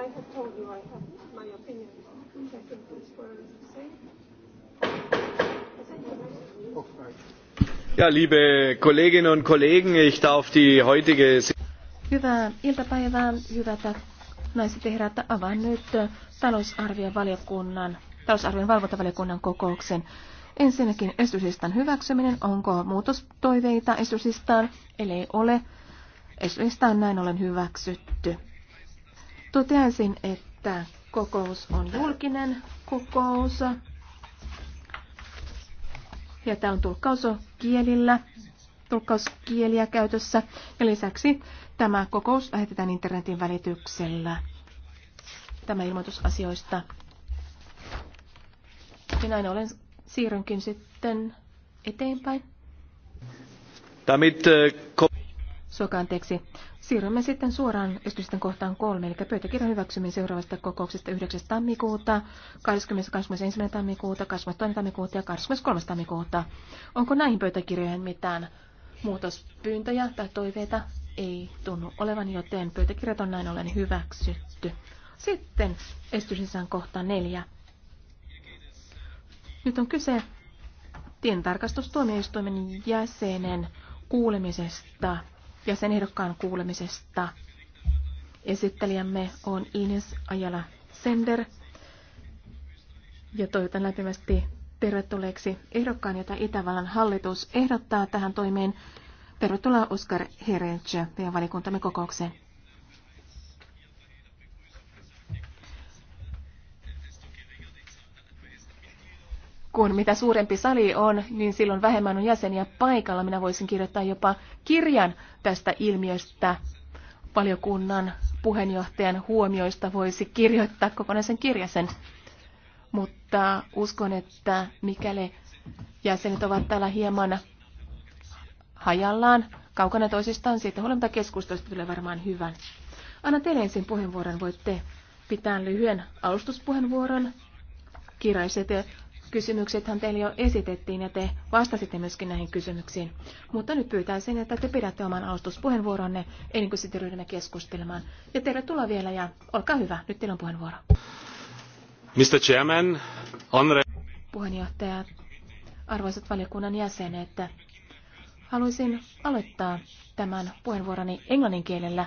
I have told you I have my opinion. which I think is for these oh, were Ja, liebe Kolleginnen und Kollegen, ich darf die heutige... Hyvää iltapäivää, hyvät naiset ja herrat. Avaan nyt talousarvion, talousarvion valvontavaliokunnan kokouksen. Ensinnäkin esityslistan hyväksyminen. Onko muutostoiveita esityslistaan? Eli ei ole. Esityslista näin ollen hyväksytty. Toteaisin, että kokous on julkinen kokous. Ja tämä on tulkkauskielillä, tulkkauskieliä käytössä. Ja lisäksi tämä kokous lähetetään internetin välityksellä. Tämä ilmoitus asioista. Ja näin olen siirrynkin sitten eteenpäin. Damit, äh, Suoka anteeksi. Siirrymme sitten suoraan esitysten kohtaan kolme, eli pöytäkirjan hyväksyminen seuraavasta kokouksesta 9. tammikuuta, 20. 21. tammikuuta, 22. tammikuuta ja 23. tammikuuta. Onko näihin pöytäkirjoihin mitään muutospyyntöjä tai toiveita? Ei tunnu olevan, joten pöytäkirjat on näin ollen hyväksytty. Sitten on kohta neljä. Nyt on kyse tientarkastustuomioistuimen jäsenen kuulemisesta ja sen ehdokkaan kuulemisesta. Esittelijämme on Ines Ajala Sender ja toivotan lämpimästi tervetulleeksi ehdokkaan, jota Itävallan hallitus ehdottaa tähän toimeen. Tervetuloa Oskar Herentsö, ja valikuntamme kokoukseen. kun mitä suurempi sali on, niin silloin vähemmän on jäseniä paikalla. Minä voisin kirjoittaa jopa kirjan tästä ilmiöstä. Valiokunnan puheenjohtajan huomioista voisi kirjoittaa kokonaisen kirjasen. Mutta uskon, että mikäli jäsenet ovat täällä hieman hajallaan, kaukana toisistaan, siitä huolimatta keskustelusta tulee varmaan hyvän. Anna teille ensin puheenvuoron. Voitte pitää lyhyen alustuspuheenvuoron. Kirjaisitte Kysymyksethän teille jo esitettiin ja te vastasitte myöskin näihin kysymyksiin. Mutta nyt pyytäisin, että te pidätte oman alustuspuheenvuoronne ennen kuin sitten ryhdymme keskustelemaan. Ja tervetuloa vielä ja olkaa hyvä, nyt teillä on puheenvuoro. Mr. Chairman, Andre... Puheenjohtaja, arvoisat valiokunnan jäsenet, haluaisin aloittaa tämän puheenvuoroni englannin kielellä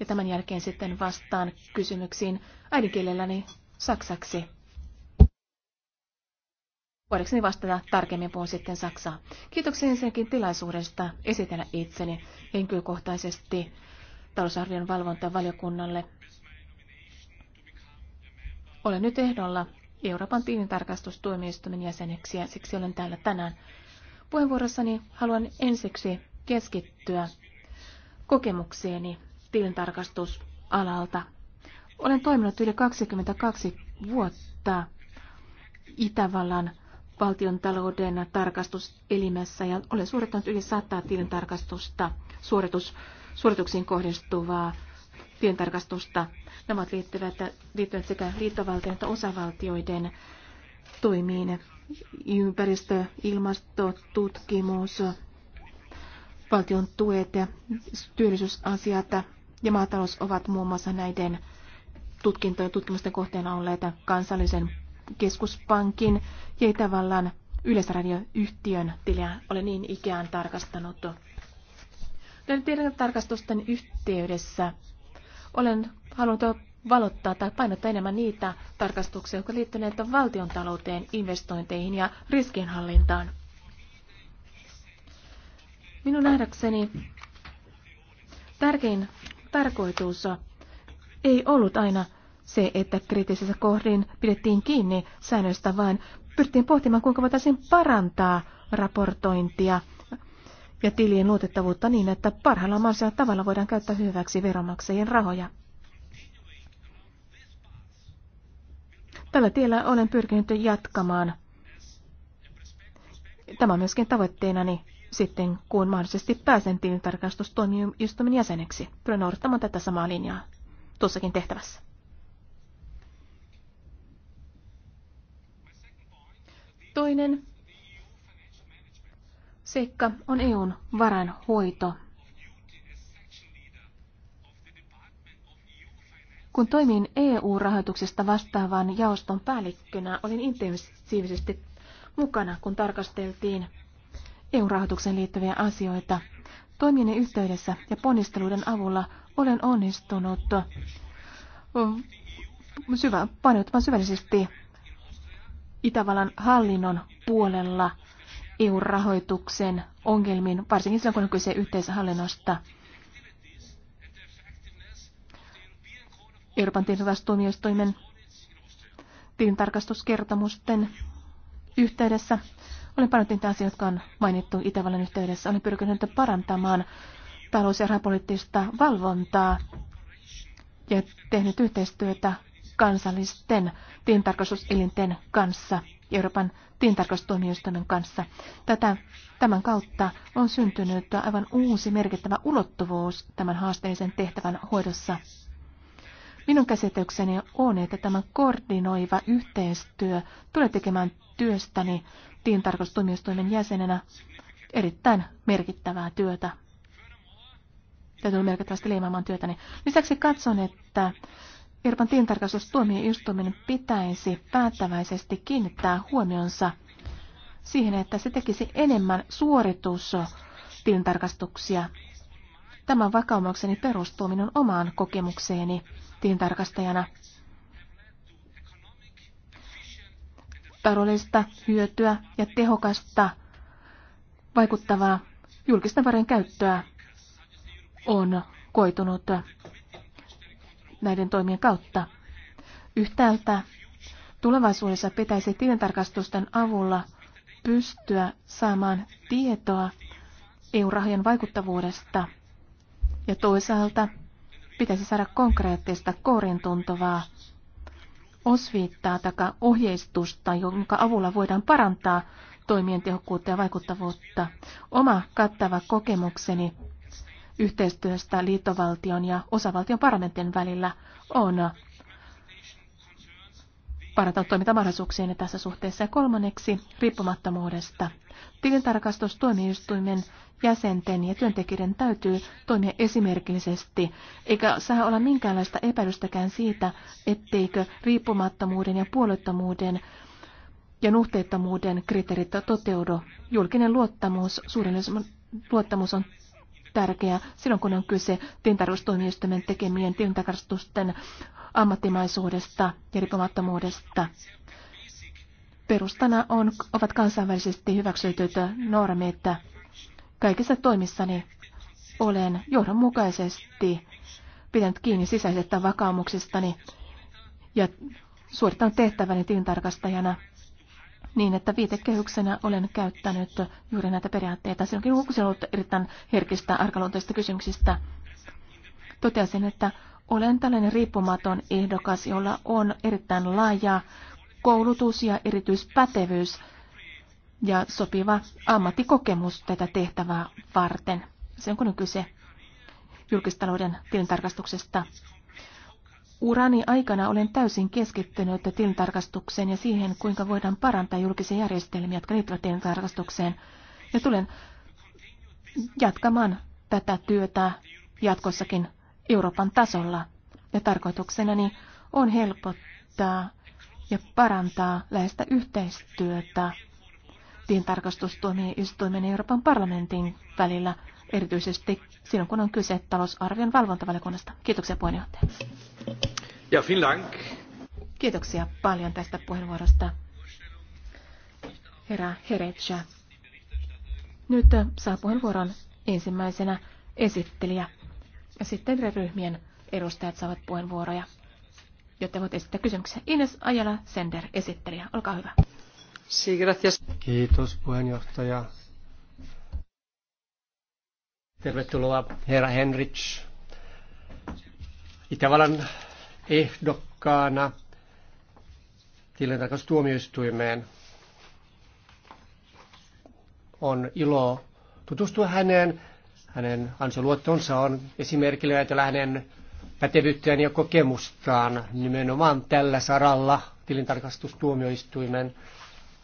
ja tämän jälkeen sitten vastaan kysymyksiin äidinkielelläni saksaksi. Voidakseni vastata tarkemmin puhun sitten Saksaa. Kiitoksia ensinnäkin tilaisuudesta esitellä itseni henkilökohtaisesti talousarvion valvontavaliokunnalle. Olen nyt ehdolla Euroopan tilintarkastustuomioistuimen jäseneksi ja siksi olen täällä tänään. Puheenvuorossani haluan ensiksi keskittyä kokemukseeni tilintarkastusalalta. Olen toiminut yli 22 vuotta Itävallan valtion talouden tarkastuselimessä ja olen suorittanut yli 100 tilintarkastusta, suoritus, suorituksiin kohdistuvaa tilintarkastusta. Nämä liittyvät, liittyvät sekä liittovaltion että osavaltioiden toimiin. Ympäristö, ilmasto, tutkimus, valtion tuet ja työllisyysasiat ja maatalous ovat muun muassa näiden tutkintojen tutkimusten kohteena olleita kansallisen keskuspankin ja Itävallan yleisradioyhtiön tilejä olen niin ikään tarkastanut. Teidän tarkastusten yhteydessä olen halunnut valottaa tai painottaa enemmän niitä tarkastuksia, jotka liittyneet valtion talouteen, investointeihin ja riskienhallintaan. Minun nähdäkseni tärkein tarkoitus ei ollut aina se, että kriittisessä kohdin pidettiin kiinni säännöistä, vaan pyrittiin pohtimaan, kuinka voitaisiin parantaa raportointia ja tilien luotettavuutta niin, että parhaalla mahdollisella tavalla voidaan käyttää hyväksi veronmaksajien rahoja. Tällä tiellä olen pyrkinyt jatkamaan. Tämä on myöskin tavoitteenani sitten, kun mahdollisesti pääsen tilintarkastustoimijoistuimen jäseneksi. Pyrin noudattamaan tätä samaa linjaa tuossakin tehtävässä. Toinen seikka on EUn varainhoito. Kun toimin EU-rahoituksesta vastaavan jaoston päällikkönä, olin intensiivisesti mukana, kun tarkasteltiin eu rahoituksen liittyviä asioita. Toimieni yhteydessä ja ponnisteluiden avulla olen onnistunut syvä, paneutumaan syvällisesti Itävallan hallinnon puolella EU-rahoituksen ongelmin varsinkin silloin kun on kyse yhteishallinnosta. Euroopan tilintarkastustuomioistuimen tilintarkastuskertomusten yhteydessä. Olen paljon niitä asioita, jotka on mainittu Itävallan yhteydessä. Olen pyrkinyt parantamaan talous- ja rahapoliittista valvontaa ja tehnyt yhteistyötä kansallisten tilintarkastuselinten kanssa, Euroopan tilintarkastustuomioistuimen kanssa. Tätä, tämän kautta on syntynyt aivan uusi merkittävä ulottuvuus tämän haasteisen tehtävän hoidossa. Minun käsitykseni on, että tämä koordinoiva yhteistyö tulee tekemään työstäni tilintarkastustuomioistuimen jäsenenä erittäin merkittävää työtä. Täytyy merkittävästi leimaamaan työtäni. Lisäksi katson, että Irpan tilintarkastustuomioistuimen pitäisi päättäväisesti kiinnittää huomionsa siihen, että se tekisi enemmän suoritustilintarkastuksia. Tämän vakaumukseni perustuu minun omaan kokemukseeni tilintarkastajana. Taloudellista hyötyä ja tehokasta vaikuttavaa julkisten varojen käyttöä on koitunut näiden toimien kautta. Yhtäältä tulevaisuudessa pitäisi tilintarkastusten avulla pystyä saamaan tietoa EU-rahojen vaikuttavuudesta ja toisaalta pitäisi saada konkreettista koorin tuntuvaa osviittaa tai ohjeistusta, jonka avulla voidaan parantaa toimien tehokkuutta ja vaikuttavuutta. Oma kattava kokemukseni yhteistyöstä liittovaltion ja osavaltion parlamentin välillä on parantaa toimintamahdollisuuksiin tässä suhteessa. Ja kolmanneksi riippumattomuudesta. Tilintarkastustuomioistuimen jäsenten ja työntekijöiden täytyy toimia esimerkillisesti, eikä saa olla minkäänlaista epäilystäkään siitä, etteikö riippumattomuuden ja puolettomuuden ja nuhteettomuuden kriteerit toteudu. Julkinen luottamus, suurin luottamus on tärkeää silloin, kun on kyse tintarvostoimijoistamen tekemien tintarvostusten ammattimaisuudesta ja riippumattomuudesta. Perustana on, ovat kansainvälisesti hyväksytyt normit. Kaikissa toimissani olen johdonmukaisesti pitänyt kiinni sisäisestä vakaumuksestani ja suoritan tehtäväni tilintarkastajana niin, että viitekehyksenä olen käyttänyt juuri näitä periaatteita. Silloin kun se on ollut erittäin herkistä arkaluonteista kysymyksistä, totesin, että olen tällainen riippumaton ehdokas, jolla on erittäin laaja koulutus ja erityispätevyys ja sopiva ammattikokemus tätä tehtävää varten. Se on on kyse julkistalouden tilintarkastuksesta. Urani aikana olen täysin keskittynyt tilintarkastukseen ja siihen, kuinka voidaan parantaa julkisia järjestelmiä, jotka liittyvät tilintarkastukseen. Ja tulen jatkamaan tätä työtä jatkossakin Euroopan tasolla. Ja tarkoituksenani on helpottaa ja parantaa läheistä yhteistyötä tilintarkastustuomioistuimen ja Euroopan parlamentin välillä, erityisesti silloin kun on kyse talousarvion valvontavaliokunnasta. Kiitoksia puheenjohtaja. Ja, Dank. Kiitoksia paljon tästä puheenvuorosta, herra Heretsä. Nyt saa puheenvuoron ensimmäisenä esittelijä ja sitten ryhmien edustajat saavat puheenvuoroja, jotta voit esittää kysymyksiä. Ines Ajala, Sender, esittelijä. Olkaa hyvä. Kiitos puheenjohtaja. Tervetuloa herra Henrich. Itävallan ehdokkaana tilintarkastustuomioistuimeen. On ilo tutustua häneen. Hänen ansioluottonsa on esimerkillä ajatella hänen pätevyyttään ja kokemustaan nimenomaan tällä saralla tilintarkastustuomioistuimen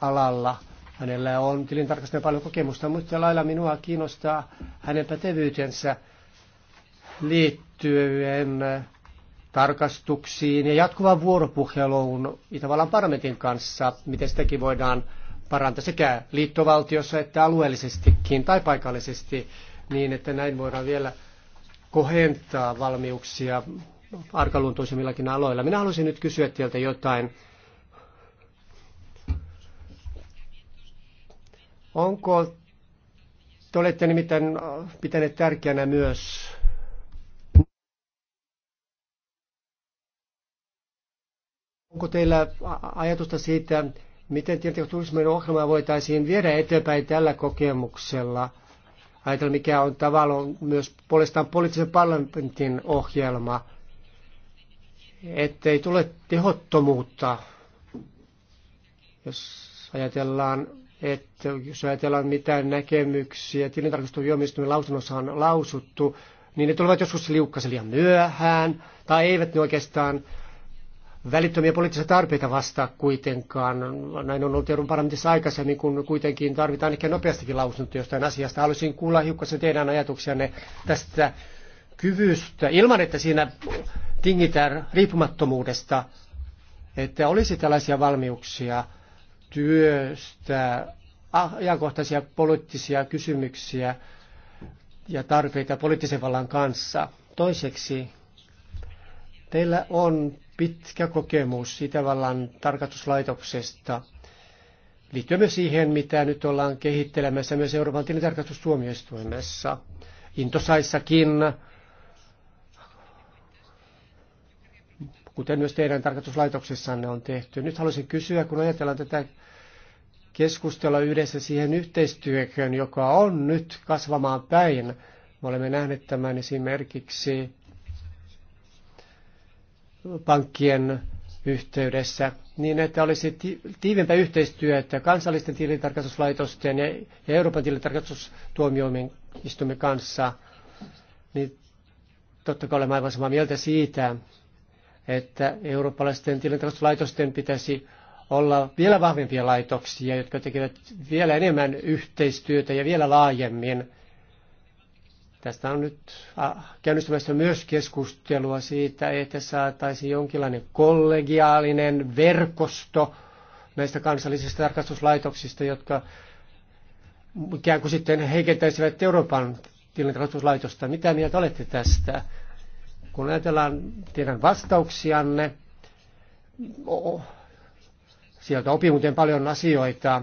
alalla. Hänellä on tilintarkastajan paljon kokemusta, mutta lailla minua kiinnostaa hänen pätevyytensä liittyen tarkastuksiin ja jatkuvaan vuoropuheluun Itävallan parlamentin kanssa, miten sitäkin voidaan parantaa sekä liittovaltiossa että alueellisestikin tai paikallisesti niin, että näin voidaan vielä kohentaa valmiuksia arkaluontoisemmillakin aloilla. Minä haluaisin nyt kysyä teiltä jotain. Onko, te olette nimittäin pitäneet tärkeänä myös Onko teillä ajatusta siitä, miten tietoturismin ohjelmaa voitaisiin viedä eteenpäin tällä kokemuksella? Ajatella, mikä on tavallaan myös puolestaan poliittisen parlamentin ohjelma, ettei tule tehottomuutta, jos ajatellaan, että jos ajatellaan mitään näkemyksiä, tilintarkastustuomioistuimen lausunnossa on lausuttu, niin ne tulevat joskus liukkaisen liian myöhään, tai eivät ne oikeastaan välittömiä poliittisia tarpeita vastaa kuitenkaan. Näin on ollut Euroopan parlamentissa aikaisemmin, kun kuitenkin tarvitaan ehkä nopeastikin lausunto jostain asiasta. Haluaisin kuulla hiukkasen teidän ajatuksianne tästä kyvystä, ilman että siinä tingitään riippumattomuudesta, että olisi tällaisia valmiuksia työstä, ah, ajankohtaisia poliittisia kysymyksiä ja tarpeita poliittisen vallan kanssa. Toiseksi, teillä on pitkä kokemus Itävallan tarkastuslaitoksesta liittyen myös siihen, mitä nyt ollaan kehittelemässä myös Euroopan tilintarkastustuomioistuimessa. Intosaissakin, kuten myös teidän tarkastuslaitoksessanne on tehty. Nyt haluaisin kysyä, kun ajatellaan tätä keskustella yhdessä siihen yhteistyöhön, joka on nyt kasvamaan päin. Me olemme nähneet tämän esimerkiksi pankkien yhteydessä, niin että olisi yhteistyö yhteistyötä kansallisten tilintarkastuslaitosten ja Euroopan istumme kanssa, niin totta kai olemme aivan samaa mieltä siitä, että eurooppalaisten tilintarkastuslaitosten pitäisi olla vielä vahvempia laitoksia, jotka tekevät vielä enemmän yhteistyötä ja vielä laajemmin Tästä on nyt käynnistymässä myös keskustelua siitä, että saataisiin jonkinlainen kollegiaalinen verkosto näistä kansallisista tarkastuslaitoksista, jotka ikään kuin sitten heikentäisivät Euroopan tilintarkastuslaitosta. Mitä mieltä olette tästä? Kun ajatellaan teidän vastauksianne, sieltä opi muuten paljon asioita,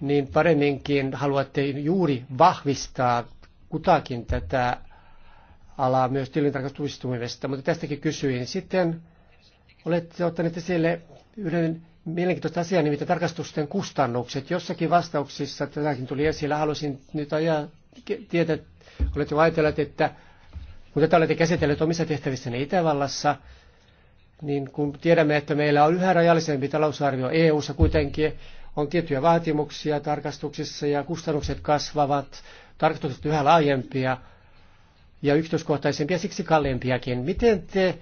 niin paremminkin haluatte juuri vahvistaa kutakin tätä alaa myös tilintarkastustuomioistuimesta, mutta tästäkin kysyin. Sitten olette ottaneet esille yhden mielenkiintoista asiaa, nimittäin tarkastusten kustannukset. Jossakin vastauksissa tätäkin tuli esille. Haluaisin nyt ajaa tietää, olette ajatelleet, että kun tätä olette käsitelleet omissa tehtävissänne Itävallassa, niin kun tiedämme, että meillä on yhä rajallisempi talousarvio EU-ssa kuitenkin, on tiettyjä vaatimuksia tarkastuksissa ja kustannukset kasvavat tarkoitukset yhä laajempia ja yksityiskohtaisempia, siksi kalliimpiakin. Miten te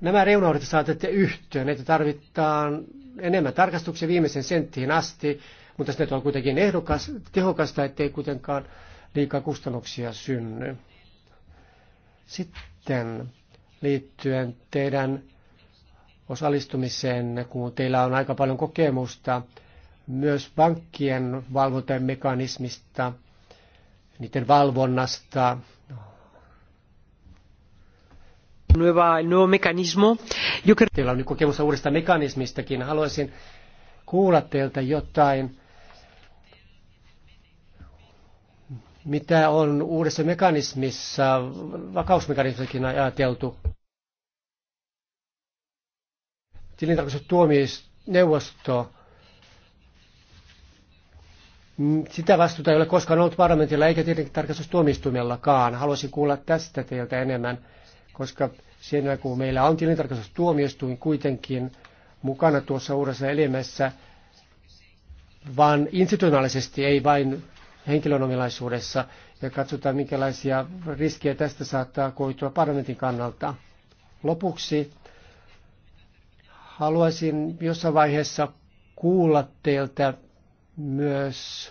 nämä reunaudet saatatte yhteen, että tarvitaan enemmän tarkastuksia viimeisen senttiin asti, mutta se on kuitenkin ehdokas, tehokasta, ettei kuitenkaan liikaa kustannuksia synny. Sitten liittyen teidän osallistumiseen, kun teillä on aika paljon kokemusta myös pankkien valvontamekanismista – niiden valvonnasta. Nueva, el nuevo mecanismo. Yo creo... Teillä on nyt kokemusta uudesta mekanismistakin. Haluaisin kuulla teiltä jotain, mitä on uudessa mekanismissa, vakausmekanismissakin ajateltu. Tilintarkastustuomioistuin neuvosto Mm, sitä vastuuta ei ole koskaan ollut parlamentilla eikä tietenkin tarkastustuomistuimellakaan. Haluaisin kuulla tästä teiltä enemmän, koska siinä kun meillä on tilintarkastustuomioistuin kuitenkin mukana tuossa uudessa elimessä, vaan institutionaalisesti, ei vain henkilönomilaisuudessa, ja katsotaan, minkälaisia riskejä tästä saattaa koitua parlamentin kannalta. Lopuksi haluaisin jossain vaiheessa kuulla teiltä myös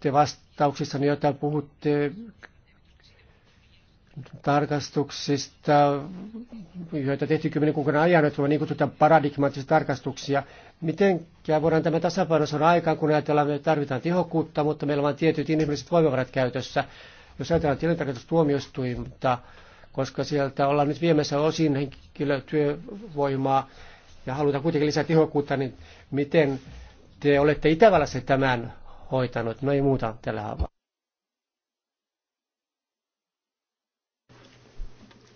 te vastauksissa, niin joita puhutte tarkastuksista, joita tehtiin kymmenen kuukauden ajan, että on niin kutsutaan paradigmaattisia tarkastuksia. Miten voidaan tämä tasapaino saada aikaan, kun ajatellaan, että me tarvitaan tehokkuutta, mutta meillä on vain tietyt inhimilliset voimavarat käytössä. Jos ajatellaan tilintarkastustuomioistuinta, koska sieltä ollaan nyt viemässä osin henkilötyövoimaa, ja halutaan kuitenkin lisää tehokkuutta, niin miten te olette Itävallassa tämän hoitanut? No ei muuta tällä haavaa.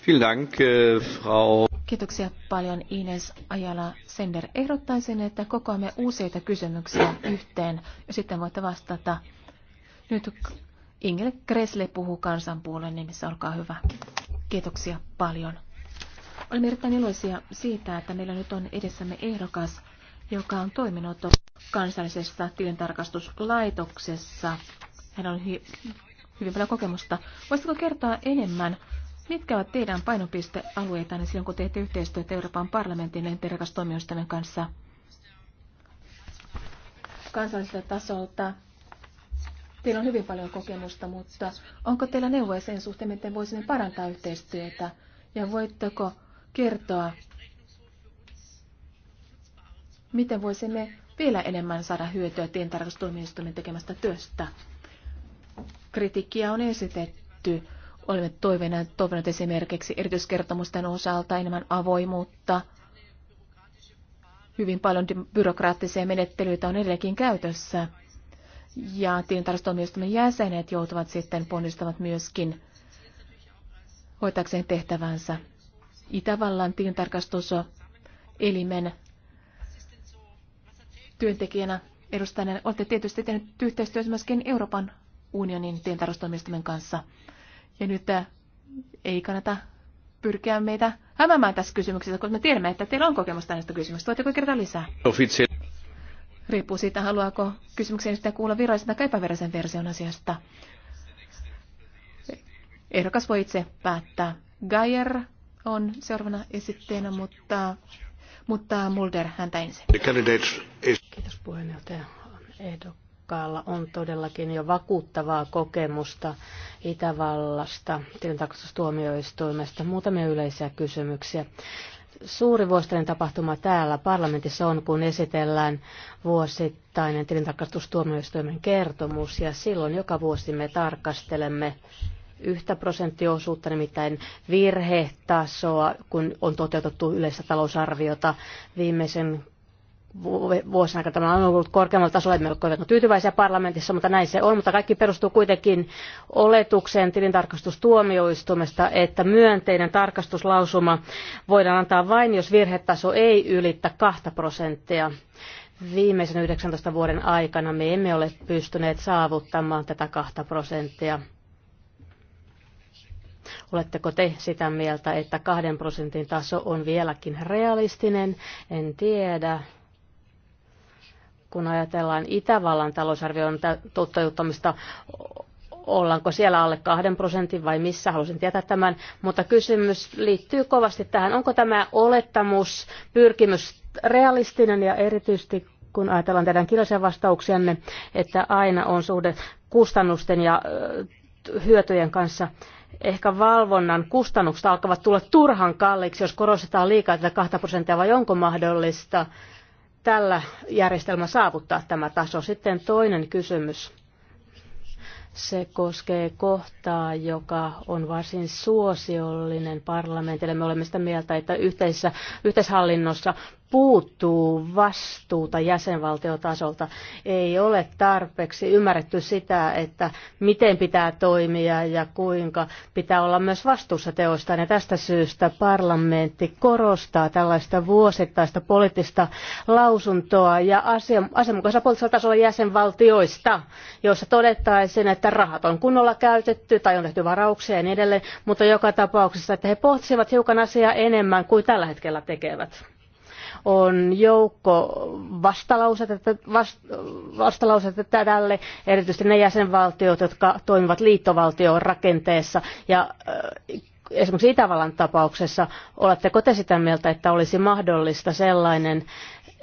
Äh, Kiitoksia paljon Ines Ajala Sender. Ehdottaisin, että kokoamme useita kysymyksiä yhteen ja sitten voitte vastata. Nyt Ingel Kresle puhuu kansanpuolen nimissä, olkaa hyvä. Kiitoksia paljon. Olemme erittäin iloisia siitä, että meillä nyt on edessämme ehdokas, joka on toiminut kansallisessa tilintarkastuslaitoksessa. Hän on hy- hyvin paljon kokemusta. Voisitko kertoa enemmän, mitkä ovat teidän painopistealueitanne silloin, kun teette yhteistyötä Euroopan parlamentin ja tilintarkastustoimijoistamme kanssa kansalliselta tasolta? Teillä on hyvin paljon kokemusta, mutta onko teillä neuvoja sen suhteen, miten voisimme parantaa yhteistyötä? Ja voitteko kertoa, miten voisimme vielä enemmän saada hyötyä tientarkastustoimistomme tekemästä työstä. Kritiikkiä on esitetty. Olemme toivoneet toivoneet esimerkiksi erityiskertomusten osalta enemmän avoimuutta. Hyvin paljon byrokraattisia menettelyitä on edelleenkin käytössä. Ja tilintarkastustuomioistuimen jäsenet joutuvat sitten ponnistavat myöskin hoitakseen tehtävänsä. Itävallan tilintarkastuselimen työntekijänä edustajana. Olette tietysti tehneet yhteistyötä myöskin Euroopan unionin tilintarkastustoimistomen kanssa. Ja nyt äh, ei kannata pyrkiä meitä hämäämään tässä kysymyksessä, koska me tiedämme, että teillä on kokemusta näistä kysymyksistä. Voitteko kertoa lisää? Riippuu siitä, haluaako kysymyksen sitä kuulla virallisen tai epävirallisen version asiasta. Ehdokas voi itse päättää. Geyer on seuraavana esitteenä, mutta, mutta Mulder häntä ensin. Kiitos puheenjohtaja. Ehdokkaalla on todellakin jo vakuuttavaa kokemusta Itävallasta, tilintarkastustuomioistuimesta. Muutamia yleisiä kysymyksiä suuri vuosittainen tapahtuma täällä parlamentissa on, kun esitellään vuosittainen tilintarkastustuomioistuimen kertomus, ja silloin joka vuosi me tarkastelemme yhtä prosenttiosuutta, nimittäin virhetasoa, kun on toteutettu yleistä talousarviota viimeisen vuosina aikana tämä on ollut korkeammalla tasolla, olemme kovin tyytyväisiä parlamentissa, mutta näin se on. Mutta kaikki perustuu kuitenkin oletukseen tilintarkastustuomioistumesta, että myönteinen tarkastuslausuma voidaan antaa vain, jos virhetaso ei ylittä 2 prosenttia. Viimeisen 19 vuoden aikana me emme ole pystyneet saavuttamaan tätä 2 prosenttia Oletteko te sitä mieltä, että kahden prosentin taso on vieläkin realistinen? En tiedä. Kun ajatellaan Itävallan talousarvion toteuttamista, ollaanko siellä alle kahden prosentin vai missä, halusin tietää tämän. Mutta kysymys liittyy kovasti tähän, onko tämä olettamus, pyrkimys realistinen ja erityisesti kun ajatellaan teidän kirjallisia vastauksianne, että aina on suhde kustannusten ja hyötyjen kanssa ehkä valvonnan kustannukset alkavat tulla turhan kalliiksi, jos korostetaan liikaa tätä 2 prosenttia, vai onko mahdollista tällä järjestelmällä saavuttaa tämä taso? Sitten toinen kysymys. Se koskee kohtaa, joka on varsin suosiollinen parlamentille. Me olemme sitä mieltä, että yhteisessä, yhteishallinnossa puuttuu vastuuta jäsenvaltiotasolta. Ei ole tarpeeksi ymmärretty sitä, että miten pitää toimia ja kuinka pitää olla myös vastuussa teosta. Ja tästä syystä parlamentti korostaa tällaista vuosittaista poliittista lausuntoa ja asianmukaisella poliittisella tasolla jäsenvaltioista, joissa todettaisiin, että rahat on kunnolla käytetty tai on tehty varauksia ja niin edelleen, mutta joka tapauksessa, että he pohtisivat hiukan asiaa enemmän kuin tällä hetkellä tekevät on joukko vastalausetta, vast, vastalausetta tälle, erityisesti ne jäsenvaltiot, jotka toimivat liittovaltion rakenteessa. Ja äh, esimerkiksi Itävallan tapauksessa, oletteko te sitä mieltä, että olisi mahdollista sellainen,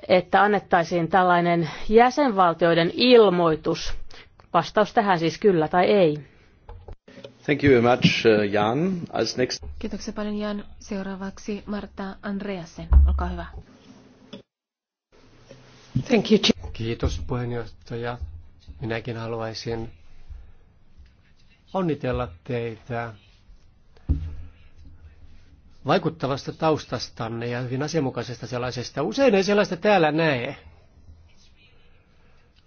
että annettaisiin tällainen jäsenvaltioiden ilmoitus? Vastaus tähän siis kyllä tai ei. Thank you very much, uh, Jan. As next... Kiitoksia paljon Jan. Seuraavaksi Marta Andreasen. Olkaa hyvä. Thank you. Kiitos puheenjohtaja. Minäkin haluaisin onnitella teitä vaikuttavasta taustastanne ja hyvin asianmukaisesta sellaisesta. Usein ei sellaista täällä näe.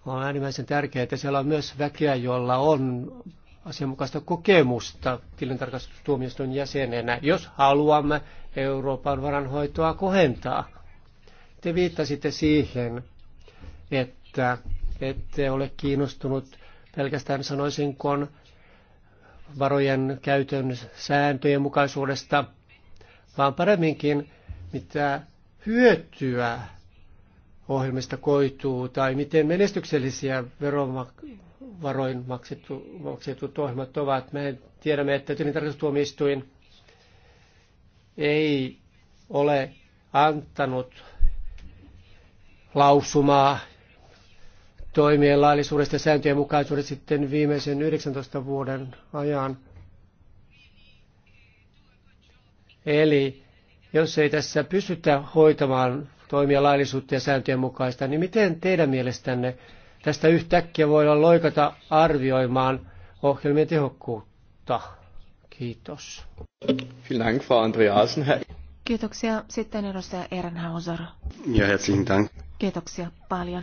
On äärimmäisen tärkeää, että siellä on myös väkeä, jolla on asianmukaista kokemusta tilintarkastustuomioistuin jäsenenä, jos haluamme Euroopan varanhoitoa kohentaa. Te viittasitte siihen, että ette ole kiinnostunut pelkästään sanoisinko varojen käytön sääntöjen mukaisuudesta, vaan paremminkin mitä hyötyä ohjelmista koituu tai miten menestyksellisiä verovaroin maksettu, maksetut ohjelmat ovat. Me tiedämme, että tilintarkastustuomioistuin ei ole antanut lausumaa, toimien laillisuudesta ja sääntöjen mukaisuudesta sitten viimeisen 19 vuoden ajan. Eli jos ei tässä pystytä hoitamaan toimia laillisuutta ja sääntöjen mukaista, niin miten teidän mielestänne tästä yhtäkkiä voidaan loikata arvioimaan ohjelmien tehokkuutta? Kiitos. Kiitoksia. Sitten edustaja Ehrenhauser. Ja herzlichen Dank. Kiitoksia paljon.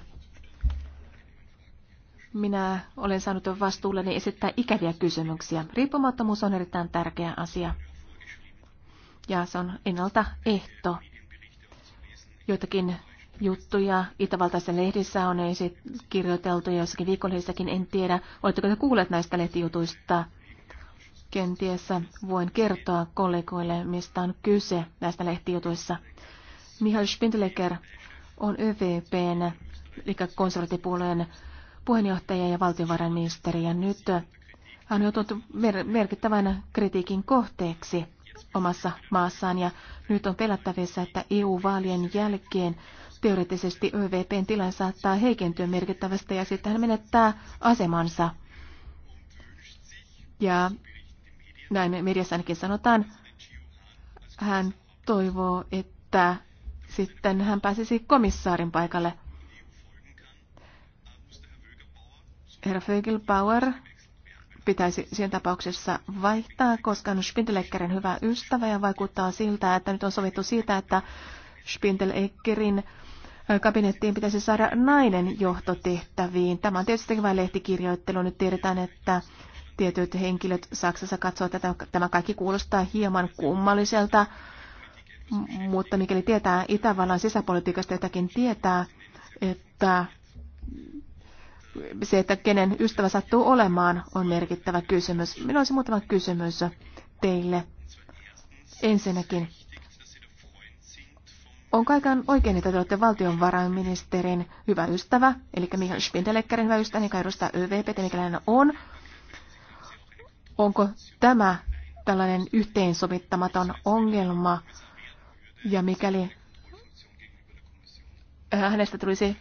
Minä olen saanut vastuulleni esittää ikäviä kysymyksiä. Riippumattomuus on erittäin tärkeä asia. Ja se on ennalta ehto. Joitakin juttuja Itävaltaisessa lehdissä on kirjoiteltu joissakin viikonlehdissäkin, en tiedä. Oletteko te kuulleet näistä lehtijutuista? Kenties voin kertoa kollegoille, mistä on kyse näistä lehtijutuissa. Mihail Spindleker on ÖVPn, eli konservatipuolueen puheenjohtaja ja valtiovarainministeri, ja nyt hän on joutunut merkittävän kritiikin kohteeksi omassa maassaan, ja nyt on pelättävissä, että EU-vaalien jälkeen teoreettisesti ÖVPn e tilan saattaa heikentyä merkittävästi, ja sitten hän menettää asemansa. Ja näin mediassa ainakin sanotaan, hän toivoo, että sitten hän pääsisi komissaarin paikalle – herra Fögelbauer pitäisi siinä tapauksessa vaihtaa, koska on Spindeleckerin hyvä ystävä ja vaikuttaa siltä, että nyt on sovittu siitä, että Spindeleckerin kabinettiin pitäisi saada nainen johtotehtäviin. Tämä on tietysti vain lehtikirjoittelu. Nyt tiedetään, että tietyt henkilöt Saksassa katsovat, että tämä kaikki kuulostaa hieman kummalliselta, mutta mikäli tietää Itävallan sisäpolitiikasta jotakin tietää, että se, että kenen ystävä sattuu olemaan, on merkittävä kysymys. Minulla olisi muutama kysymys teille. Ensinnäkin, on kaikan oikein, että te olette valtionvarainministerin hyvä ystävä, eli Michael Spindeleckerin hyvä ystävä, joka edustaa ÖVP, mikä hän on. Onko tämä tällainen yhteensovittamaton ongelma, ja mikäli hänestä tulisi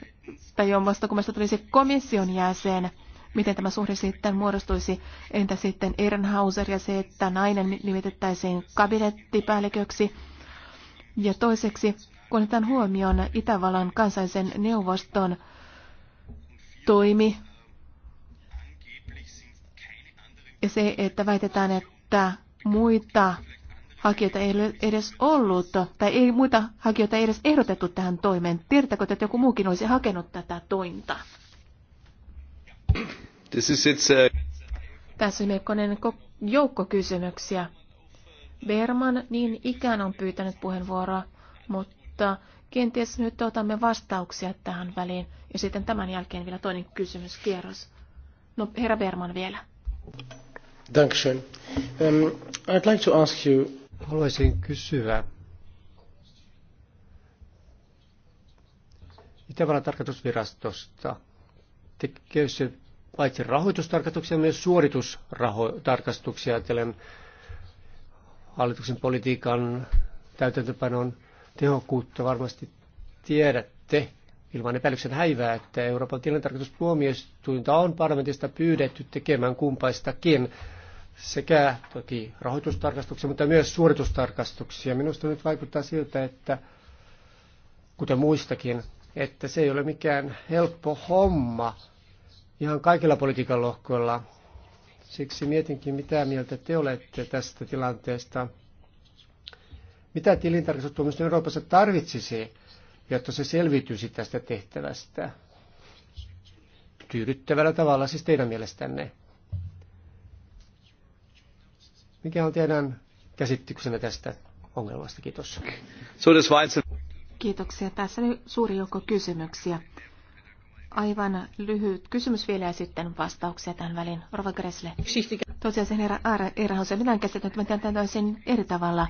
tai jommasta kummasta tulisi komission jäsen, miten tämä suhde sitten muodostuisi, entä sitten Ehrenhauser ja se, että nainen nimitettäisiin kabinettipäälliköksi. Ja toiseksi, kun otetaan huomioon Itävallan kansallisen neuvoston toimi ja se, että väitetään, että muita hakijoita ei ole edes ollut, tai ei muita hakijoita ei edes ehdotettu tähän toimeen. Tiedättekö, että joku muukin olisi hakenut tätä tointa? This is it's, uh... Tässä on Mekkonen joukko kysymyksiä. Berman niin ikään on pyytänyt puheenvuoroa, mutta kenties nyt otamme vastauksia tähän väliin. Ja sitten tämän jälkeen vielä toinen kysymyskierros. No, herra Berman vielä. Dankeschön. Um, I'd like to ask you Haluaisin kysyä. Itävallan tarkastusvirastosta tekee se paitsi rahoitustarkastuksia, myös suoritustarkastuksia ajatellen hallituksen politiikan täytäntöpanon tehokkuutta varmasti tiedätte ilman epäilyksen häivää, että Euroopan tilintarkastustuomioistuinta on parlamentista pyydetty tekemään kumpaistakin sekä toki rahoitustarkastuksia, mutta myös suoritustarkastuksia. Minusta nyt vaikuttaa siltä, että kuten muistakin, että se ei ole mikään helppo homma ihan kaikilla politiikan lohkoilla. Siksi mietinkin, mitä mieltä te olette tästä tilanteesta. Mitä tilintarkastustuomioista Euroopassa tarvitsisi, jotta se selviytyisi tästä tehtävästä? Tyydyttävällä tavalla siis teidän mielestänne. Mikä on teidän käsityksenne tästä ongelmasta? Kiitos. Kiitoksia. Tässä oli suuri joukko kysymyksiä. Aivan lyhyt kysymys vielä ja sitten vastauksia tämän välin. Rova Gressle. Tosiaan sen Eerahausen, minä olen käsittänyt, että mä tämän sen eri tavalla.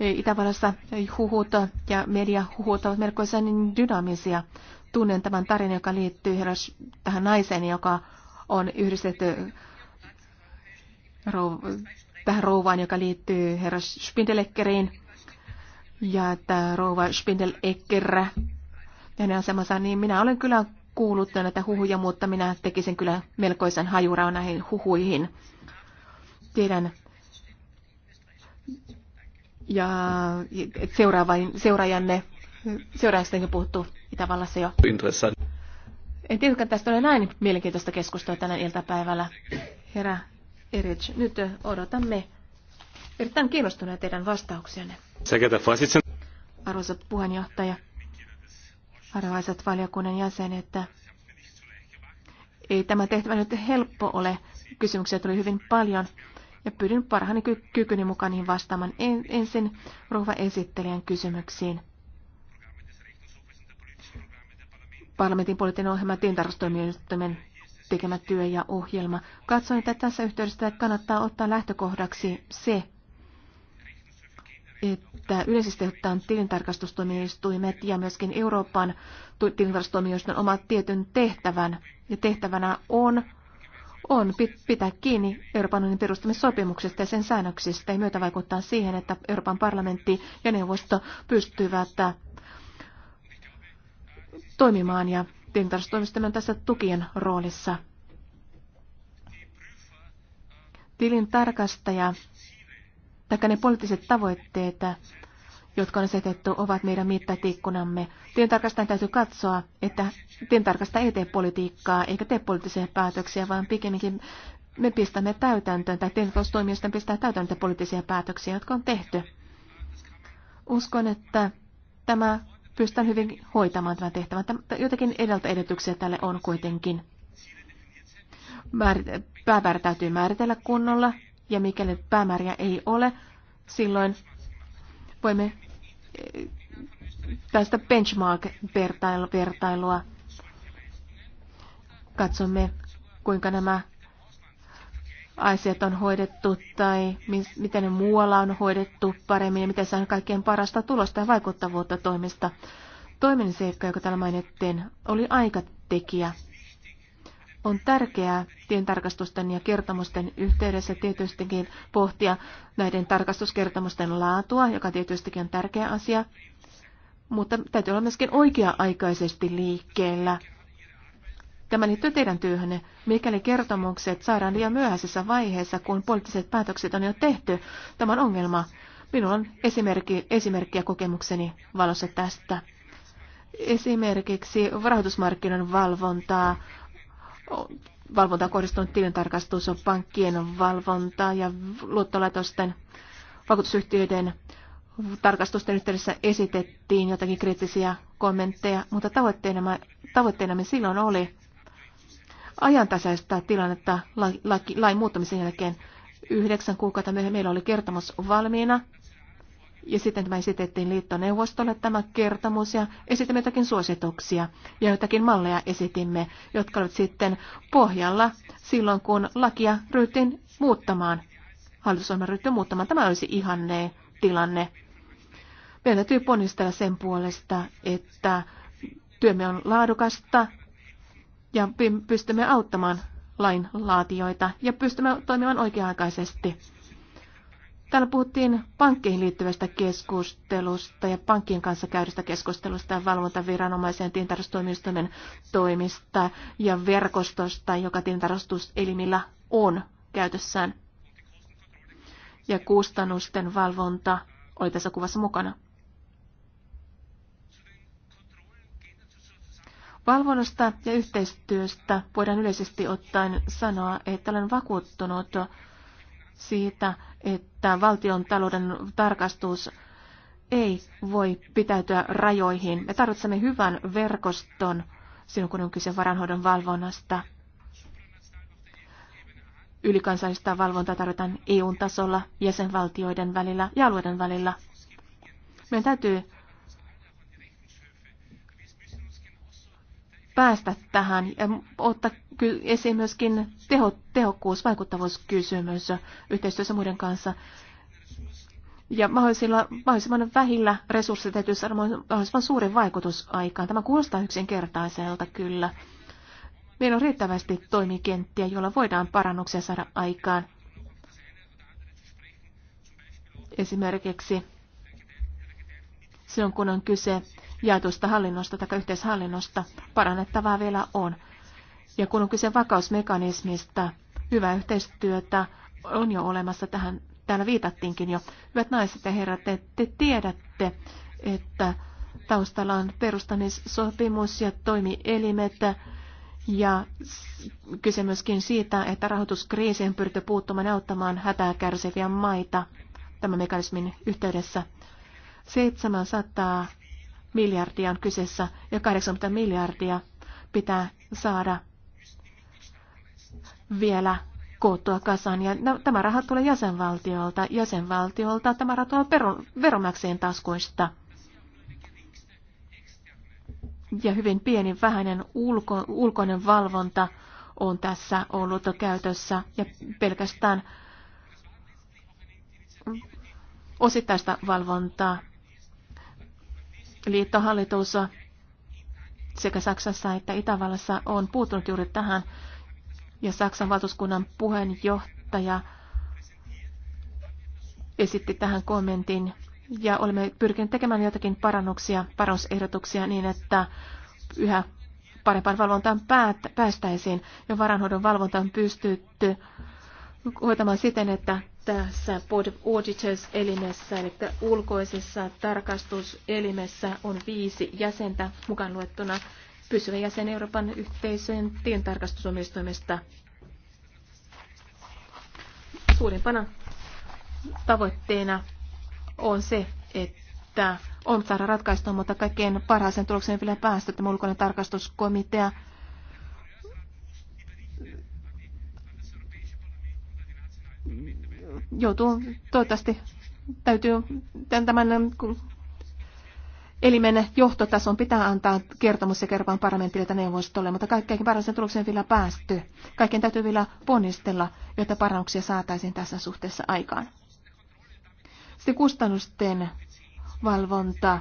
Itävallassa huhut ja mediahuhut ovat melkoisen dynaamisia. Tunnen tämän tarinan, joka liittyy tähän naiseen, joka on yhdistetty tähän rouvaan, joka liittyy herra Spindelekkeriin. Ja että rouva Spindelekker hänen asemansa, niin minä olen kyllä kuullut näitä huhuja, mutta minä tekisin kyllä melkoisen hajuraa näihin huhuihin. Tiedän ja seuraajanne, seuraajasta on puhuttu Itävallassa jo. Interessant. En tiedäkään tästä ole näin mielenkiintoista keskustelua tänä iltapäivällä. Herra Erich, nyt odotamme erittäin kiinnostuneet teidän vastauksianne. Arvoisa puheenjohtaja, arvoisat valiokunnan jäsenet, ei tämä tehtävä nyt helppo ole. Kysymyksiä tuli hyvin paljon ja pyydin parhaani ky- kykyni mukaan niihin vastaamaan en- ensin ruuva esittelijän kysymyksiin. Parlamentin poliittinen ohjelma tientarkastoimijoistuimen tekemä työ ja ohjelma. Katsoin, että tässä yhteydessä kannattaa ottaa lähtökohdaksi se, että yleisesti ottaen tilintarkastustuomioistuimet ja myöskin Euroopan tilintarkastustuomioistuin omat tietyn tehtävän. Ja tehtävänä on, on pitää kiinni Euroopan unionin perustamissopimuksesta ja sen säännöksistä ja myötä vaikuttaa siihen, että Euroopan parlamentti ja neuvosto pystyvät äh, toimimaan ja tilintarkastustoimistomme on tässä tukien roolissa. Tilintarkastaja, tai ne poliittiset tavoitteet, jotka on asetettu, ovat meidän mittatikkunamme. Tilintarkastajan täytyy katsoa, että tilintarkastaja ei tee politiikkaa eikä tee poliittisia päätöksiä, vaan pikemminkin me pistämme täytäntöön, tai tilintarkastustoimijoista pistää täytäntöön poliittisia päätöksiä, jotka on tehty. Uskon, että tämä pystytään hyvin hoitamaan tämä tehtävä. Jotakin edeltä edellytyksiä tälle on kuitenkin. Päämäärä täytyy määritellä kunnolla, ja mikäli päämääriä ei ole, silloin voimme eh, tästä benchmark-vertailua. Katsomme, kuinka nämä asiat on hoidettu tai mis, miten ne muualla on hoidettu paremmin ja miten saan kaikkein parasta tulosta ja vaikuttavuutta toimista. Toinen seikka, joka täällä mainittiin, oli aikatekijä. On tärkeää tientarkastusten ja kertomusten yhteydessä tietystikin pohtia näiden tarkastuskertomusten laatua, joka tietystikin on tärkeä asia, mutta täytyy olla myöskin oikea-aikaisesti liikkeellä Tämä liittyy teidän työhönne. Mikäli kertomukset saadaan liian myöhäisessä vaiheessa, kun poliittiset päätökset on jo tehty, tämä on ongelma. Minulla on esimerkki, esimerkkiä kokemukseni valossa tästä. Esimerkiksi rahoitusmarkkinan valvontaa, valvontaan kohdistunut tilintarkastus on pankkien valvontaa ja luottolaitosten vakuutusyhtiöiden tarkastusten yhteydessä esitettiin jotakin kriittisiä kommentteja, mutta tavoitteena, tavoitteenamme silloin oli ajantasaista tilannetta lain muuttamisen jälkeen. Yhdeksän kuukautta myöhemmin meillä oli kertomus valmiina. Ja sitten tämä esitettiin liittoneuvostolle tämä kertomus ja esitimme jotakin suosituksia ja jotakin malleja esitimme, jotka olivat sitten pohjalla silloin, kun lakia ryhtiin muuttamaan. Hallitusohjelma ryhtyi muuttamaan. Tämä olisi ihanne tilanne. Meidän täytyy ponnistella sen puolesta, että työmme on laadukasta, ja pystymme auttamaan lainlaatioita ja pystymme toimimaan oikea-aikaisesti. Täällä puhuttiin pankkeihin liittyvästä keskustelusta ja pankkien kanssa käydystä keskustelusta ja valvontaviranomaisen tilintarkastustoimistoimen toimista ja verkostosta, joka tilintarkastuselimillä on käytössään. Ja kustannusten valvonta oli tässä kuvassa mukana. Valvonnasta ja yhteistyöstä voidaan yleisesti ottaen sanoa, että olen vakuuttunut siitä, että valtion talouden tarkastus ei voi pitäytyä rajoihin. Me tarvitsemme hyvän verkoston silloin, kun on kyse varanhoidon valvonnasta. Ylikansallista valvontaa tarvitaan eu tasolla, jäsenvaltioiden välillä ja alueiden välillä. Meidän täytyy päästä tähän ja ottaa esiin myöskin teho, tehokkuus, vaikuttavuuskysymys yhteistyössä muiden kanssa. Ja mahdollisimman vähillä resursseilla täytyy saada mahdollisimman suurin vaikutus aikaan. Tämä kuulostaa yksinkertaiselta kyllä. Meillä on riittävästi toimikenttiä, joilla voidaan parannuksia saada aikaan. Esimerkiksi silloin, kun on kyse jaetusta hallinnosta tai yhteishallinnosta parannettavaa vielä on. Ja kun on kyse vakausmekanismista, hyvää yhteistyötä on jo olemassa tähän, täällä viitattiinkin jo. Hyvät naiset ja herrat, te, te tiedätte, että taustalla on perustamissopimus ja toimielimet, ja kyse myöskin siitä, että rahoituskriisiin pyritty puuttumaan ja auttamaan hätää kärsiviä maita tämän mekanismin yhteydessä. 700 miljardia on kyseessä ja 80 miljardia pitää saada vielä koottua kasaan. Ja no, tämä raha tulee jäsenvaltiolta. Jäsenvaltiolta tämä raha tulee veromaksien taskuista. Ja hyvin pieni vähäinen ulko, ulkoinen valvonta on tässä ollut käytössä ja pelkästään osittaista valvontaa liittohallitus sekä Saksassa että Itävallassa on puuttunut juuri tähän. Ja Saksan valtuuskunnan puheenjohtaja esitti tähän kommentin. Ja olemme pyrkineet tekemään jotakin parannuksia, parannusehdotuksia niin, että yhä parempaan valvontaan päästäisiin ja varanhoidon valvontaan pystytty hoitamaan siten, että tässä Board of Auditors-elimessä, eli ulkoisessa tarkastuselimessä on viisi jäsentä mukaan luettuna pysyvä jäsen Euroopan tien tientarkastusomistoimesta. Suurimpana tavoitteena on se, että on saada ratkaistua, mutta kaikkein parhaaseen tulokseen vielä päästä. että ulkoinen tarkastuskomitea joutuu toivottavasti täytyy tämän ähm, elimen johtotason pitää antaa kertomus sekä kerran parlamentille että neuvostolle, mutta kaikkein parhaaseen tulokseen vielä päästy. kaiken täytyy vielä ponnistella, jotta parannuksia saataisiin tässä suhteessa aikaan. Sitten kustannusten valvonta.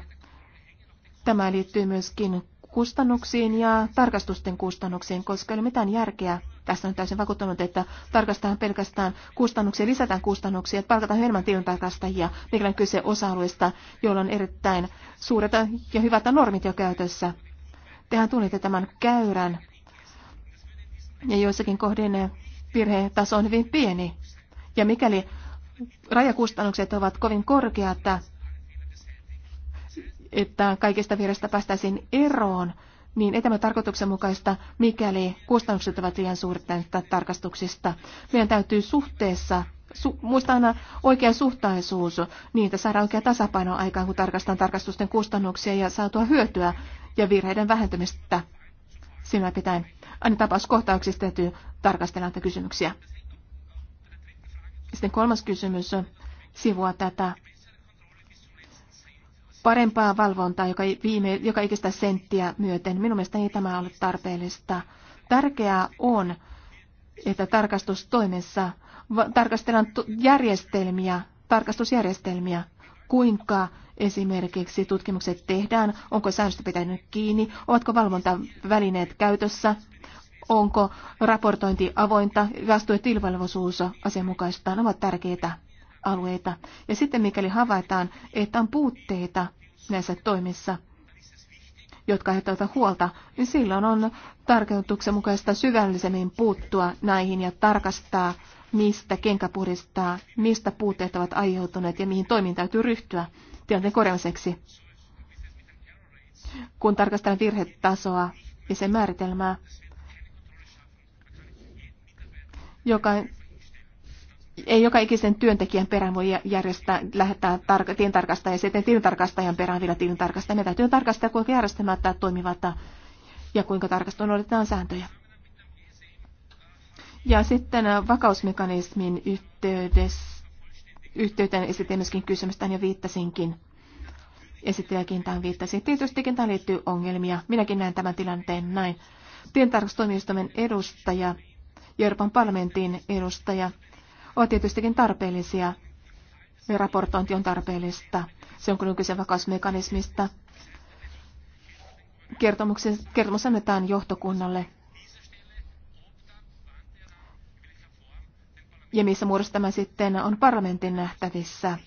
Tämä liittyy myöskin kustannuksiin ja tarkastusten kustannuksiin, koska ei ole mitään järkeä tässä on täysin vakuuttunut, että tarkastetaan pelkästään kustannuksia, lisätään kustannuksia, että palkataan enemmän tilintarkastajia, mikä on kyse osa-alueista, joilla on erittäin suuret ja hyvät normit jo käytössä. Tehän tunnitte tämän käyrän, ja joissakin kohdin virhetaso on hyvin pieni. Ja mikäli rajakustannukset ovat kovin korkeat, että kaikista virheistä päästäisiin eroon, niin ei tämä tarkoituksenmukaista, mikäli kustannukset ovat liian suuret näistä tarkastuksista. Meidän täytyy suhteessa su, muista aina oikea suhtaisuus, niin että saadaan oikea tasapaino aikaan, kun tarkastetaan tarkastusten kustannuksia ja saatua hyötyä ja virheiden vähentämistä Siinä pitää. Aina tapauskohtauksista täytyy tarkastella näitä kysymyksiä. Sitten kolmas kysymys sivua tätä parempaa valvontaa joka, viime, joka ikistä senttiä myöten. Minun mielestäni ei tämä ole tarpeellista. Tärkeää on, että tarkastustoimessa tarkastellaan järjestelmiä, tarkastusjärjestelmiä, kuinka esimerkiksi tutkimukset tehdään, onko säännöstä pitänyt kiinni, ovatko valvontavälineet käytössä, onko raportointi avointa, vastuu- ja asianmukaista, ne ovat tärkeitä alueita. Ja sitten mikäli havaitaan, että on puutteita näissä toimissa, jotka aiheuttavat huolta, niin silloin on tarkoituksen mukaista syvällisemmin puuttua näihin ja tarkastaa, mistä kenkä puristaa, mistä puutteet ovat aiheutuneet ja mihin toimiin täytyy ryhtyä tilanteen korjaamiseksi. Kun tarkastellaan virhetasoa ja sen määritelmää, joka ei joka ikisen työntekijän perään voi järjestää, lähettää tar- tilintarkastaja, sitten tilintarkastajan perään vielä tilintarkastajan. Meidän täytyy tarkastaa, kuinka tämä toimivat ja kuinka tarkasti odotetaan sääntöjä. Ja sitten äh, vakausmekanismin yhteydessä, yhteyteen esitin myöskin kysymys, tämän niin jo viittasinkin. Esittäjäkin tämän viittasi. Tietystikin tähän liittyy ongelmia. Minäkin näen tämän tilanteen näin. Tilintarkastustoimistomen edustaja ja Euroopan parlamentin edustaja ovat tietystikin tarpeellisia. Ja raportointi on tarpeellista. Se on nykyisen vakausmekanismista. Kertomus annetaan johtokunnalle. Ja missä muodossa tämä sitten on parlamentin nähtävissä.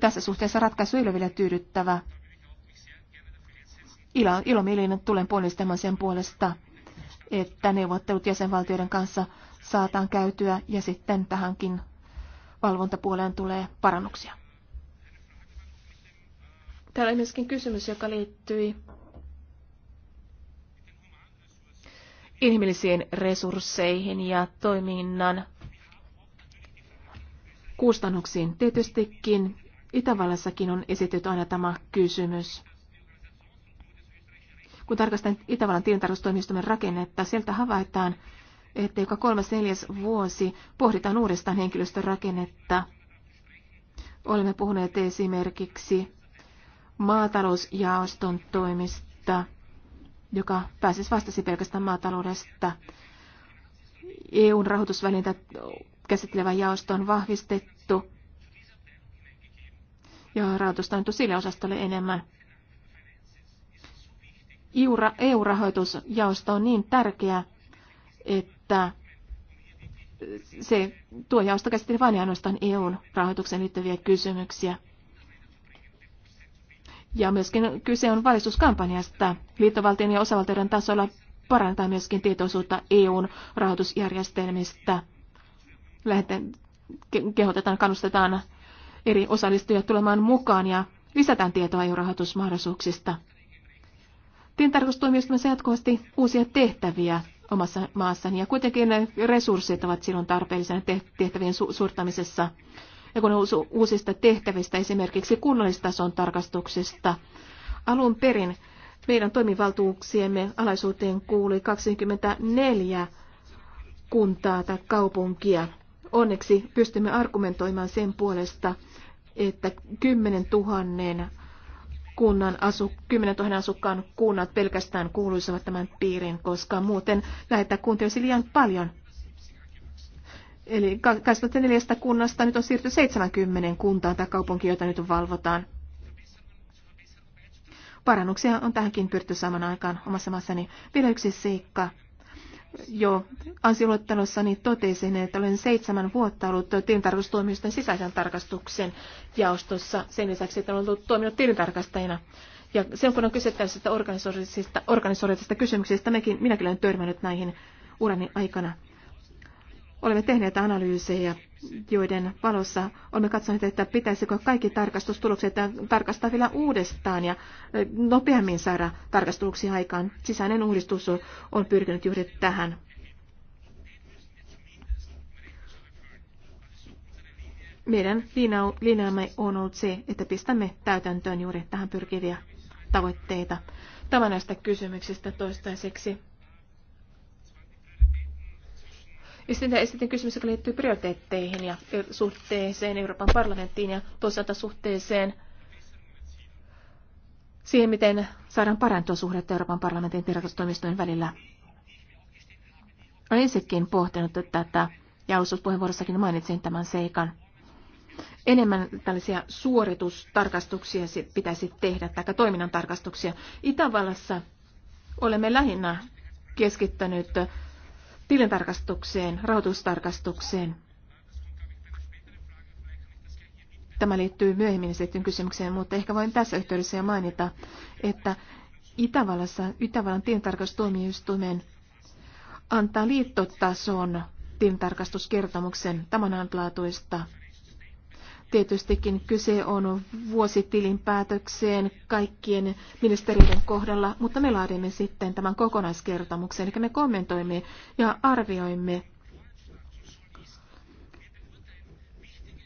Tässä suhteessa ratkaisu ei ole vielä tyydyttävä. Ilo, ilomielinen tulen ponnistamaan sen puolesta, että neuvottelut jäsenvaltioiden kanssa saataan käytyä ja sitten tähänkin valvontapuoleen tulee parannuksia. Täällä oli myöskin kysymys, joka liittyi inhimillisiin resursseihin ja toiminnan kustannuksiin. Tietystikin Itävallassakin on esitetty aina tämä kysymys. Kun tarkastan Itävallan tilintarkastustoimistomen rakennetta, sieltä havaitaan, että joka kolmas neljäs vuosi pohditaan uudestaan henkilöstörakennetta. Olemme puhuneet esimerkiksi maatalousjaoston toimista, joka pääsisi vastasi pelkästään maataloudesta. EUn rahoitusvälintä käsittelevän jaosto on vahvistettu ja rahoitusta on sille osastolle enemmän. EU-rahoitusjaosto on niin tärkeä, että että se tuo jaosto käsitteli vain ja ainoastaan EUn rahoituksen liittyviä kysymyksiä. Ja myöskin kyse on valistuskampanjasta. Liittovaltion ja osavaltioiden tasolla parantaa myöskin tietoisuutta EUn rahoitusjärjestelmistä. Läheten, kehotetaan, kannustetaan eri osallistujia tulemaan mukaan ja lisätään tietoa EU-rahoitusmahdollisuuksista. Tintarkastustoimistomme jatkuvasti uusia tehtäviä omassa maassani. Ja kuitenkin resurssit ovat silloin tarpeellisia tehtävien su- suurtamisessa. Ja kun on uusista tehtävistä, esimerkiksi kunnallistason tarkastuksista, alun perin meidän toimivaltuuksiemme alaisuuteen kuului 24 kuntaa tai kaupunkia. Onneksi pystymme argumentoimaan sen puolesta, että 10 tuhannen kunnan asu, 10 000 asukkaan kunnat pelkästään kuuluisivat tämän piirin, koska muuten näitä kuntia olisi liian paljon. Eli 24 kunnasta nyt on siirtynyt 70 kuntaan tai kaupunki, joita nyt valvotaan. Parannuksia on tähänkin pyritty saman aikaan omassa maassani. Vielä yksi seikka, jo ansioluettelossani totesin, että olen seitsemän vuotta ollut tilintarkastustoimiston sisäisen tarkastuksen jaostossa sen lisäksi, että olen ollut toiminut tilintarkastajina. Ja silloin kun on kyse tällaisista organisoiduista kysymyksistä, mekin, minäkin olen törmännyt näihin urani aikana. Olemme tehneet analyysejä, joiden valossa olemme katsoneet, että pitäisikö kaikki tarkastustulokset tarkastaa vielä uudestaan ja nopeammin saada tarkastuksia aikaan. Sisäinen uudistus on pyrkinyt juuri tähän. Meidän linjamme on ollut se, että pistämme täytäntöön juuri tähän pyrkiviä tavoitteita. Tämä näistä kysymyksistä toistaiseksi. sitten esitin kysymys, joka liittyy prioriteetteihin ja e- suhteeseen Euroopan parlamenttiin ja toisaalta suhteeseen siihen, miten saadaan parantua suhdetta Euroopan parlamentin tiedotustoimistojen välillä. Olen itsekin pohtinut tätä ja osuuspuheenvuorossakin mainitsin tämän seikan. Enemmän tällaisia suoritustarkastuksia pitäisi tehdä, tai toiminnan tarkastuksia. Itävallassa olemme lähinnä keskittäneet tilintarkastukseen, rahoitustarkastukseen. Tämä liittyy myöhemmin esitettyyn kysymykseen, mutta ehkä voin tässä yhteydessä jo mainita, että Itävallassa Itävallan tilintarkastustuomioistuimen antaa liittotason tilintarkastuskertomuksen. Tämä on antlaatuista Tietystikin kyse on vuositilinpäätökseen kaikkien ministeriöiden kohdalla, mutta me laadimme sitten tämän kokonaiskertomuksen, eli me kommentoimme ja arvioimme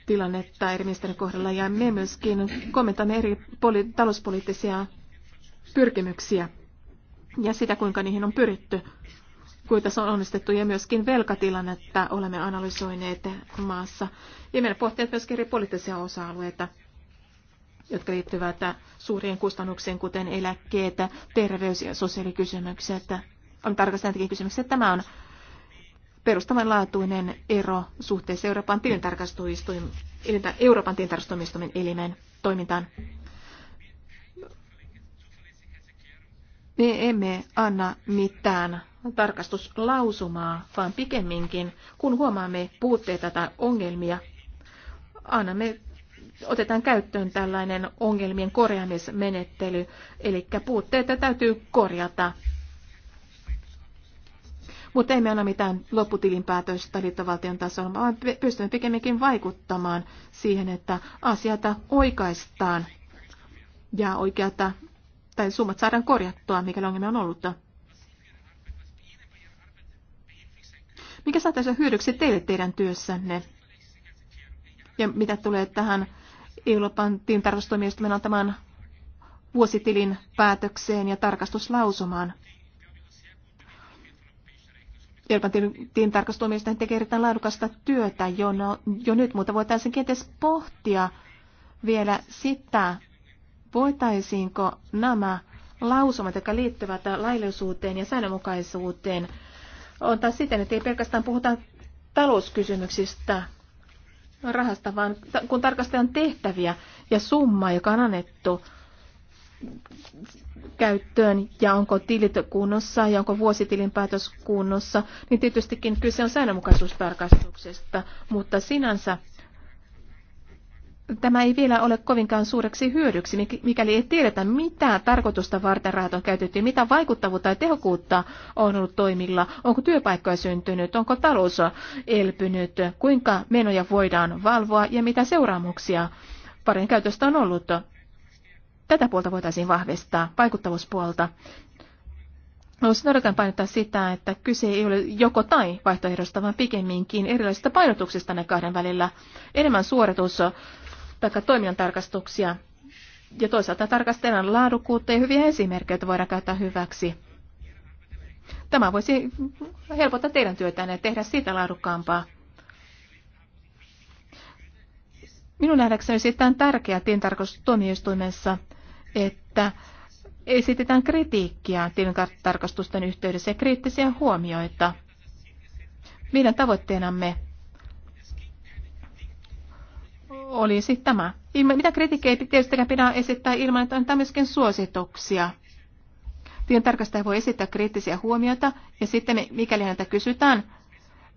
tilannetta eri ministeriön kohdalla, ja me myöskin kommentoimme eri poli- talouspoliittisia pyrkimyksiä ja sitä, kuinka niihin on pyritty kuin tässä on onnistettu ja myöskin velkatilannetta olemme analysoineet maassa. Ja meillä pohtii myöskin eri poliittisia osa-alueita, jotka liittyvät suuriin kustannuksiin, kuten eläkkeet, terveys- ja sosiaalikysymykset. On tarkastanutkin kysymyksiä, tämä on perustavanlaatuinen ero suhteessa Euroopan tilintarkastuistuimen, Euroopan elimen toimintaan. Me emme anna mitään tarkastuslausumaa, vaan pikemminkin, kun huomaamme puutteita tai ongelmia, annamme, otetaan käyttöön tällainen ongelmien korjaamismenettely, eli puutteita täytyy korjata. Mutta emme anna mitään lopputilinpäätöstä liittovaltion tasolla, vaan pystymme pikemminkin vaikuttamaan siihen, että asiata oikaistaan ja oikeata tai summat saadaan korjattua, mikä ongelma on ollut. mikä saattaisi hyödyksi teille teidän työssänne. Ja mitä tulee tähän Euroopan tilintarkastustoimijoistamme antamaan vuositilin päätökseen ja tarkastuslausumaan. Euroopan tilintarkastustoimijoista tekee erittäin laadukasta työtä jo, no, jo nyt, mutta voitaisiin kenties pohtia vielä sitä, voitaisiinko nämä lausumat, jotka liittyvät laillisuuteen ja säännönmukaisuuteen, on taas siten, että ei pelkästään puhuta talouskysymyksistä rahasta, vaan kun tarkastetaan tehtäviä ja summaa, joka on annettu käyttöön ja onko tilit kunnossa ja onko vuositilinpäätös kunnossa, niin tietystikin kyse on säännönmukaisuustarkastuksesta, mutta sinänsä tämä ei vielä ole kovinkaan suureksi hyödyksi, mikäli ei tiedetä, mitä tarkoitusta varten rahat on käytetty, mitä vaikuttavuutta ja tehokkuutta on ollut toimilla, onko työpaikkoja syntynyt, onko talous elpynyt, kuinka menoja voidaan valvoa ja mitä seuraamuksia parin käytöstä on ollut. Tätä puolta voitaisiin vahvistaa, vaikuttavuuspuolta. Haluaisin odotan painottaa sitä, että kyse ei ole joko tai vaihtoehdosta, vaan pikemminkin erilaisista painotuksista ne kahden välillä. Enemmän suoritus tai toiminnan tarkastuksia ja toisaalta tarkastellaan laadukkuutta ja hyviä esimerkkejä, joita voidaan käyttää hyväksi. Tämä voisi helpottaa teidän työtänne ja tehdä siitä laadukkaampaa. Minun nähdäkseni olisi on tärkeää tilintarkastustuomioistuimessa, että esitetään kritiikkiä tilintarkastusten yhteydessä ja kriittisiä huomioita. Meidän tavoitteenamme olisi tämä. Mitä kritiikkiä ei tietystikään pidä esittää ilman, että antaa myöskin suosituksia. Tilintarkastaja voi esittää kriittisiä huomioita ja sitten mikäli häntä kysytään,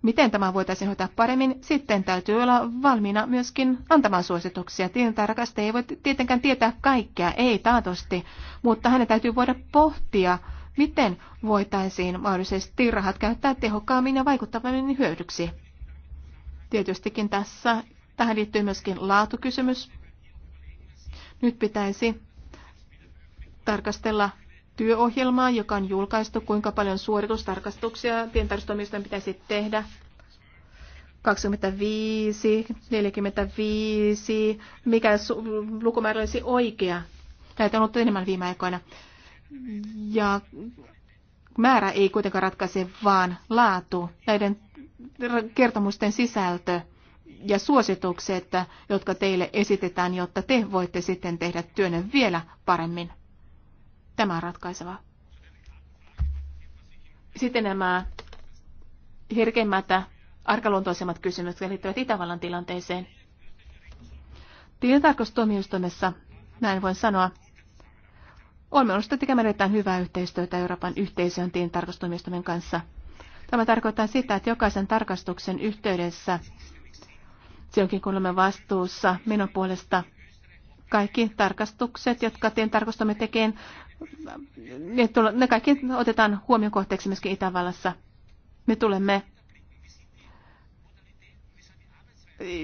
miten tämä voitaisiin hoitaa paremmin, sitten täytyy olla valmiina myöskin antamaan suosituksia. Tilintarkastaja ei voi tietenkään tietää kaikkea, ei taatosti, mutta hänen täytyy voida pohtia, miten voitaisiin mahdollisesti rahat käyttää tehokkaammin ja vaikuttavammin hyödyksi. Tietystikin tässä Tähän liittyy myöskin laatukysymys. Nyt pitäisi tarkastella työohjelmaa, joka on julkaistu, kuinka paljon suoritustarkastuksia tientarkastustoimistojen pitäisi tehdä. 25, 45, mikä lukumäärä olisi oikea. Näitä on ollut enemmän viime aikoina. Ja määrä ei kuitenkaan ratkaise, vaan laatu, näiden kertomusten sisältö ja suositukset, jotka teille esitetään, jotta te voitte sitten tehdä työnne vielä paremmin. Tämä on ratkaiseva. Sitten nämä herkemmät, arkaluontoisemmat kysymykset liittyvät Itävallan tilanteeseen. Tilintarkastustuomioistuimessa, näin voin sanoa, olemme onnistuneet tekemään erittäin hyvää yhteistyötä Euroopan yhteisön tilintarkastustuomioistuimen kanssa. Tämä tarkoittaa sitä, että jokaisen tarkastuksen yhteydessä silloinkin kun olemme vastuussa minun puolesta kaikki tarkastukset, jotka teidän tarkastamme tekeen, ne, tulo, ne kaikki otetaan huomioon kohteeksi myöskin Itävallassa. Me tulemme,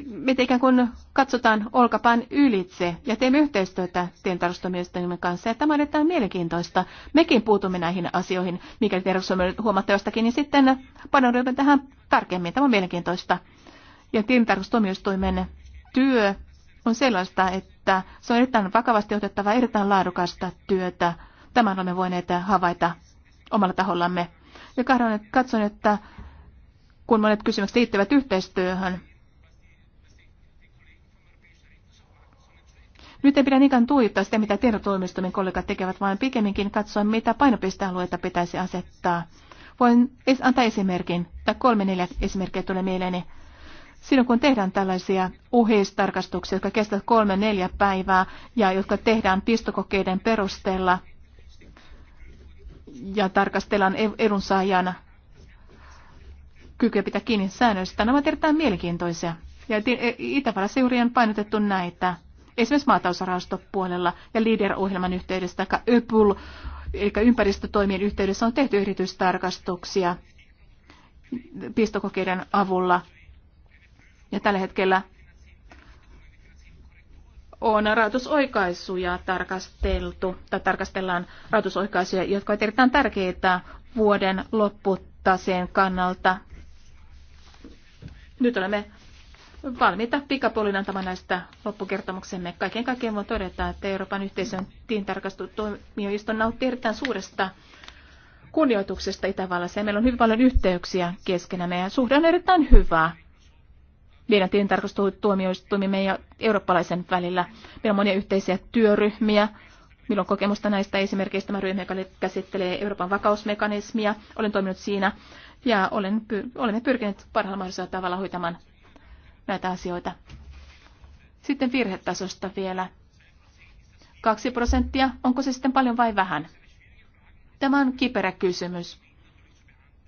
me ikään kuin katsotaan olkapaan ylitse ja teemme yhteistyötä teidän tarkastusmiestelmien kanssa. Ja tämä on erittäin mielenkiintoista. Mekin puutumme näihin asioihin, mikäli tarkastamme on huomattavastakin, niin sitten paneudumme tähän tarkemmin. Tämä on mielenkiintoista ja tilintarkastustuomioistuimen työ on sellaista, että se on erittäin vakavasti otettava erittäin laadukasta työtä. Tämän olemme voineet havaita omalla tahollamme. Ja katson, että kun monet kysymykset liittyvät yhteistyöhön, Nyt ei pidä niinkään tuijuttaa sitä, mitä tiedotoimistojen kollegat tekevät, vaan pikemminkin katsoa, mitä painopistealueita pitäisi asettaa. Voin antaa esimerkin, tai kolme neljä esimerkkiä tulee mieleeni. Silloin kun tehdään tällaisia uheistarkastuksia, jotka kestävät kolme neljä päivää ja jotka tehdään pistokokeiden perusteella ja tarkastellaan edunsaajana kykyä pitää kiinni säännöistä, nämä ovat erittäin mielenkiintoisia. Ja e- Itävallassa juuri on painotettu näitä esimerkiksi maatausrahastopuolella ja LEADER-ohjelman yhteydessä, tai ÖPUL, eli ympäristötoimien yhteydessä on tehty yritystarkastuksia pistokokeiden avulla ja tällä hetkellä on rahoitusoikaisuja tarkasteltu, tai tarkastellaan rahoitusoikaisuja, jotka ovat erittäin tärkeitä vuoden lopputaseen kannalta. Nyt olemme valmiita pikapuolin antamaan näistä loppukertomuksemme. Kaiken kaikkiaan voi todeta, että Euroopan yhteisön tiintarkastustoimijoiston nauttii erittäin suuresta kunnioituksesta Itävallassa ja meillä on hyvin paljon yhteyksiä keskenämme ja suhde on erittäin hyvää meidän tilintarkastustuomioistuimimme ja eurooppalaisen välillä. Meillä on monia yhteisiä työryhmiä. Meillä on kokemusta näistä esimerkiksi tämä ryhmä, joka käsittelee Euroopan vakausmekanismia. Olen toiminut siinä ja olen, olemme pyrkineet parhaalla mahdollisella tavalla hoitamaan näitä asioita. Sitten virhetasosta vielä. Kaksi prosenttia, onko se sitten paljon vai vähän? Tämä on kiperä kysymys.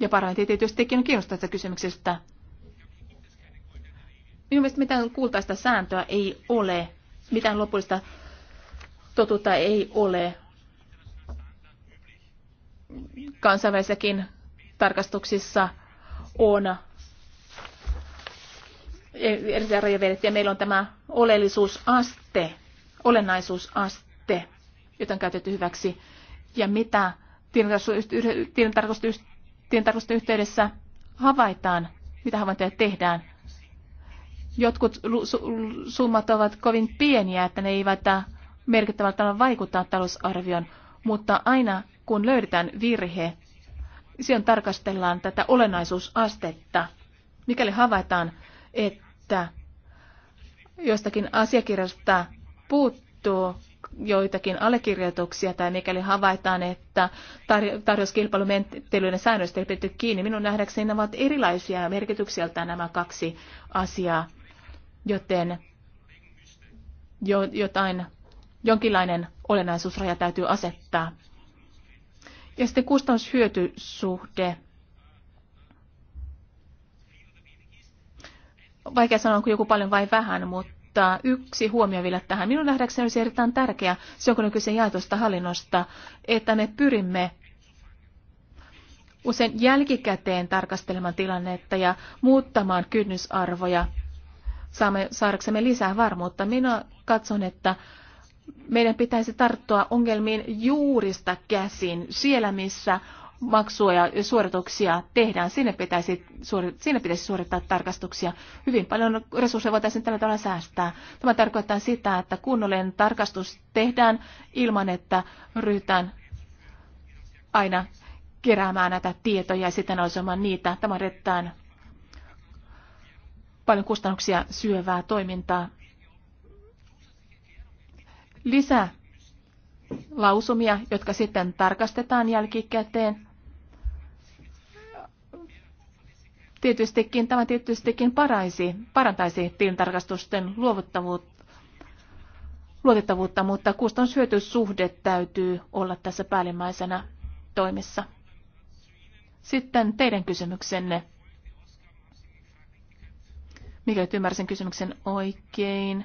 Ja parlamentti tietystikin on tästä kysymyksestä. Minun mielestä mitään kultaista sääntöä ei ole, mitään lopullista totuutta ei ole. Kansainvälisessäkin tarkastuksissa on erilaisia rajavedettä ja meillä on tämä oleellisuusaste, olennaisuusaste, jota on käytetty hyväksi. Ja mitä tilintarkastusten yhteydessä havaitaan, mitä havaintoja tehdään, Jotkut summat ovat kovin pieniä, että ne eivät merkittävällä tavalla vaikuttaa talousarvion, mutta aina kun löydetään virhe, silloin tarkastellaan tätä olennaisuusastetta. Mikäli havaitaan, että jostakin asiakirjasta puuttuu joitakin allekirjoituksia tai mikäli havaitaan, että tar- tarjouskilpailumenettelyiden säännöistä ei pidetty kiinni. Minun nähdäkseni nämä ovat erilaisia merkitykseltään nämä kaksi asiaa joten jo, jotain, jonkinlainen olennaisuusraja täytyy asettaa. Ja sitten kustannushyötysuhde. Vaikea sanoa, onko joku paljon vai vähän, mutta yksi huomio vielä tähän. Minun nähdäkseni olisi erittäin tärkeää, se onko nykyisen jaetusta hallinnosta, että me pyrimme usein jälkikäteen tarkastelemaan tilannetta ja muuttamaan kynnysarvoja saamme, saadaksemme lisää varmuutta. Minä katson, että meidän pitäisi tarttua ongelmiin juurista käsin, siellä missä maksuja ja suorituksia tehdään, sinne pitäisi, suori, sinne pitäisi suorittaa tarkastuksia. Hyvin paljon resursseja voitaisiin tällä tavalla säästää. Tämä tarkoittaa sitä, että kunnollinen tarkastus tehdään ilman, että ryhdytään aina keräämään näitä tietoja ja sitten analysoimaan niitä. Tämä on erittäin paljon kustannuksia syövää toimintaa. Lisää lausumia, jotka sitten tarkastetaan jälkikäteen. Tietystikin, tämä tietystikin paraisi, parantaisi tilintarkastusten luovuttavuutta, luotettavuutta, mutta kustannushyötysuhde täytyy olla tässä päällimmäisenä toimissa. Sitten teidän kysymyksenne Mikäli ymmärsin kysymyksen oikein,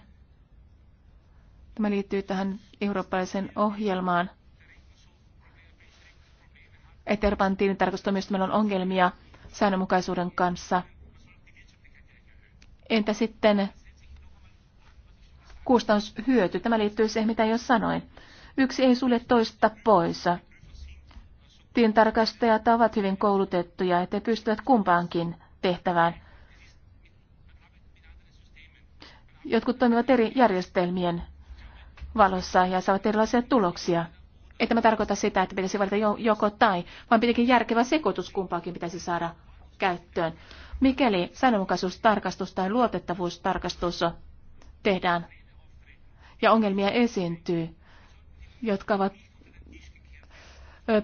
tämä liittyy tähän eurooppalaiseen ohjelmaan, että Euroopan meillä on ongelmia säännönmukaisuuden kanssa. Entä sitten kustannushyöty? Tämä liittyy siihen, mitä jo sanoin. Yksi ei sulje toista pois. Tilintarkastajat ovat hyvin koulutettuja, että pystyvät kumpaankin tehtävään Jotkut toimivat eri järjestelmien valossa ja saavat erilaisia tuloksia. Ei tämä tarkoita sitä, että pitäisi valita joko tai, vaan pitäisi järkevä sekoitus kumpaakin pitäisi saada käyttöön. Mikäli säännönmukaisuustarkastus tai luotettavuustarkastus tehdään ja ongelmia esiintyy, jotka ovat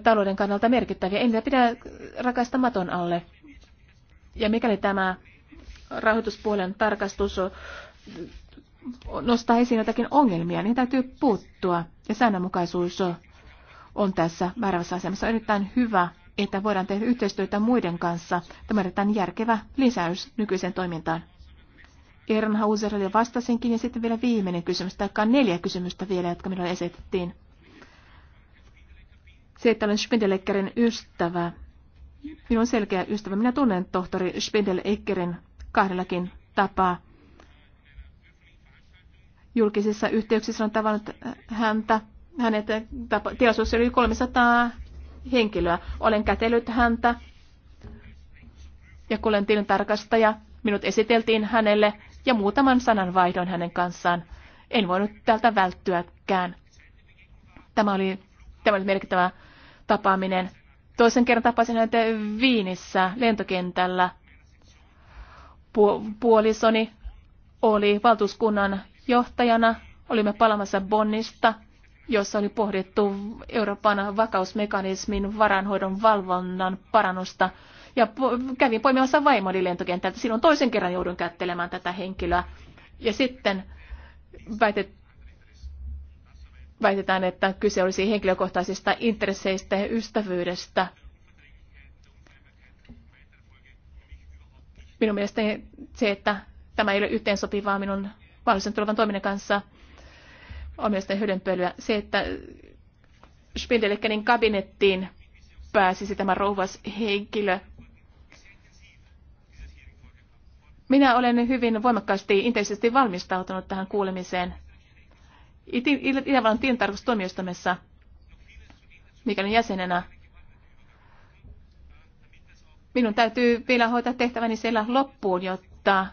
talouden kannalta merkittäviä. Ei niitä pidä rakaista maton alle. Ja mikäli tämä rahoituspuolen tarkastus nostaa esiin jotakin ongelmia, niin täytyy puuttua. Ja säännönmukaisuus on tässä määrävässä asemassa erittäin hyvä, että voidaan tehdä yhteistyötä muiden kanssa. Tämä on erittäin järkevä lisäys nykyiseen toimintaan. oli vastasinkin ja sitten vielä viimeinen kysymys, tai neljä kysymystä vielä, jotka minulle esitettiin. Se, että olen Spindeleckerin ystävä, minun on selkeä ystävä. Minä tunnen tohtori Spindeleckerin kahdellakin tapaa julkisissa yhteyksissä on tavannut äh, häntä. Hänet äh, tilaisuus oli 300 henkilöä. Olen kätellyt häntä ja kuulen tilintarkastaja. Minut esiteltiin hänelle ja muutaman sanan vaihdoin hänen kanssaan. En voinut tältä välttyäkään. Tämä oli, tämä oli merkittävä tapaaminen. Toisen kerran tapasin häntä Viinissä lentokentällä. Puolisoni oli valtuuskunnan johtajana. Olimme palamassa Bonnista, jossa oli pohdittu Euroopan vakausmekanismin varanhoidon valvonnan parannusta. Ja po- kävin poimimassa vaimoni lentokentältä. Silloin toisen kerran joudun kättelemään tätä henkilöä. Ja sitten väitet, väitetään, että kyse olisi henkilökohtaisista intresseistä ja ystävyydestä. Minun mielestäni se, että tämä ei ole yhteensopivaa minun mahdollisen tulevan toiminnan kanssa on mielestäni hölynpölyä. Se, että Spindelikkenin kabinettiin pääsisi tämä rouvas henkilö. Minä olen hyvin voimakkaasti intensiivisesti valmistautunut tähän kuulemiseen. Itävallan tilintarkastustuomioistamessa, mikäli jäsenenä, minun täytyy vielä hoitaa tehtäväni siellä loppuun, jotta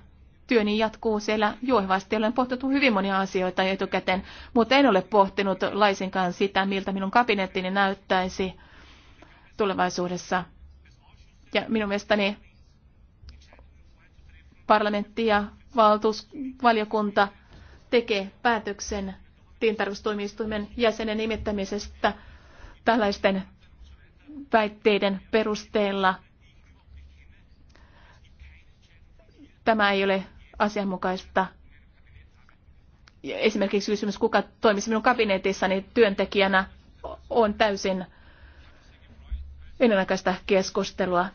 työni jatkuu siellä juohivasti. Olen pohtinut hyvin monia asioita etukäteen, mutta en ole pohtinut laisinkaan sitä, miltä minun kabinettini näyttäisi tulevaisuudessa. Ja minun mielestäni parlamentti ja valtuusvaliokunta tekee päätöksen tiintarkastustoimistuimen jäsenen nimittämisestä tällaisten väitteiden perusteella. Tämä ei ole asianmukaista. Esimerkiksi kysymys, kuka toimisi minun kabinetissani työntekijänä, on täysin ennenaikaista keskustelua.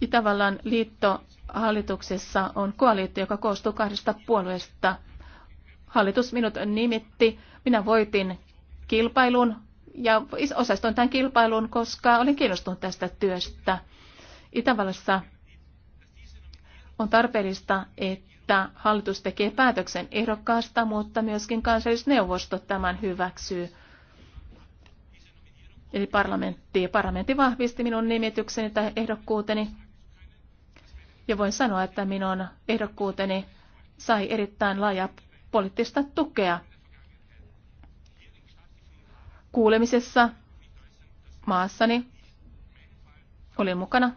Itävallan liittohallituksessa on koaliitto, joka koostuu kahdesta puolueesta. Hallitus minut nimitti, minä voitin kilpailun ja osastoin tämän kilpailun, koska olin kiinnostunut tästä työstä. Itävallassa on tarpeellista, että hallitus tekee päätöksen ehdokkaasta, mutta myöskin kansallisneuvosto tämän hyväksyy. Eli parlamentti, parlamentti vahvisti minun nimitykseni tai ehdokkuuteni. Ja voin sanoa, että minun ehdokkuuteni sai erittäin laajaa poliittista tukea. Kuulemisessa maassani olin mukana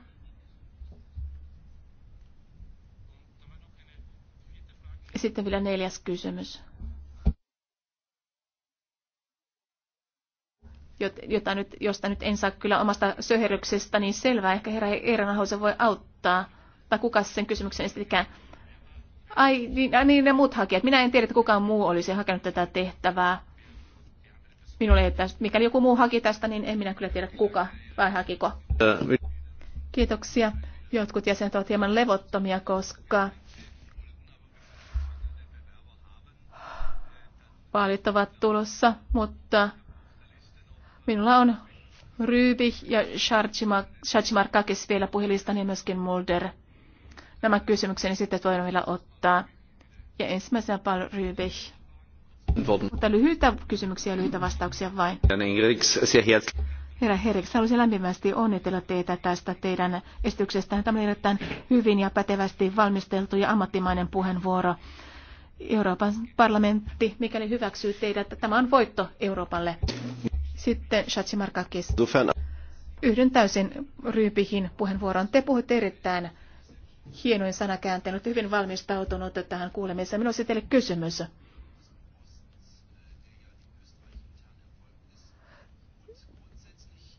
Sitten vielä neljäs kysymys. Jota nyt, josta nyt en saa kyllä omasta söheryksestä niin selvää. Ehkä herra se voi auttaa. Tai kuka sen kysymyksen esitikään. Ai niin, äh, niin, ne muut hakijat. Minä en tiedä, että kukaan muu olisi hakenut tätä tehtävää. Minulle ei tästä. Mikäli joku muu haki tästä, niin en minä kyllä tiedä kuka vai hakiko. Äh, Kiitoksia. Jotkut jäsenet ovat hieman levottomia, koska Vaalit ovat tulossa, mutta minulla on Ryby ja Kakis vielä puhelista, niin myöskin Mulder. Nämä kysymykseni sitten voin vielä ottaa. Ja ensimmäisenä paljon Ryby. Mutta lyhyitä kysymyksiä ja lyhyitä vastauksia vain. Herra Heriks, haluaisin lämpimästi onnitella teitä tästä teidän esityksestä. Tämä oli erittäin hyvin ja pätevästi valmisteltu ja ammattimainen puheenvuoro. Euroopan parlamentti, mikäli hyväksyy teidät, että tämä on voitto Euroopalle. Sitten Shatsimarkakis. Yhdyn täysin Ryypihin puheenvuoron. Te puhutte erittäin hienoin sanakääntein, olette hyvin valmistautunut tähän kuulemiseen. Minulla olisi teille kysymys.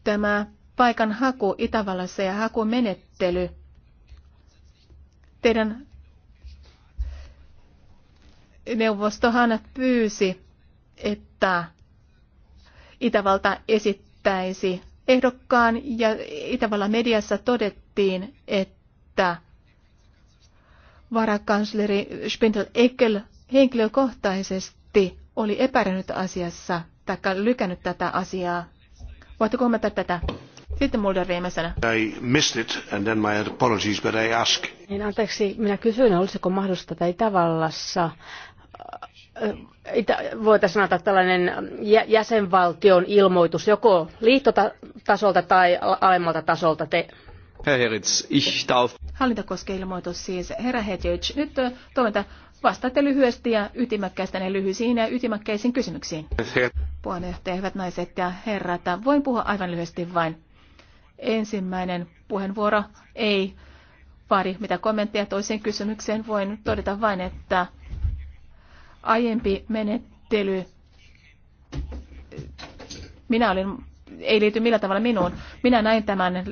Tämä paikan haku Itävallassa ja hakumenettely. Teidän neuvostohan pyysi, että Itävalta esittäisi ehdokkaan ja Itävallan mediassa todettiin, että varakansleri Spindel Ekel henkilökohtaisesti oli epäränyt asiassa tai lykännyt tätä asiaa. Voitte kommentoida tätä? Sitten Mulder viimeisenä. I missed it and then my apologies, but I ask. Niin, anteeksi, minä kysyin, olisiko mahdollista, että Itävallassa voitaisiin sanoa tällainen jäsenvaltion ilmoitus joko liittotasolta tai alemmalta tasolta. Te... Herr Heritz, ich darf... Hallinta koskee ilmoitus siis. Herra Hedjic, nyt toivon, vastaatte lyhyesti ja ytimäkkäistä ne lyhyisiin ja ytimäkkäisiin kysymyksiin. Puheenjohtaja, hyvät naiset ja herrat, voin puhua aivan lyhyesti vain. Ensimmäinen puheenvuoro ei vaadi mitä kommentteja toiseen kysymykseen. Voin todeta vain, että Aiempi menettely, minä olin, ei liity millään tavalla minuun. Minä näin tämän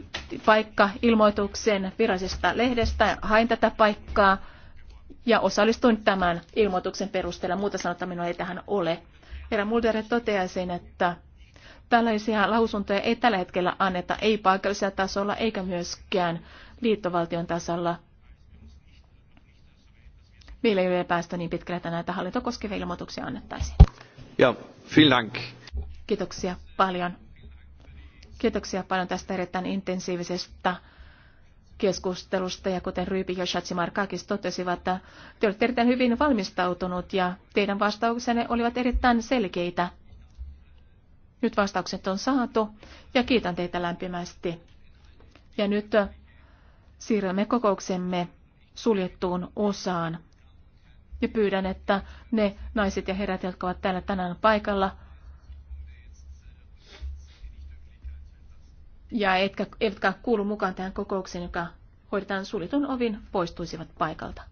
paikka-ilmoituksen virallisesta lehdestä, hain tätä paikkaa ja osallistuin tämän ilmoituksen perusteella. Muuta sanotta minua ei tähän ole. Herra Mulder toteaisin, että tällaisia lausuntoja ei tällä hetkellä anneta, ei paikallisella tasolla eikä myöskään liittovaltion tasolla ole päästä niin pitkälle, että näitä hallinto koskevia ilmoituksia annettaisiin. Ja, vielen dank. Kiitoksia paljon. Kiitoksia paljon tästä erittäin intensiivisestä keskustelusta ja kuten Ryypi ja Shatsimarkakis totesivat, että te olette erittäin hyvin valmistautunut ja teidän vastauksenne olivat erittäin selkeitä. Nyt vastaukset on saatu ja kiitän teitä lämpimästi. Ja nyt siirrymme kokouksemme suljettuun osaan. Ja pyydän, että ne naiset ja herrat, jotka ovat täällä tänään paikalla, ja etkä, etkä kuulu mukaan tähän kokoukseen, joka hoidetaan sulitun ovin, poistuisivat paikalta.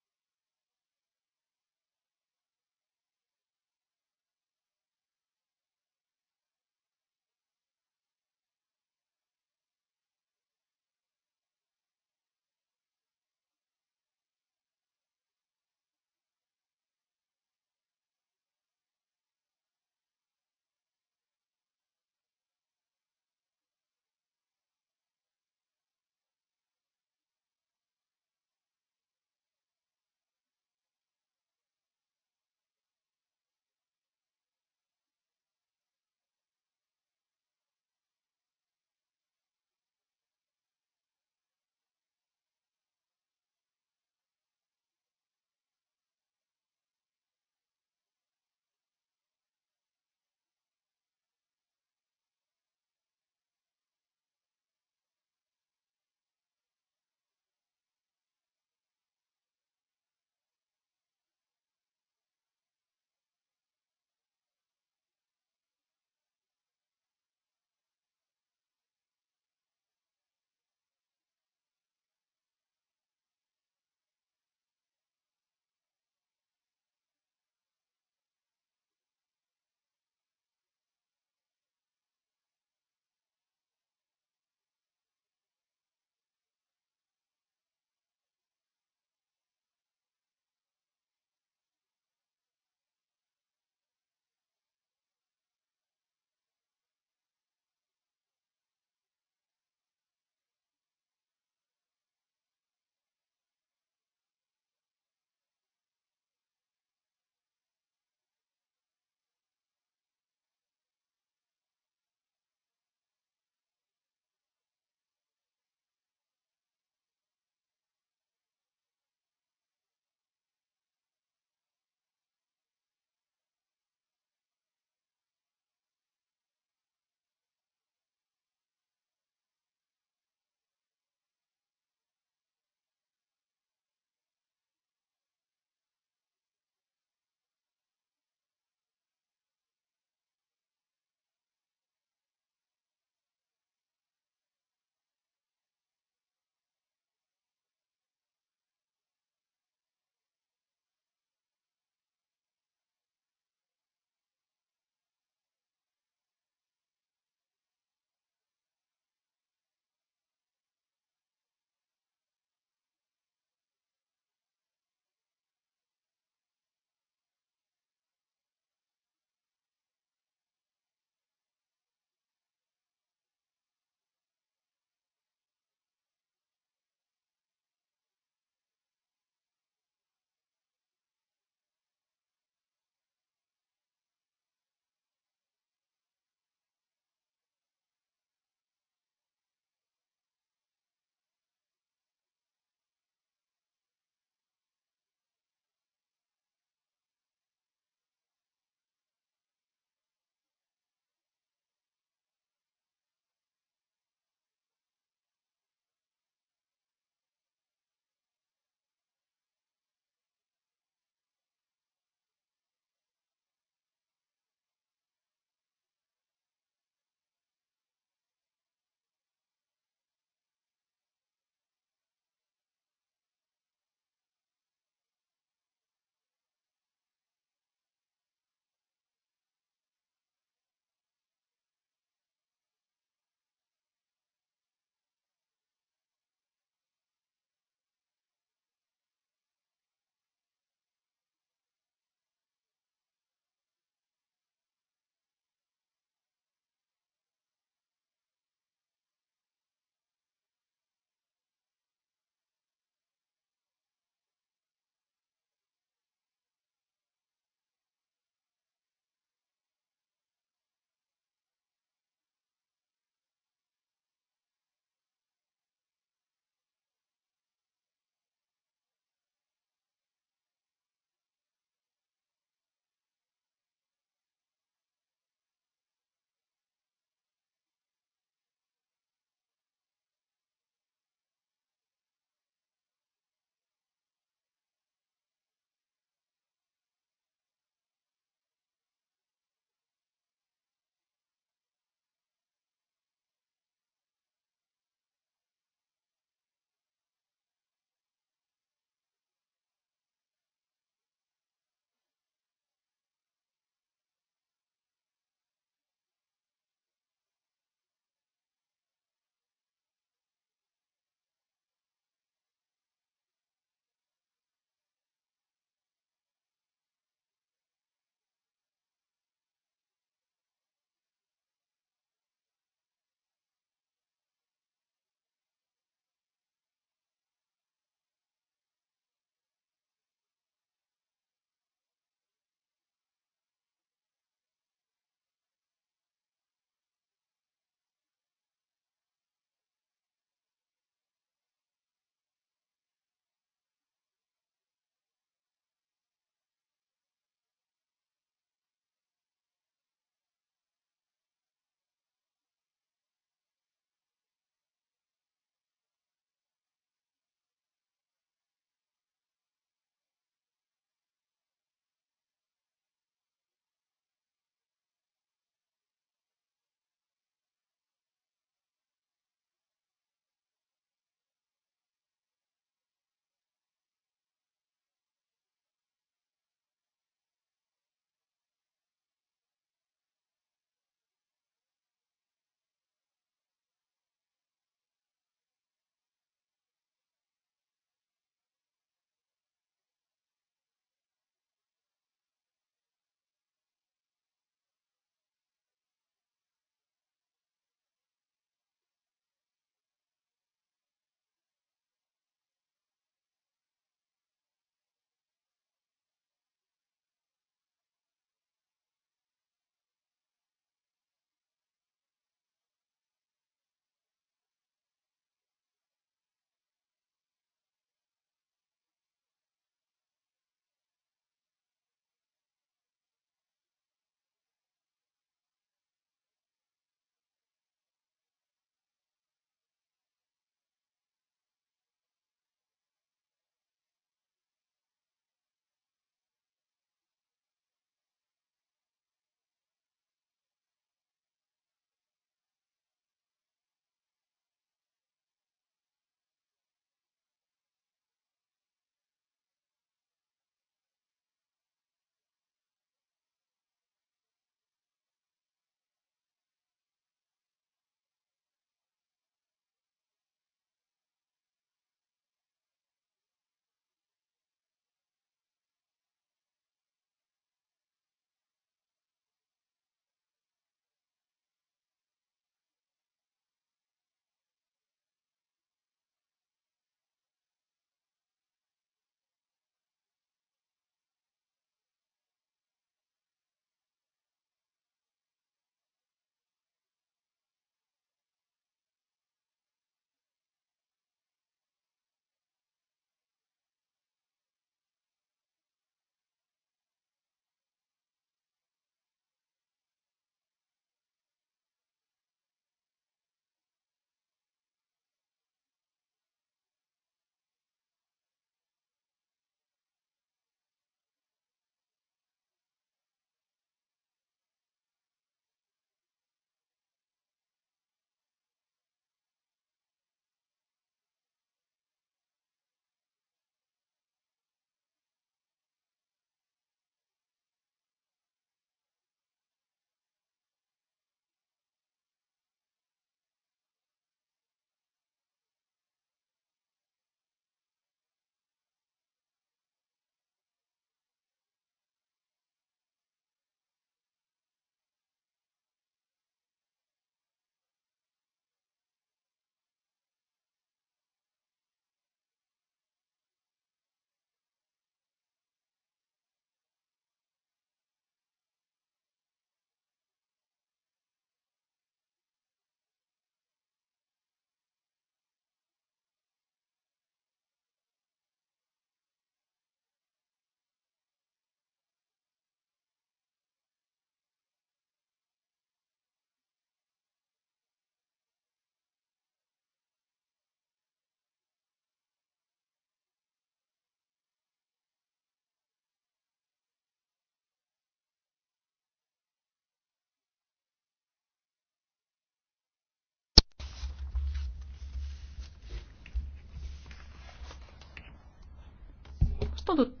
tuntuu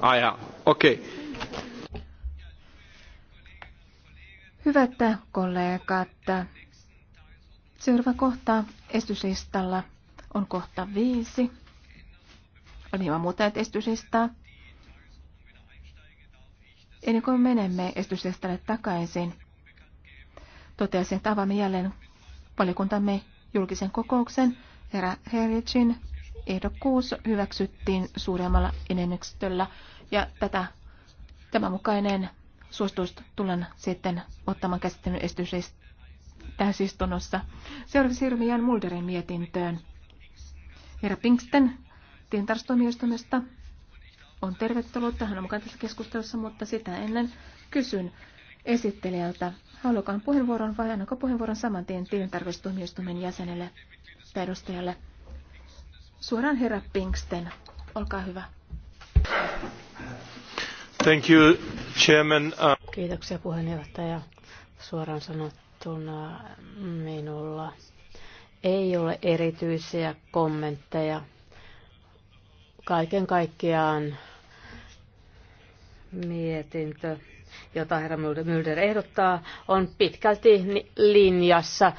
Ah ja, okei. Okay. Hyvät kollegat, seuraava kohta estyslistalla on kohta viisi. On hieman muuttanut estyslista. Ennen kuin menemme estyslistalle takaisin, toteaisin, että avaamme jälleen valiokuntamme julkisen kokouksen. Herra Hericin ehdokkuus hyväksyttiin suuremmalla enemmistöllä ja tätä, tämä mukainen suositusta tulen sitten ottamaan käsittelyn esitys täysistunnossa. Seuraavaksi siirrymme Jan Mulderin mietintöön. Herra Pinksten tientarstoimijoistumista on tervetullut tähän mukaan tässä keskustelussa, mutta sitä ennen kysyn esittelijältä. Haluakaan puheenvuoron vai annanko puheenvuoron saman tien tilintarkastustuomioistuimen jäsenelle tai edustajalle? Suoraan herra Pinksten, olkaa hyvä. Thank you, chairman. Kiitoksia puheenjohtaja. Suoraan sanottuna minulla ei ole erityisiä kommentteja. Kaiken kaikkiaan mietintö, jota herra Mulder ehdottaa, on pitkälti linjassa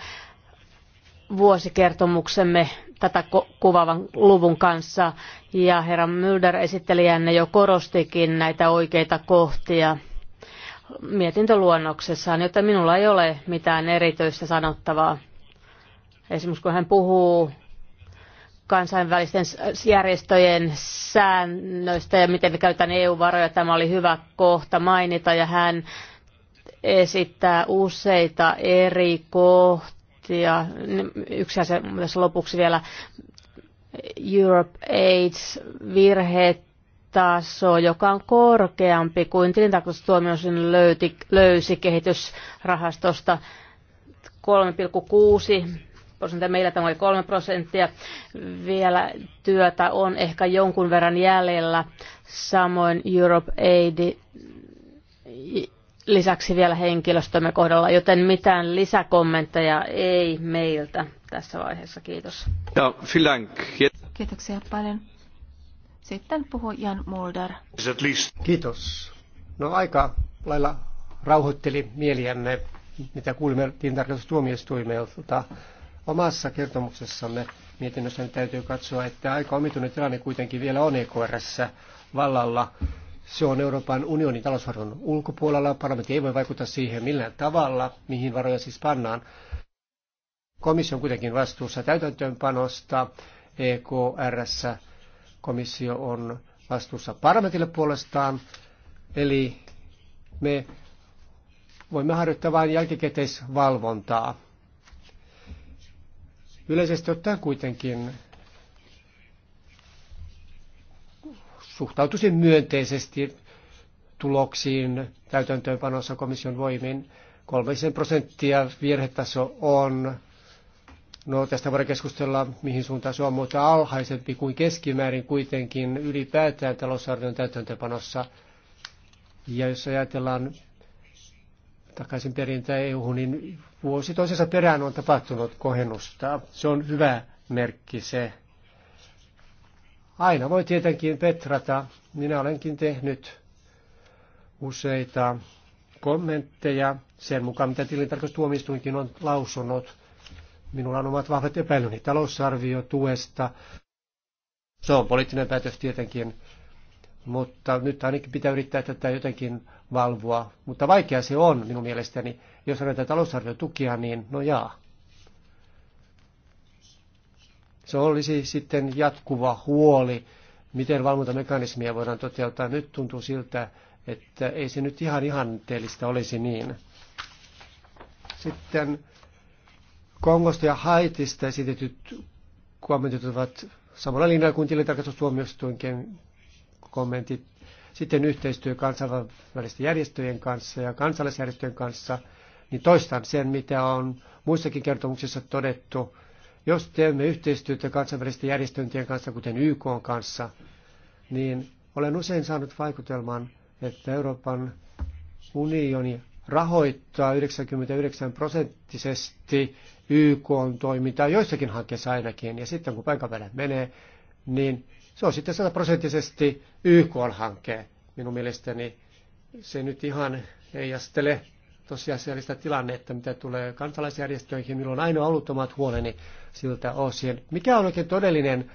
vuosikertomuksemme tätä kuvaavan luvun kanssa. Ja herra Mulder esittelijänne jo korostikin näitä oikeita kohtia mietintöluonnoksessaan, joten minulla ei ole mitään erityistä sanottavaa. Esimerkiksi kun hän puhuu kansainvälisten järjestöjen säännöistä ja miten me käytetään EU-varoja, tämä oli hyvä kohta mainita ja hän esittää useita eri kohtia ja yksi asia tässä lopuksi vielä Europe AIDS virheet taso, joka on korkeampi kuin tilintarkastustuomioistuin löysi kehitysrahastosta 3,6 prosenttia, meillä tämä oli 3 prosenttia. Vielä työtä on ehkä jonkun verran jäljellä. Samoin Europe Aid lisäksi vielä henkilöstömme kohdalla, joten mitään lisäkommentteja ei meiltä tässä vaiheessa. Kiitos. Ja, Kiitoksia paljon. Sitten puhuu Jan Mulder. Kiitos. No aika lailla rauhoitteli mieliämme, mitä kuulimme tilintarkastustuomioistuimelta omassa kertomuksessamme. Mietinnössä täytyy katsoa, että aika omituinen tilanne kuitenkin vielä on EKRssä vallalla se on Euroopan unionin talousvaron ulkopuolella. Parlamentti ei voi vaikuttaa siihen millään tavalla, mihin varoja siis pannaan. Komissio on kuitenkin vastuussa täytäntöönpanosta. EKRS komissio on vastuussa parlamentille puolestaan. Eli me voimme harjoittaa vain jälkikäteisvalvontaa. Yleisesti ottaen kuitenkin suhtautuisin myönteisesti tuloksiin täytäntöönpanossa komission voimin. 30 prosenttia virhetaso on. No tästä voidaan keskustella, mihin suuntaan se on, mutta alhaisempi kuin keskimäärin kuitenkin ylipäätään talousarvion täytäntöönpanossa. Ja jos ajatellaan takaisin perintä EU, niin vuosi toisensa perään on tapahtunut kohennusta. Se on hyvä merkki se. Aina voi tietenkin petrata. Minä olenkin tehnyt useita kommentteja sen mukaan, mitä tilintarkastustuomistuinkin on lausunut. Minulla on omat vahvat epäilyni talousarvio tuesta. Se on poliittinen päätös tietenkin, mutta nyt ainakin pitää yrittää tätä jotenkin valvoa. Mutta vaikea se on minun mielestäni. Jos annetaan tukia, niin no jaa. Se olisi sitten jatkuva huoli, miten valvontamekanismia voidaan toteuttaa. Nyt tuntuu siltä, että ei se nyt ihan ihanteellista olisi niin. Sitten Kongosta ja Haitista esitetyt kommentit ovat samalla linjalla kuin tilintarkastustuomioistuinkin kommentit. Sitten yhteistyö kansainvälisten järjestöjen kanssa ja kansalaisjärjestöjen kanssa, niin toistan sen, mitä on muissakin kertomuksissa todettu, jos teemme yhteistyötä kansainvälisten järjestöntien kanssa, kuten YK kanssa, niin olen usein saanut vaikutelman, että Euroopan unioni rahoittaa 99 prosenttisesti YK on toimintaa, joissakin hankkeissa ainakin, ja sitten kun paikan menee, niin se on sitten sataprosenttisesti yk hankkeen Minun mielestäni se nyt ihan heijastele tosiasiallista tilannetta, mitä tulee kansalaisjärjestöihin. Minulla on ainoa ollut omat huoleni siltä osin. Mikä on oikein todellinen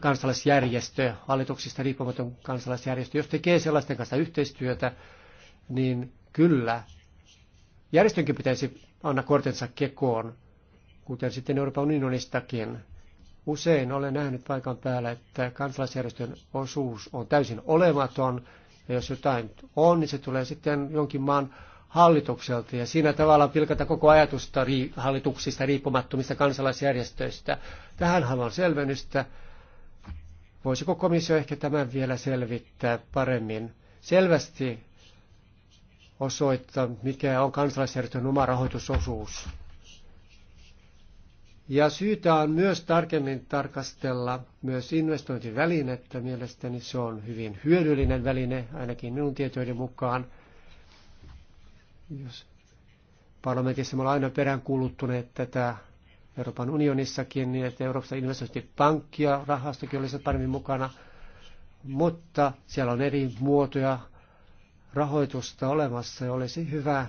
kansalaisjärjestö, hallituksista riippumaton kansalaisjärjestö, jos tekee sellaisten kanssa yhteistyötä, niin kyllä, järjestönkin pitäisi anna kortensa kekoon, kuten sitten Euroopan unionistakin. Usein olen nähnyt paikan päällä, että kansalaisjärjestön osuus on täysin olematon, ja jos jotain on, niin se tulee sitten jonkin maan hallitukselta. Ja siinä tavallaan pilkata koko ajatusta hallituksista riippumattomista kansalaisjärjestöistä. Tähän haluan selvennystä. Voisiko komissio ehkä tämän vielä selvittää paremmin? Selvästi osoittaa, mikä on kansalaisjärjestön oma rahoitusosuus. Ja syytä on myös tarkemmin tarkastella myös investointivälinettä. Mielestäni se on hyvin hyödyllinen väline, ainakin minun tietojen mukaan – jos parlamentissa me ollaan aina peräänkuuluttuneet tätä Euroopan unionissakin, niin että Euroopassa investointi ja rahastokin olisi paremmin mukana, mutta siellä on eri muotoja rahoitusta olemassa ja olisi hyvä,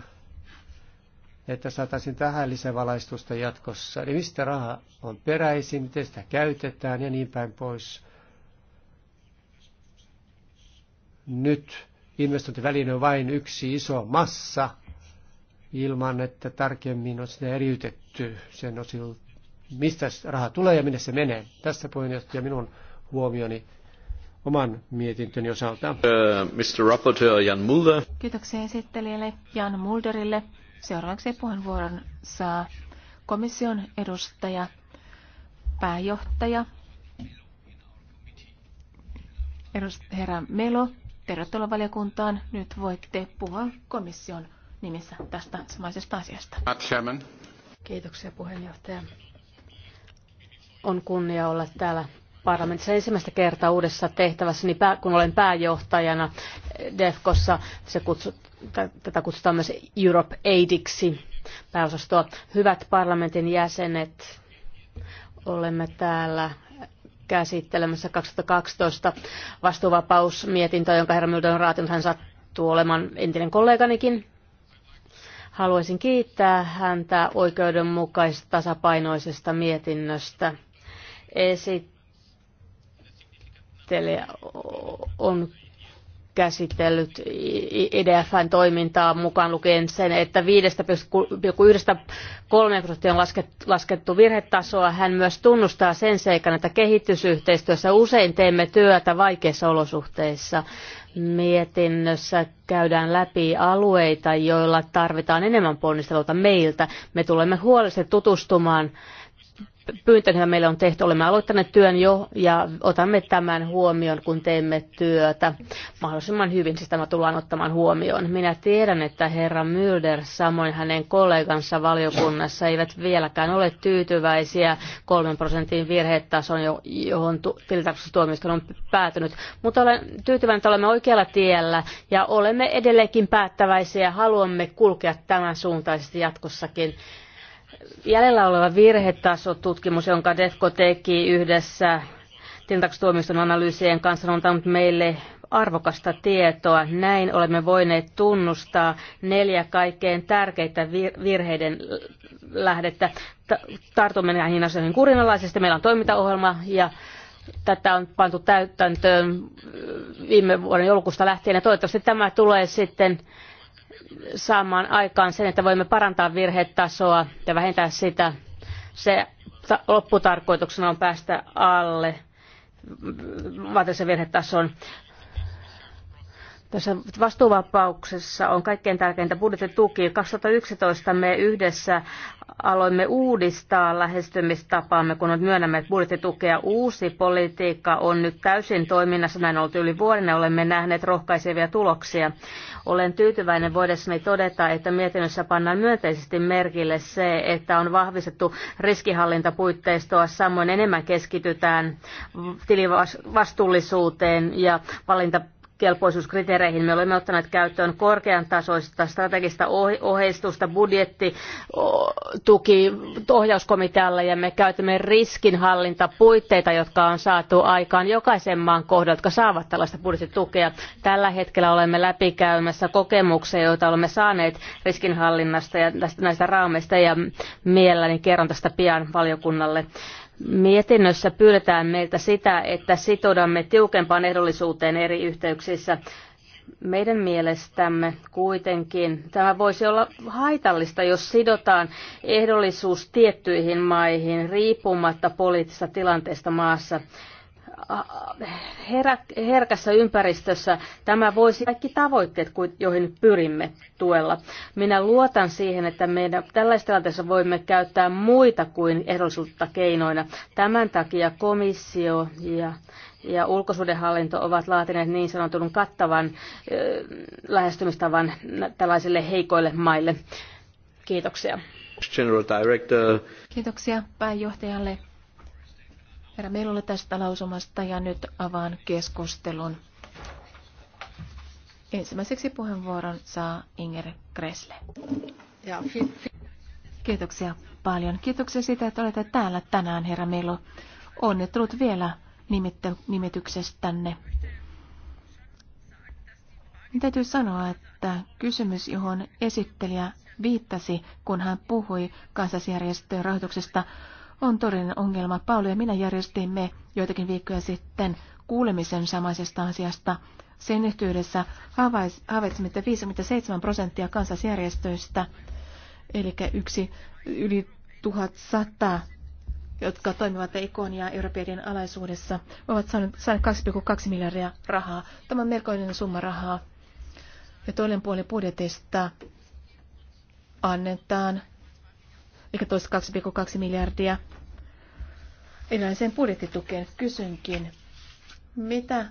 että saataisiin tähän lisävalaistusta jatkossa. Eli mistä raha on peräisin, miten sitä käytetään ja niin päin pois. Nyt investointiväline on vain yksi iso massa – ilman, että tarkemmin on sitä eriytetty sen osilta, mistä raha tulee ja minne se menee. Tässä puheenjohtaja minun huomioni oman mietintöni osalta. Uh, Mr. Rapporteur Jan Mulder. Kiitoksia esittelijälle Jan Mulderille. Seuraavaksi puheenvuoron saa komission edustaja, pääjohtaja, herra Melo. Tervetuloa valiokuntaan. Nyt voitte puhua komission nimissä tästä samaisesta asiasta. Kiitoksia puheenjohtaja. On kunnia olla täällä parlamentissa ensimmäistä kertaa uudessa tehtävässä niin kun olen pääjohtajana DEFKossa. Se kutsu, tätä kutsutaan myös Europe Aidiksi pääosastoa. Hyvät parlamentin jäsenet, olemme täällä käsittelemässä 2012 vastuuvapausmietintöä, jonka herra Mildon Raatin hän sattuu olemaan entinen kolleganikin Haluaisin kiittää häntä oikeudenmukaisesta tasapainoisesta mietinnöstä. Esittelijä on käsitellyt IDFn toimintaa mukaan lukien sen, että 5,1-3 prosenttia on laskettu virhetasoa. Hän myös tunnustaa sen seikan, että kehitysyhteistyössä usein teemme työtä vaikeissa olosuhteissa. Mietinnössä käydään läpi alueita, joilla tarvitaan enemmän ponnisteluita meiltä. Me tulemme huolellisesti tutustumaan pyyntöön, meillä on tehty. Olemme aloittaneet työn jo ja otamme tämän huomioon, kun teemme työtä. Mahdollisimman hyvin siis tämä tullaan ottamaan huomioon. Minä tiedän, että herra Mylder, samoin hänen kollegansa valiokunnassa, eivät vieläkään ole tyytyväisiä kolmen prosentin virhetason, johon tilintarkastustuomioistuin on päätynyt. Mutta olen tyytyväinen, että olemme oikealla tiellä ja olemme edelleenkin päättäväisiä. Haluamme kulkea tämän suuntaisesti jatkossakin jäljellä oleva virhetasotutkimus, jonka DEFCO teki yhdessä tilintarkastustuomioistuin analyysien kanssa, on antanut meille arvokasta tietoa. Näin olemme voineet tunnustaa neljä kaikkein tärkeitä virheiden lähdettä. Tartumme näihin asioihin kurinalaisesti. Meillä on toimintaohjelma ja tätä on pantu täytäntöön viime vuoden joulukuusta lähtien ja toivottavasti tämä tulee sitten saamaan aikaan sen, että voimme parantaa virhetasoa ja vähentää sitä. Se lopputarkoituksena on päästä alle vaatisen virhetason. Tässä vastuuvapauksessa on kaikkein tärkeintä budjettituki. 2011 me yhdessä aloimme uudistaa lähestymistapaamme, kun myönnämme budjettitukea. Uusi politiikka on nyt täysin toiminnassa. Näin ollut yli vuoden ja olemme nähneet rohkaisevia tuloksia. Olen tyytyväinen voidessani todeta, että mietinnössä pannaan myönteisesti merkille se, että on vahvistettu riskihallintapuitteistoa. Samoin enemmän keskitytään tilivastuullisuuteen ja valinta kelpoisuuskriteereihin. Me olemme ottaneet käyttöön korkean tasoista strategista ohjeistusta, budjetti, tuki ohjauskomitealle ja me käytämme riskinhallintapuitteita, jotka on saatu aikaan jokaisen maan kohdalla, jotka saavat tällaista budjettitukea. Tällä hetkellä olemme läpikäymässä kokemuksia, joita olemme saaneet riskinhallinnasta ja näistä raameista ja mielelläni kerron tästä pian valiokunnalle. Mietinnössä pyydetään meiltä sitä, että sitoudamme tiukempaan ehdollisuuteen eri yhteyksissä. Meidän mielestämme kuitenkin tämä voisi olla haitallista, jos sidotaan ehdollisuus tiettyihin maihin riippumatta poliittisesta tilanteesta maassa herkässä ympäristössä tämä voisi kaikki tavoitteet, joihin pyrimme tuella. Minä luotan siihen, että meidän tällaisessa tilanteessa voimme käyttää muita kuin ehdollisuutta keinoina. Tämän takia komissio ja ja ulkosuudenhallinto ovat laatineet niin sanotun kattavan ö, lähestymistavan tällaisille heikoille maille. Kiitoksia. General Director. Kiitoksia pääjohtajalle Herra, meillä oli tästä lausumasta ja nyt avaan keskustelun. Ensimmäiseksi puheenvuoron saa Inger Kresle. Kiitoksia paljon. Kiitoksia siitä, että olette täällä tänään, herra Melo. Onnittelut vielä nimitty, nimityksestänne. Niin täytyy sanoa, että kysymys, johon esittelijä viittasi, kun hän puhui kansasjärjestöjen rahoituksesta, on todellinen ongelma. Pauli ja minä järjestimme joitakin viikkoja sitten kuulemisen samaisesta asiasta. Sen yhteydessä havaitsimme, että 57 prosenttia kansasjärjestöistä, eli yksi yli 1100 jotka toimivat Ekon ja Europeiden alaisuudessa, ovat saaneet 2,2 miljardia rahaa. Tämä on melkoinen summa rahaa. Ja toinen puoli budjetista annetaan eli toista 2,2 miljardia erilaiseen budjettitukeen. Kysynkin, mitä,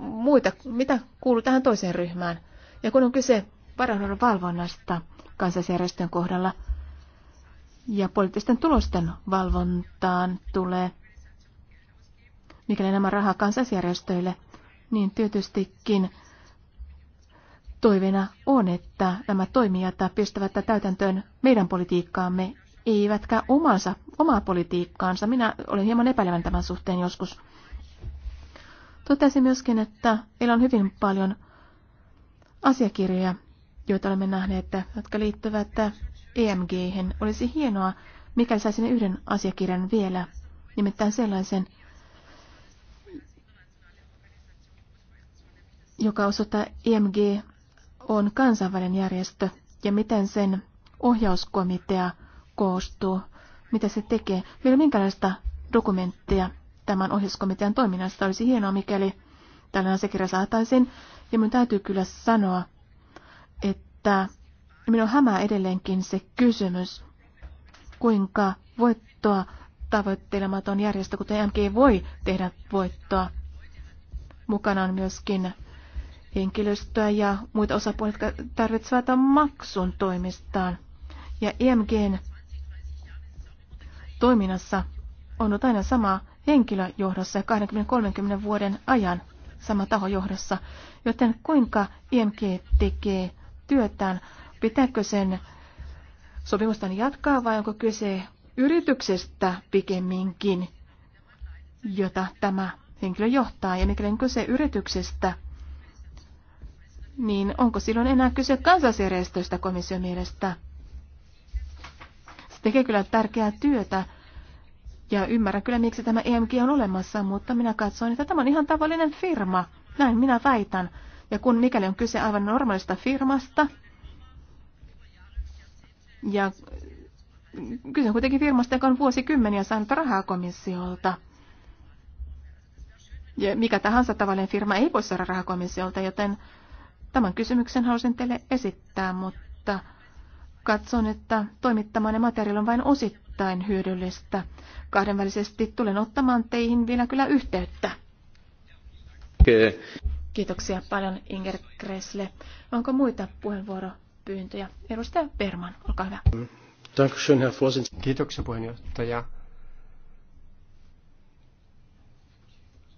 muita, mitä kuuluu tähän toiseen ryhmään? Ja kun on kyse varainhoidon valvonnasta kansallisjärjestön kohdalla ja poliittisten tulosten valvontaan tulee, mikäli nämä rahaa kansallisjärjestöille, niin tietystikin Toiveena on, että nämä toimijat pystyvät täytäntöön meidän politiikkaamme, eivätkä omansa, omaa politiikkaansa. Minä olen hieman epäilevän tämän suhteen joskus. Totesin myöskin, että meillä on hyvin paljon asiakirjoja, joita olemme nähneet, jotka liittyvät emg -hän. Olisi hienoa, mikäli saisimme yhden asiakirjan vielä, nimittäin sellaisen, joka osoittaa EMG on kansainvälinen järjestö ja miten sen ohjauskomitea koostuu, mitä se tekee. vielä minkälaista dokumenttia tämän ohjauskomitean toiminnasta olisi hienoa, mikäli tällainen asiakirja saataisiin. Ja minun täytyy kyllä sanoa, että minun hämää edelleenkin se kysymys, kuinka voittoa tavoittelematon järjestö, kuten MG voi tehdä voittoa. Mukana on myöskin henkilöstöä ja muita osapuolia, jotka tarvitsevat maksun toimistaan. Ja EMGn toiminnassa on ollut aina sama henkilö johdossa ja 20-30 vuoden ajan sama taho johdossa. Joten kuinka IMG e tekee työtään? Pitääkö sen sopimusta jatkaa vai onko kyse yrityksestä pikemminkin, jota tämä henkilö johtaa? Ja mikäli kyse yrityksestä, niin onko silloin enää kyse kansalaisjärjestöistä komission mielestä? Se tekee kyllä tärkeää työtä ja ymmärrän kyllä, miksi tämä EMG on olemassa, mutta minä katsoin, että tämä on ihan tavallinen firma. Näin minä väitän. Ja kun mikäli on kyse aivan normaalista firmasta, ja kyse on kuitenkin firmasta, joka on vuosikymmeniä saanut rahaa komissiolta. Ja mikä tahansa tavallinen firma ei voi saada rahaa komissiolta, joten Tämän kysymyksen halusin teille esittää, mutta katson, että toimittamainen materiaali on vain osittain hyödyllistä. Kahdenvälisesti tulen ottamaan teihin vielä kyllä yhteyttä. Okay. Kiitoksia paljon Inger Kressle. Onko muita puheenvuoropyyntöjä? Edustaja Berman, olkaa hyvä. Kiitoksia puheenjohtaja.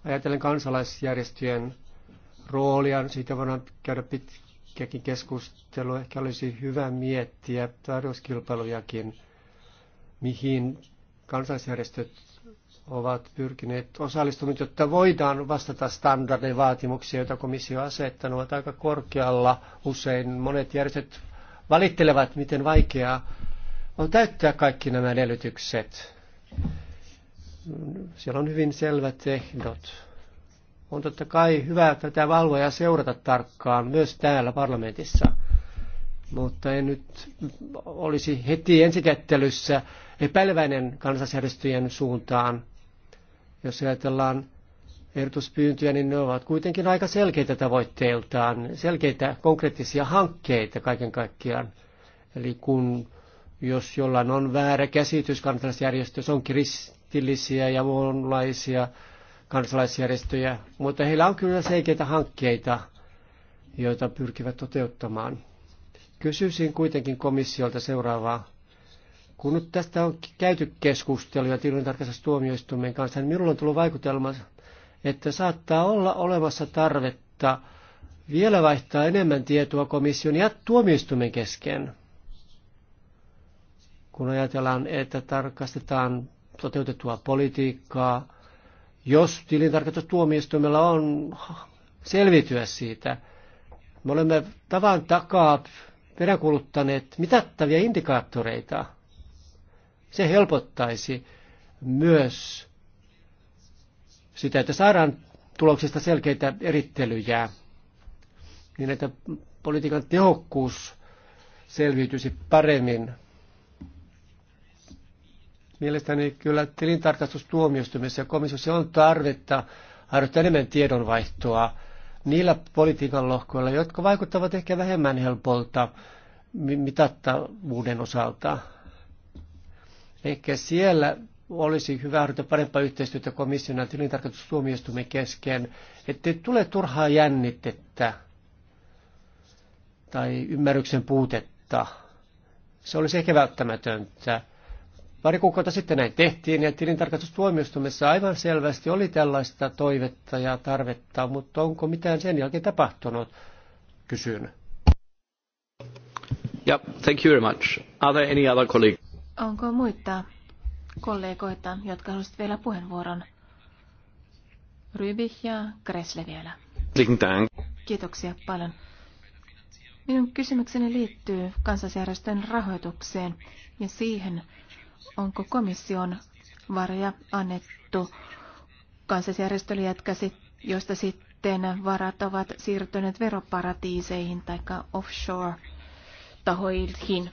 Ajatellen kansalaisjärjestöjen roolia. Siitä voidaan käydä pitkäkin keskustelu. Ehkä olisi hyvä miettiä tarjouskilpailujakin, mihin kansalaisjärjestöt ovat pyrkineet osallistumaan, jotta voidaan vastata vaatimuksia, joita komissio on asettanut, ovat aika korkealla. Usein monet järjestöt valittelevat, miten vaikeaa on täyttää kaikki nämä edellytykset. Siellä on hyvin selvät ehdot on totta kai hyvä tätä valvoa ja seurata tarkkaan myös täällä parlamentissa. Mutta en nyt olisi heti ensikättelyssä epäileväinen kansallisjärjestöjen suuntaan. Jos ajatellaan ehdotuspyyntöjä, niin ne ovat kuitenkin aika selkeitä tavoitteiltaan, selkeitä konkreettisia hankkeita kaiken kaikkiaan. Eli kun jos jollain on väärä käsitys kansalaisjärjestössä, on kristillisiä ja muunlaisia kansalaisjärjestöjä, mutta heillä on kyllä selkeitä hankkeita, joita pyrkivät toteuttamaan. Kysyisin kuitenkin komissiolta seuraavaa. Kun nyt tästä on käyty keskusteluja tilintarkastustuomioistuimen kanssa, niin minulla on tullut vaikutelma, että saattaa olla olemassa tarvetta vielä vaihtaa enemmän tietoa komission ja tuomioistuimen kesken. Kun ajatellaan, että tarkastetaan toteutettua politiikkaa, jos tilintarkastustuomioistuimella on selvityä siitä. Me olemme tavan takaa peräkuluttaneet mitattavia indikaattoreita. Se helpottaisi myös sitä, että saadaan tuloksista selkeitä erittelyjä, niin että politiikan tehokkuus selviytyisi paremmin Mielestäni kyllä tilintarkastustuomioistuimessa ja komissiossa on tarvetta harjoittaa enemmän tiedonvaihtoa niillä politiikan lohkoilla, jotka vaikuttavat ehkä vähemmän helpolta mitattavuuden osalta. Ehkä siellä olisi hyvä harjoittaa parempaa yhteistyötä komission ja tilintarkastustuomioistuimen kesken, ettei tule turhaa jännitettä tai ymmärryksen puutetta. Se olisi ehkä välttämätöntä. Pari kuukautta sitten näin tehtiin ja tilintarkastustuomioistumessa aivan selvästi oli tällaista toivetta ja tarvetta, mutta onko mitään sen jälkeen tapahtunut? Kysyn. Yep, thank you very much. Are there any other colleagues? Onko muita kollegoita, jotka haluaisivat vielä puheenvuoron? Rybich ja Gressle vielä. Kiitoksia paljon. Minun kysymykseni liittyy kansalaisjärjestön rahoitukseen ja siihen, onko komission varoja annettu kansallisjärjestölle, jotka joista sitten varat ovat siirtyneet veroparatiiseihin tai offshore-tahoihin.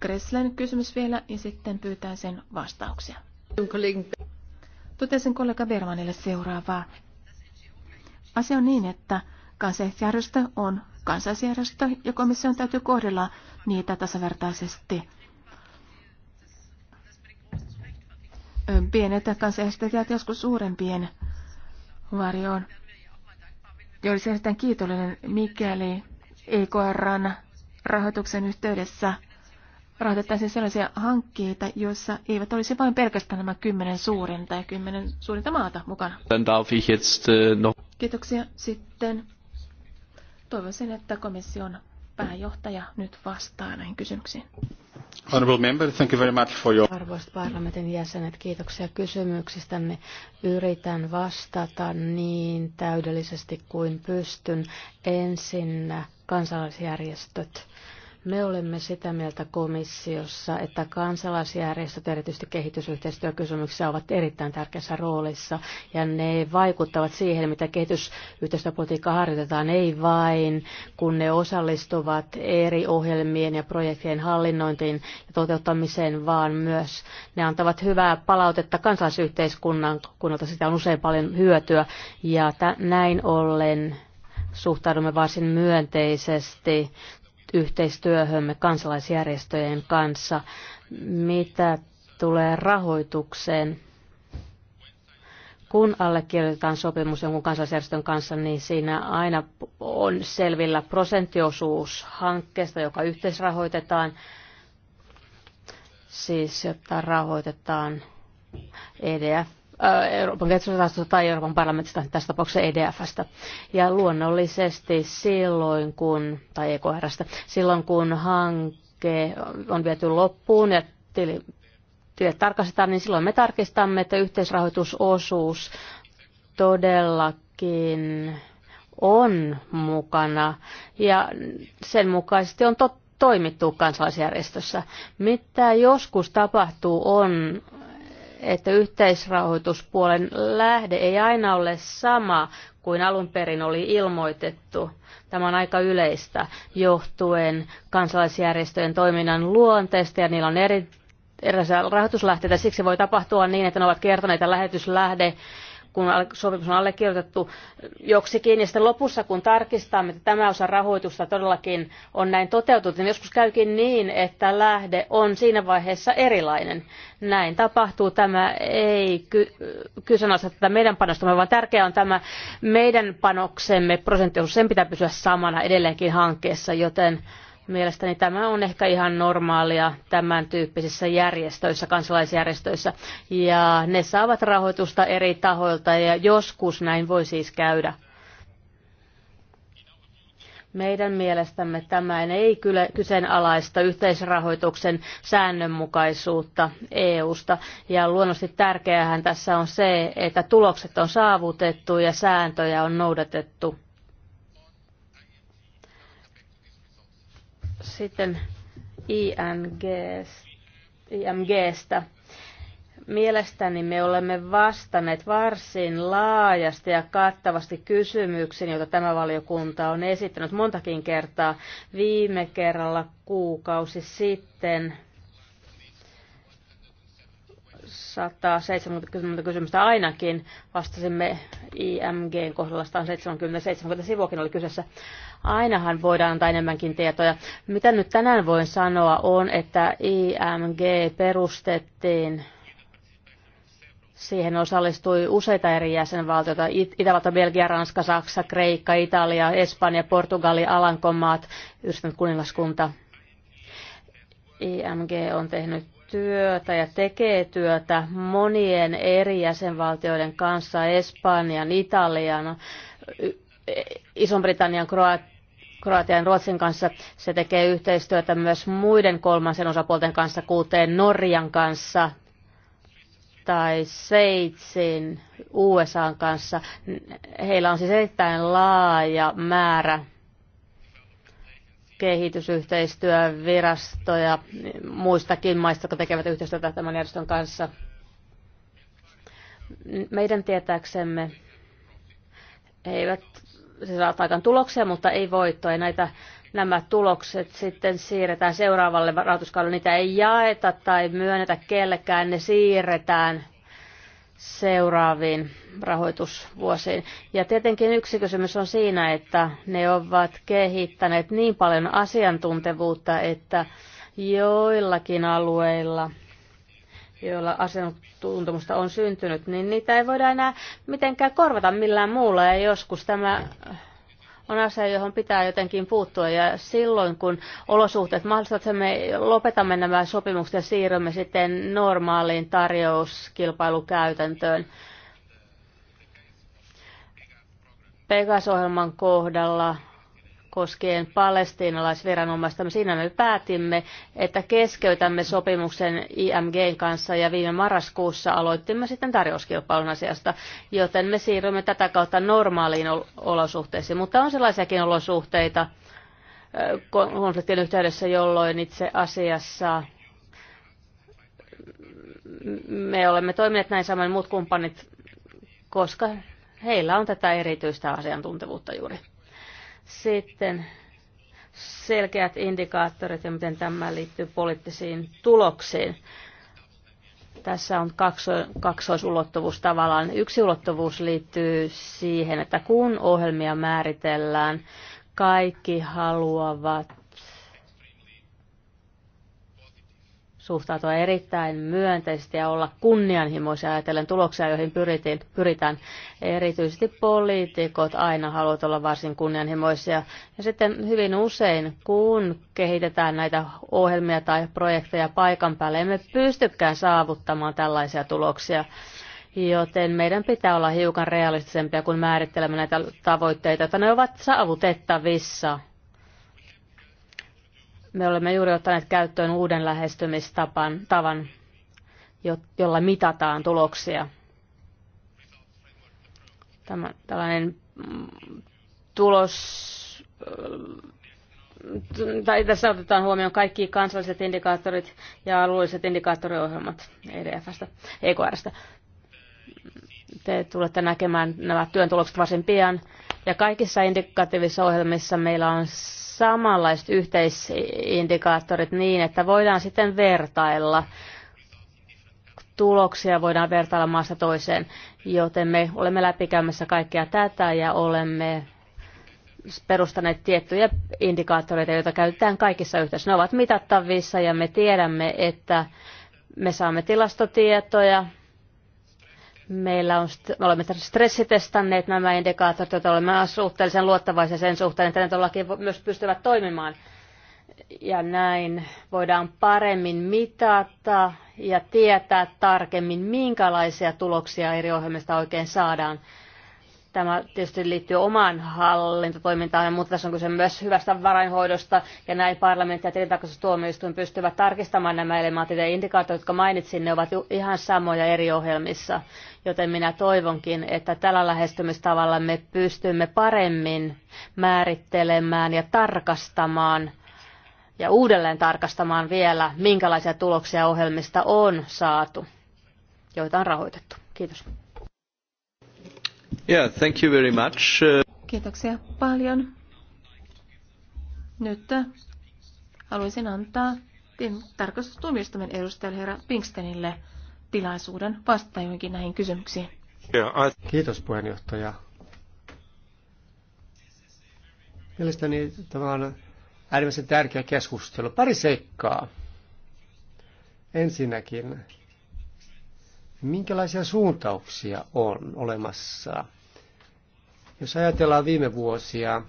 Kresslen kysymys vielä ja sitten pyytään sen vastauksia. Totesin kollega Bermanille seuraavaa. Asia on niin, että kansallisjärjestö on kansallisjärjestö ja komission täytyy kohdella niitä tasavertaisesti. pienet kansanjärjestöt jäävät joskus suurempien varjoon. Ja olisi erittäin kiitollinen, mikäli EKRn rahoituksen yhteydessä rahoitettaisiin sellaisia hankkeita, joissa eivät olisi vain pelkästään nämä kymmenen suurinta ja kymmenen suurinta maata mukana. Äh, Kiitoksia. Sitten toivoisin, että komission pääjohtaja nyt vastaa näihin kysymyksiin. Arvoisat parlamentin jäsenet, kiitoksia kysymyksistänne. Yritän vastata niin täydellisesti kuin pystyn. Ensin kansalaisjärjestöt me olemme sitä mieltä komissiossa, että kansalaisjärjestöt erityisesti kehitysyhteistyökysymyksissä ovat erittäin tärkeässä roolissa ja ne vaikuttavat siihen, mitä kehitysyhteistyöpolitiikka harjoitetaan, ei vain kun ne osallistuvat eri ohjelmien ja projektien hallinnointiin ja toteuttamiseen, vaan myös ne antavat hyvää palautetta kansalaisyhteiskunnan, kunnalta sitä on usein paljon hyötyä ja näin ollen suhtaudumme varsin myönteisesti yhteistyöhömme kansalaisjärjestöjen kanssa. Mitä tulee rahoitukseen, kun allekirjoitetaan sopimus jonkun kansalaisjärjestön kanssa, niin siinä aina on selvillä prosenttiosuus hankkeesta, joka yhteisrahoitetaan, siis jotta rahoitetaan EDF Euroopan keskusrahastosta tai Euroopan parlamentista, tässä tapauksessa EDFstä. Ja luonnollisesti silloin, kun, tai EKRstä, silloin kun hanke on viety loppuun ja tili, tilit tarkastetaan, niin silloin me tarkistamme, että yhteisrahoitusosuus todellakin on mukana ja sen mukaisesti on tot, toimittu kansalaisjärjestössä. Mitä joskus tapahtuu on, että yhteisrahoituspuolen lähde ei aina ole sama kuin alun perin oli ilmoitettu. Tämä on aika yleistä johtuen kansalaisjärjestöjen toiminnan luonteesta ja niillä on eri, erilaisia rahoituslähteitä. Siksi voi tapahtua niin, että ne ovat kertoneet, että lähetyslähde kun sopimus on allekirjoitettu joksikin, ja sitten lopussa, kun tarkistamme, että tämä osa rahoitusta todellakin on näin toteutunut, niin joskus käykin niin, että lähde on siinä vaiheessa erilainen. Näin tapahtuu. Tämä ei ky- kyseenalaista tätä meidän panostamme, vaan tärkeää on tämä meidän panoksemme prosenttiosuus. Sen pitää pysyä samana edelleenkin hankkeessa, joten Mielestäni tämä on ehkä ihan normaalia tämän tyyppisissä järjestöissä, kansalaisjärjestöissä, ja ne saavat rahoitusta eri tahoilta, ja joskus näin voi siis käydä. Meidän mielestämme tämä ei kyllä kyseenalaista yhteisrahoituksen säännönmukaisuutta EUsta. Ja luonnollisesti tärkeähän tässä on se, että tulokset on saavutettu ja sääntöjä on noudatettu. Sitten IMGstä. Mielestäni me olemme vastanneet varsin laajasti ja kattavasti kysymyksiin, joita tämä valiokunta on esittänyt montakin kertaa. Viime kerralla kuukausi sitten 170 kysymystä ainakin. Vastasimme IMGn kohdalla mutta sivuakin oli kyseessä. Ainahan voidaan antaa enemmänkin tietoja. Mitä nyt tänään voin sanoa on, että IMG perustettiin Siihen osallistui useita eri jäsenvaltioita, Itävalta, Belgia, Ranska, Saksa, Kreikka, Italia, Espanja, Portugali, Alankomaat, yhdistynyt kuningaskunta. IMG on tehnyt työtä ja tekee työtä monien eri jäsenvaltioiden kanssa, Espanjan, Italian, Ison-Britannian, Kroatian, ja Ruotsin kanssa. Se tekee yhteistyötä myös muiden kolmansen osapuolten kanssa, kuuteen Norjan kanssa tai Sveitsin, USA kanssa. Heillä on siis erittäin laaja määrä kehitysyhteistyövirastoja muistakin maista, jotka tekevät yhteistyötä tämän järjestön kanssa. Meidän tietääksemme he eivät se saa aikaan tuloksia, mutta ei voittoa. Ja näitä, nämä tulokset sitten siirretään seuraavalle rahoituskaudelle. Niitä ei jaeta tai myönnetä kellekään, ne siirretään seuraaviin rahoitusvuosiin. Ja tietenkin yksi kysymys on siinä, että ne ovat kehittäneet niin paljon asiantuntevuutta, että joillakin alueilla, joilla asiantuntemusta on syntynyt, niin niitä ei voida enää mitenkään korvata millään muulla. Ja joskus tämä on asia, johon pitää jotenkin puuttua. Ja silloin, kun olosuhteet mahdollistavat, että me lopetamme nämä sopimukset ja siirrymme sitten normaaliin tarjouskilpailukäytäntöön. Pegas-ohjelman kohdalla koskien palestiinalaisviranomaista. No, siinä me päätimme, että keskeytämme sopimuksen IMGn kanssa ja viime marraskuussa aloittimme sitten tarjouskilpailun asiasta, joten me siirrymme tätä kautta normaaliin olosuhteisiin. Mutta on sellaisiakin olosuhteita konfliktin yhteydessä, jolloin itse asiassa me olemme toimineet näin samoin muut kumppanit, koska heillä on tätä erityistä asiantuntevuutta juuri. Sitten selkeät indikaattorit ja miten tämä liittyy poliittisiin tuloksiin. Tässä on kakso, kaksoisulottuvuus tavallaan. Yksi ulottuvuus liittyy siihen, että kun ohjelmia määritellään, kaikki haluavat suhtautua erittäin myönteisesti ja olla kunnianhimoisia ajatellen tuloksia, joihin pyritin, pyritään. Erityisesti poliitikot aina haluavat olla varsin kunnianhimoisia. Ja sitten hyvin usein, kun kehitetään näitä ohjelmia tai projekteja paikan päälle, emme pystykään saavuttamaan tällaisia tuloksia. Joten meidän pitää olla hiukan realistisempia, kun määrittelemme näitä tavoitteita, että ne ovat saavutettavissa me olemme juuri ottaneet käyttöön uuden lähestymistapan tavan, jolla mitataan tuloksia. Tämä, tällainen mm, tulos mm, tai tässä otetaan huomioon kaikki kansalliset indikaattorit ja alueelliset indikaattoriohjelmat EDFstä, EKRstä. Te tulette näkemään nämä työn tulokset varsin pian. Ja kaikissa indikatiivisissa ohjelmissa meillä on samanlaiset yhteisindikaattorit niin, että voidaan sitten vertailla. Tuloksia voidaan vertailla maasta toiseen, joten me olemme läpikäymässä kaikkea tätä ja olemme perustaneet tiettyjä indikaattoreita, joita käytetään kaikissa yhteisissä. Ne ovat mitattavissa ja me tiedämme, että me saamme tilastotietoja Meillä on, me olemme stressitestanneet nämä indikaattorit, joita olemme suhteellisen luottavaisia sen suhteen, että ne todellakin myös pystyvät toimimaan. Ja näin voidaan paremmin mitata ja tietää tarkemmin, minkälaisia tuloksia eri ohjelmista oikein saadaan. Tämä tietysti liittyy omaan hallintotoimintaan, mutta tässä on kyse myös hyvästä varainhoidosta, ja näin parlamentti ja tilintarkastustuomioistuin pystyvät tarkistamaan nämä elementit ja indikaattorit, jotka mainitsin, ne ovat ihan samoja eri ohjelmissa. Joten minä toivonkin, että tällä lähestymistavalla me pystymme paremmin määrittelemään ja tarkastamaan ja uudelleen tarkastamaan vielä, minkälaisia tuloksia ohjelmista on saatu, joita on rahoitettu. Kiitos. Yeah, thank you very much. Uh, Kiitoksia paljon. Nyt äh, haluaisin antaa tarkastustuomioistuimen edustajalle herra Pinkstenille tilaisuuden vastata johonkin näihin kysymyksiin. Kiitos puheenjohtaja. Mielestäni tämä on äärimmäisen tärkeä keskustelu. Pari seikkaa. Ensinnäkin minkälaisia suuntauksia on olemassa. Jos ajatellaan viime vuosia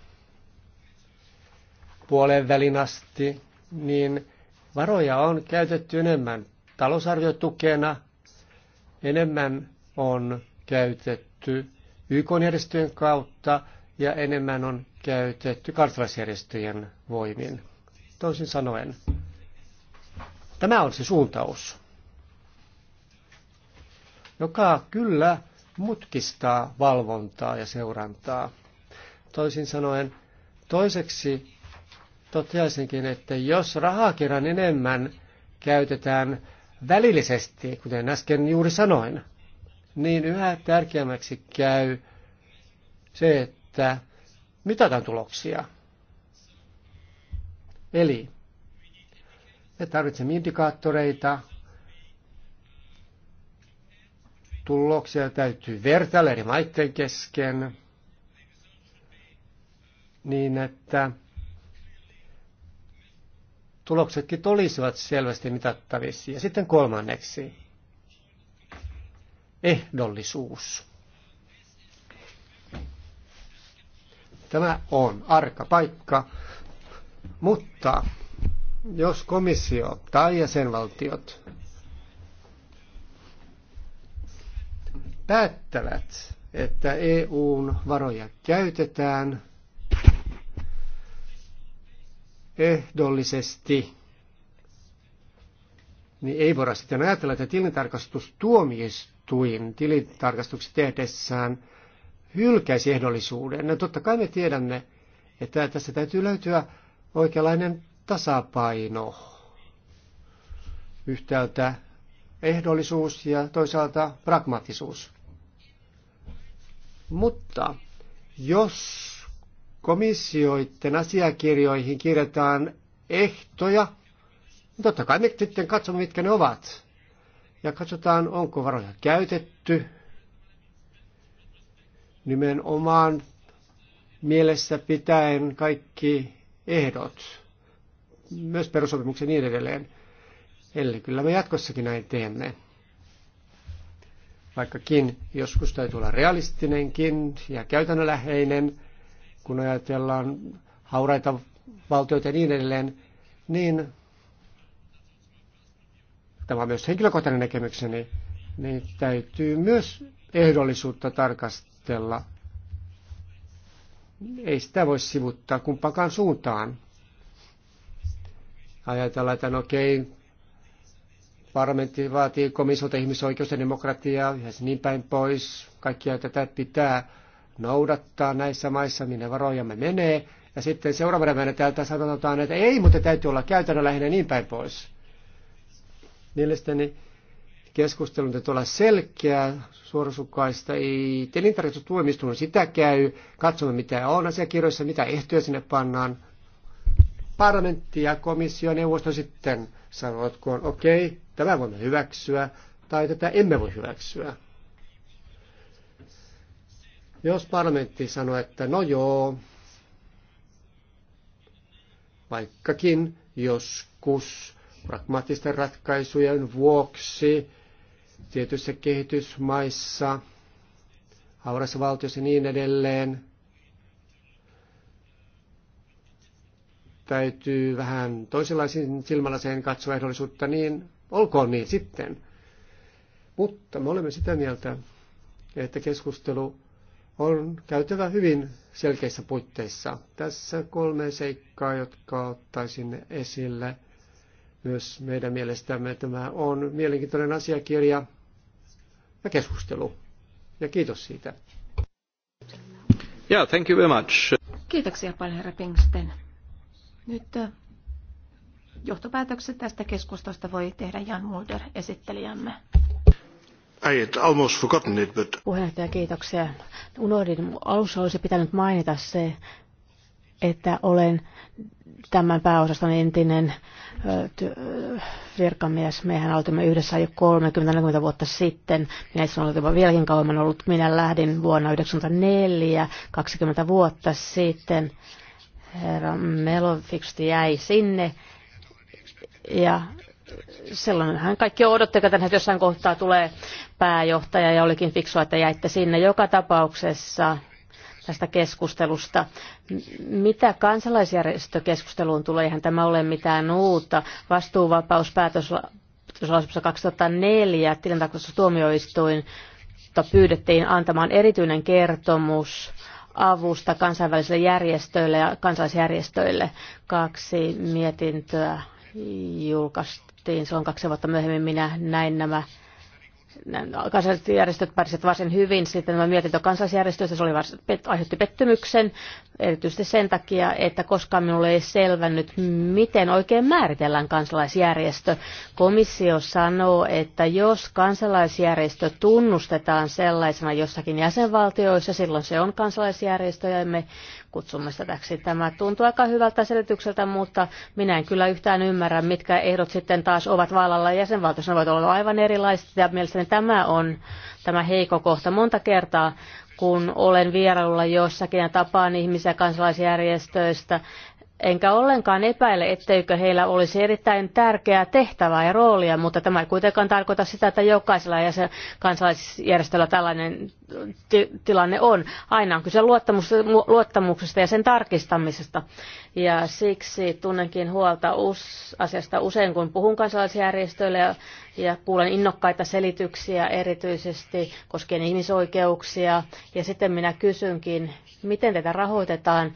puolen välin asti, niin varoja on käytetty enemmän talousarviotukena, enemmän on käytetty YK-järjestöjen kautta ja enemmän on käytetty kansalaisjärjestöjen voimin. Toisin sanoen, tämä on se suuntaus joka kyllä mutkistaa valvontaa ja seurantaa. Toisin sanoen, toiseksi toteaisinkin, että jos rahaa kerran enemmän käytetään välillisesti, kuten äsken juuri sanoin, niin yhä tärkeämmäksi käy se, että mitataan tuloksia. Eli me tarvitsemme indikaattoreita, tuloksia täytyy vertailla eri maiden kesken niin, että tuloksetkin olisivat selvästi mitattavissa. Ja sitten kolmanneksi, ehdollisuus. Tämä on arka paikka, mutta jos komissio tai jäsenvaltiot päättävät, että EUn varoja käytetään ehdollisesti, niin ei voida sitten ajatella, että tilintarkastustuomioistuin tilintarkastuksen tehdessään hylkäisi ehdollisuuden. No totta kai me tiedämme, että tässä täytyy löytyä oikeanlainen tasapaino. Yhtäältä ehdollisuus ja toisaalta pragmaattisuus. Mutta jos komissioiden asiakirjoihin kirjataan ehtoja, niin totta kai me sitten katsomme, mitkä ne ovat. Ja katsotaan, onko varoja käytetty. Nimenomaan mielessä pitäen kaikki ehdot, myös perusopimuksen niin edelleen. Eli kyllä me jatkossakin näin teemme. Vaikkakin joskus täytyy olla realistinenkin ja käytännönläheinen, kun ajatellaan hauraita valtioita ja niin edelleen, niin tämä on myös henkilökohtainen näkemykseni, niin täytyy myös ehdollisuutta tarkastella. Ei sitä voi sivuttaa kumpaakaan suuntaan. Ajatellaan, että no okei, Parlamentti vaatii komissiolta ihmisoikeus ja demokratiaa ja niin päin pois. Kaikkia tätä pitää noudattaa näissä maissa, minne varojamme menee. Ja sitten seuraavana päivänä täältä sanotaan, että ei, mutta täytyy olla käytännönläheinen niin päin pois. Mielestäni keskustelun täytyy olla selkeä, suorasukkaista, ei tilintarkastustuomistunut sitä käy, katsomme mitä on asiakirjoissa, mitä ehtoja sinne pannaan. Parlamentti ja komissio neuvosto sitten sanovat, kun okei, okay, Tämä voimme hyväksyä tai tätä emme voi hyväksyä. Jos parlamentti sanoo, että no joo, vaikkakin joskus pragmaattisten ratkaisujen vuoksi tietyissä kehitysmaissa, haurassa valtiossa ja niin edelleen, täytyy vähän toisenlaisen silmälaseen katsoa ehdollisuutta, niin olkoon niin sitten. Mutta me olemme sitä mieltä, että keskustelu on käytävä hyvin selkeissä puitteissa. Tässä kolme seikkaa, jotka ottaisin esille. Myös meidän mielestämme tämä on mielenkiintoinen asiakirja ja keskustelu. Ja kiitos siitä. Yeah, thank you very much. Kiitoksia paljon, herra Pengsten. Nyt äh, johtopäätökset tästä keskustelusta voi tehdä Jan Mulder esittelijämme. I had almost forgotten it, but... Puheenjohtaja, kiitoksia. Unohdin, alussa olisi pitänyt mainita se, että olen tämän pääosaston entinen virkamies. Mehän aloitimme yhdessä jo 30-40 vuotta sitten. Minä itse olen vieläkin kauemmin ollut. Minä lähdin vuonna 1994, 20 vuotta sitten. Herra Melofiksti jäi sinne ja silloinhan kaikki odottivat, että jossain kohtaa tulee pääjohtaja ja olikin fiksua, että jäitte sinne joka tapauksessa tästä keskustelusta. Mitä kansalaisjärjestökeskusteluun tulee, eihän tämä ole mitään uutta. Vastuuvapauspäätös 2004 tuomioistuin pyydettiin antamaan erityinen kertomus avusta kansainvälisille järjestöille ja kansalaisjärjestöille. Kaksi mietintöä julkaistiin, se on kaksi vuotta myöhemmin, minä näin nämä kansalliset järjestöt pärsivät varsin hyvin. Sitten tämä mietintö kansalaisjärjestöistä se oli varsin, pet, aiheutti pettymyksen, erityisesti sen takia, että koskaan minulle ei selvännyt, miten oikein määritellään kansalaisjärjestö. Komissio sanoo, että jos kansalaisjärjestö tunnustetaan sellaisena jossakin jäsenvaltioissa, silloin se on kansalaisjärjestö ja me kutsumme sitä täksi. Tämä tuntuu aika hyvältä selitykseltä, mutta minä en kyllä yhtään ymmärrä, mitkä ehdot sitten taas ovat vaalalla jäsenvaltioissa. Ne voivat olla aivan erilaiset ja mielestäni mielestäni tämä on tämä heikko kohta. Monta kertaa, kun olen vierailulla jossakin ja tapaan ihmisiä kansalaisjärjestöistä, enkä ollenkaan epäile, etteikö heillä olisi erittäin tärkeää tehtävää ja roolia, mutta tämä ei kuitenkaan tarkoita sitä, että jokaisella jäsen, kansalaisjärjestöllä tällainen tilanne on. Aina on kyse luottamuksesta ja sen tarkistamisesta. Ja siksi tunnenkin huolta asiasta usein, kun puhun kansalaisjärjestöille ja, ja kuulen innokkaita selityksiä erityisesti koskien ihmisoikeuksia. Ja sitten minä kysynkin, miten tätä rahoitetaan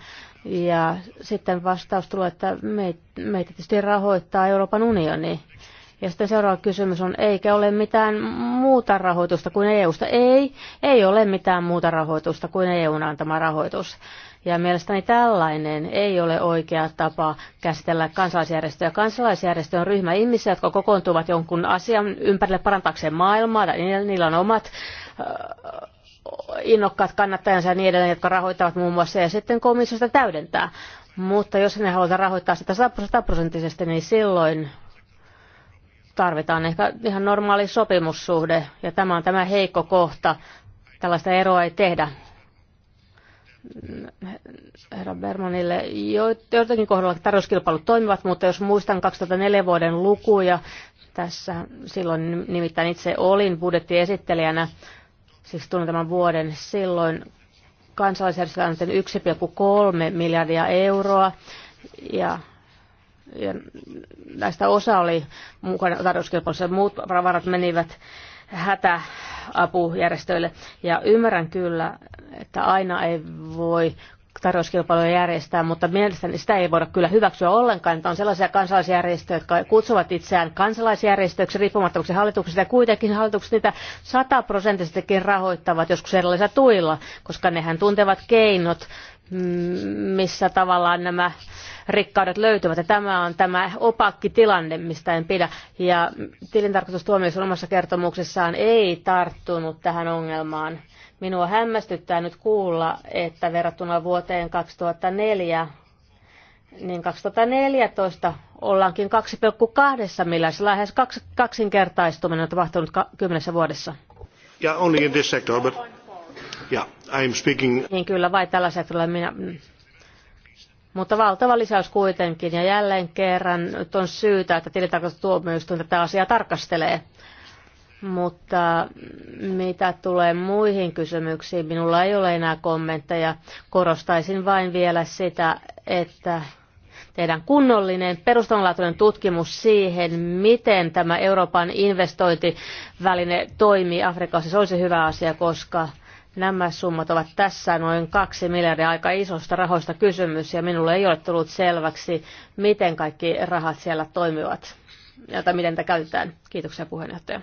ja sitten vastaus tulee, että meitä, tietysti rahoittaa Euroopan unioni. Ja sitten seuraava kysymys on, eikä ole mitään muuta rahoitusta kuin EUsta. Ei, ei ole mitään muuta rahoitusta kuin EUn antama rahoitus. Ja mielestäni tällainen ei ole oikea tapa käsitellä kansalaisjärjestöä. Kansalaisjärjestö on ryhmä ihmisiä, jotka kokoontuvat jonkun asian ympärille parantakseen maailmaa. Niillä on omat innokkaat kannattajansa ja niin edelleen, jotka rahoittavat muun muassa, ja sitten komissio sitä täydentää. Mutta jos ne halutaan rahoittaa sitä sataprosenttisesti, niin silloin tarvitaan ehkä ihan normaali sopimussuhde, ja tämä on tämä heikko kohta. Tällaista eroa ei tehdä. Herra Bermanille, joitakin kohdalla tarjouskilpailut toimivat, mutta jos muistan 2004 vuoden lukuja, tässä silloin nimittäin itse olin budjettiesittelijänä, siis tämän vuoden, silloin kansalaisjärjestöllä on 1,3 miljardia euroa ja ja näistä osa oli mukana tarjouskilpailussa, muut varat menivät hätäapujärjestöille. Ja ymmärrän kyllä, että aina ei voi tarjouskilpailuja järjestää, mutta mielestäni sitä ei voida kyllä hyväksyä ollenkaan, että on sellaisia kansalaisjärjestöjä, jotka kutsuvat itseään kansalaisjärjestöiksi riippumattomaksi hallituksesta ja kuitenkin hallitukset niitä sataprosenttisestikin rahoittavat joskus erilaisilla tuilla, koska nehän tuntevat keinot, mm, missä tavallaan nämä rikkaudet löytyvät. Ja tämä on tämä opakki tilanne, mistä en pidä. Ja tilintarkastustuomioissa omassa kertomuksessaan ei tarttunut tähän ongelmaan Minua hämmästyttää nyt kuulla, että verrattuna vuoteen 2004, niin 2014 ollaankin 2,2 miljardissa, lähes kaksi, kaksinkertaistuminen on tapahtunut kymmenessä vuodessa. Yeah, only in this sector, but yeah, I'm speaking... Niin kyllä, vai tällä sektorilla minä... Mutta valtava lisäys kuitenkin, ja jälleen kerran nyt on syytä, että tilitarkastustuomioistuin tätä asiaa tarkastelee mutta mitä tulee muihin kysymyksiin, minulla ei ole enää kommentteja. Korostaisin vain vielä sitä, että tehdään kunnollinen perustanlaatuinen tutkimus siihen, miten tämä Euroopan investointiväline toimii Afrikassa. Se olisi hyvä asia, koska nämä summat ovat tässä noin kaksi miljardia aika isosta rahoista kysymys ja minulle ei ole tullut selväksi, miten kaikki rahat siellä toimivat ja miten tämä käytetään. Kiitoksia puheenjohtaja.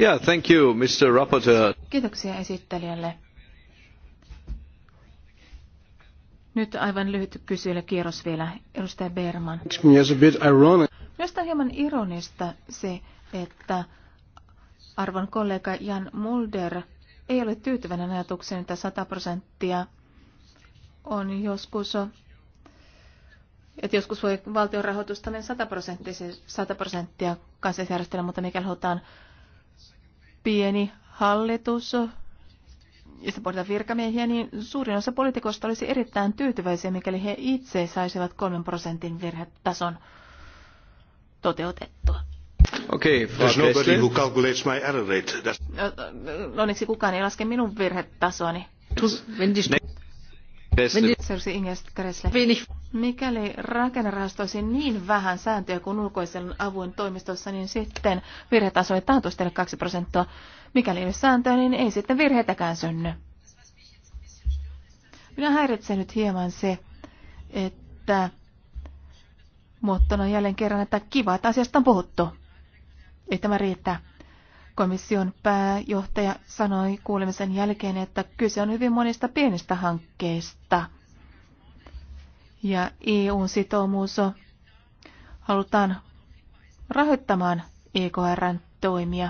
Yeah, thank you, Mr. Rapporteur. Kiitoksia esittelijälle. Nyt aivan lyhyt kysyjälle kierros vielä, edustaja Berman. Minusta on hieman ironista se, että arvon kollega Jan Mulder ei ole tyytyväinen ajatukseen, että 100 prosenttia on joskus, että joskus voi valtion rahoitusta mennä niin 100 prosenttia, 100 prosenttia kansallisjärjestelmä, mutta mikäli halutaan pieni hallitus, josta pohditaan virkamiehiä, niin suurin osa poliitikoista olisi erittäin tyytyväisiä, mikäli he itse saisivat kolmen prosentin virhetason toteutettua. Okei, okay, There's nobody who calculates my error rate. That's... Onneksi kukaan ei laske minun virhetasoani. Seurasi Ingest Kresle. Mikäli rakennerahastoisi niin vähän sääntöjä kuin ulkoisen avun toimistossa, niin sitten virhetaso ei taantuisi teille 2 prosenttia. Mikäli ei ole sääntöä, niin ei sitten virheitäkään synny. Minä häiritsen nyt hieman se, että muottona jälleen kerran, että kiva, että asiasta on puhuttu. Ei tämä riittää. Komission pääjohtaja sanoi kuulemisen jälkeen, että kyse on hyvin monista pienistä hankkeista – ja EUn sitoumus halutaan rahoittamaan EKRn toimia.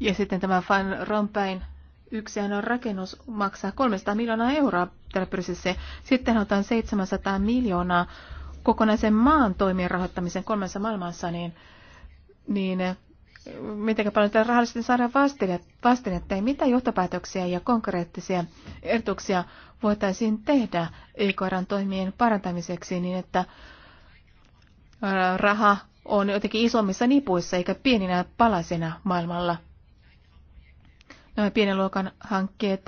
Ja sitten tämä Van Rompäin yksi ainoa rakennus maksaa 300 miljoonaa euroa tällä prosessissa. Sitten otan 700 miljoonaa kokonaisen maan toimien rahoittamisen kolmessa maailmassa, niin, niin miten paljon tällä rahallisesti saadaan vastinetta ja mitä johtopäätöksiä ja konkreettisia ehdotuksia voitaisiin tehdä YKRan e toimien parantamiseksi niin, että raha on jotenkin isommissa nipuissa eikä pieninä palasina maailmalla. Nämä pienen luokan hankkeet,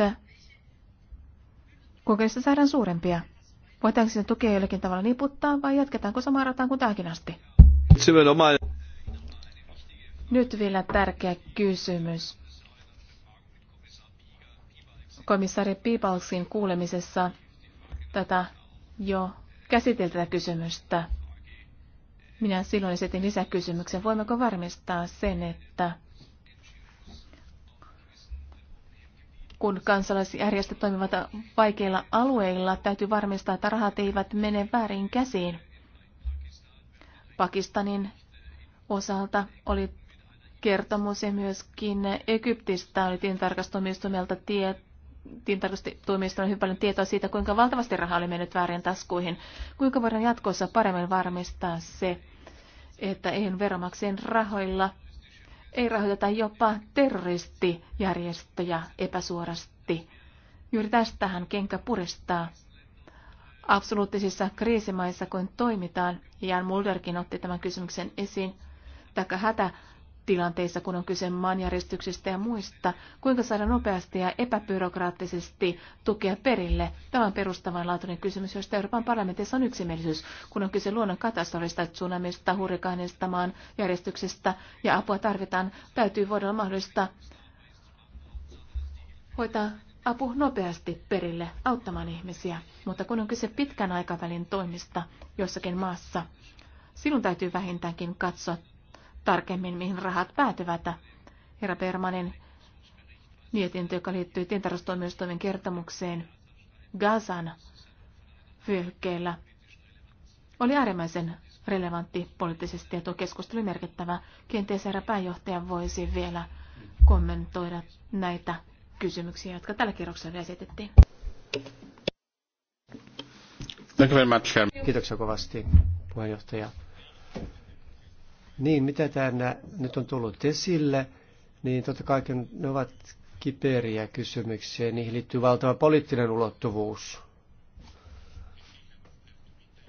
kuinka niistä saadaan suurempia? Voitaanko sitä tukea jollakin tavalla niputtaa vai jatketaanko samaan rataan kuin tähänkin asti? Nyt vielä tärkeä kysymys. Komissaari Piipalsin kuulemisessa tätä jo käsiteltä kysymystä. Minä silloin esitin lisäkysymyksen. Voimmeko varmistaa sen, että kun kansalaisjärjestöt toimivat vaikeilla alueilla, täytyy varmistaa, että rahat eivät mene väärin käsiin. Pakistanin osalta oli kertomus ja myöskin Egyptistä oli tilintarkastustuomioistuimelta tie, tilintarkastustuomioistuimelta hyvin paljon tietoa siitä, kuinka valtavasti rahaa oli mennyt väärin taskuihin. Kuinka voidaan jatkossa paremmin varmistaa se, että EUn veromaksien rahoilla ei rahoiteta jopa terroristijärjestöjä epäsuorasti. Juuri tästähän kenkä puristaa. Absoluuttisissa kriisimaissa, kun toimitaan, Jan Mulderkin otti tämän kysymyksen esiin, taikka hätä tilanteissa, kun on kyse maanjäristyksistä ja muista, kuinka saada nopeasti ja epäbyrokraattisesti tukea perille. Tämä on perustavanlaatuinen kysymys, josta Euroopan parlamentissa on yksimielisyys, kun on kyse luonnon katastrofista, tsunamista, hurrikaanista, maan järjestyksestä ja apua tarvitaan. Täytyy voida olla mahdollista hoitaa apu nopeasti perille auttamaan ihmisiä, mutta kun on kyse pitkän aikavälin toimista jossakin maassa, silloin täytyy vähintäänkin katsoa tarkemmin, mihin rahat päätyvät. Herra Permanen mietintö, joka liittyy tientarastoimistoimen kertomukseen Gazan vyöhykkeellä, oli äärimmäisen relevantti poliittisesti ja tuo keskustelu oli merkittävä. Kenties herra pääjohtaja voisi vielä kommentoida näitä kysymyksiä, jotka tällä kierroksella esitettiin. Kiitoksia kovasti, puheenjohtaja. Niin, mitä täällä nyt on tullut esille, niin totta kai ne ovat kiperiä kysymyksiä. Niihin liittyy valtava poliittinen ulottuvuus.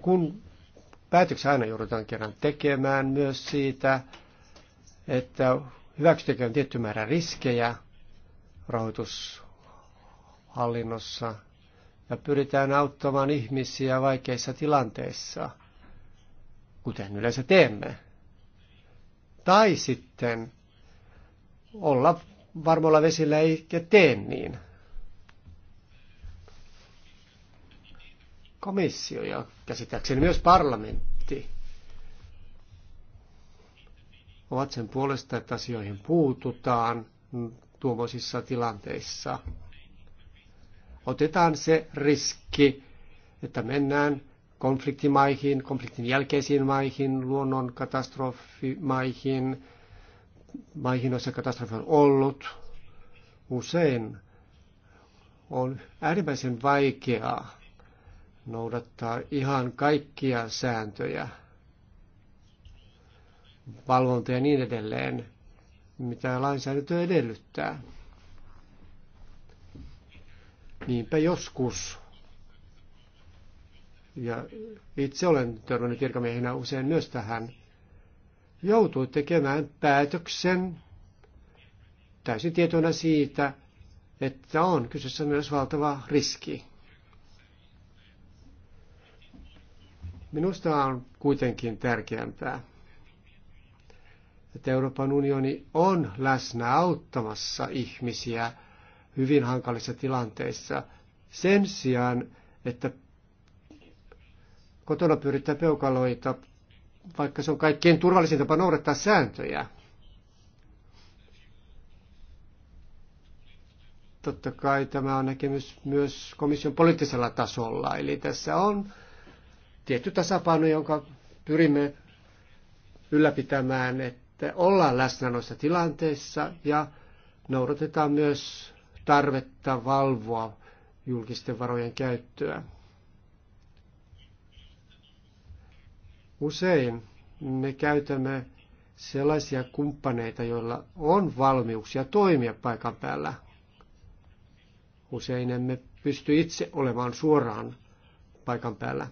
Kun päätöksiä aina joudutaan kerran tekemään myös siitä, että on tietty määrä riskejä rahoitushallinnossa ja pyritään auttamaan ihmisiä vaikeissa tilanteissa, kuten yleensä teemme. Tai sitten olla varmoilla vesillä eikä tee niin. Komissio ja käsittääkseni myös parlamentti ovat sen puolesta, että asioihin puututaan tuommoisissa tilanteissa. Otetaan se riski, että mennään konfliktimaihin, konfliktin jälkeisiin maihin, luonnon katastrofimaihin, maihin, joissa katastrofi on ollut. Usein on äärimmäisen vaikeaa noudattaa ihan kaikkia sääntöjä, valvonta ja niin edelleen, mitä lainsäädäntö edellyttää. Niinpä joskus ja itse olen törmännyt virkamiehenä usein myös tähän, joutuu tekemään päätöksen täysin tietona siitä, että on kyseessä myös valtava riski. Minusta on kuitenkin tärkeämpää, että Euroopan unioni on läsnä auttamassa ihmisiä hyvin hankalissa tilanteissa sen sijaan, että kotona pyörittää peukaloita, vaikka se on kaikkein turvallisin tapa noudattaa sääntöjä. Totta kai tämä on näkemys myös komission poliittisella tasolla, eli tässä on tietty tasapaino, jonka pyrimme ylläpitämään, että ollaan läsnä noissa tilanteissa ja noudatetaan myös tarvetta valvoa julkisten varojen käyttöä. Usein me käytämme sellaisia kumppaneita, joilla on valmiuksia toimia paikan päällä. Usein emme pysty itse olemaan suoraan paikan päällä.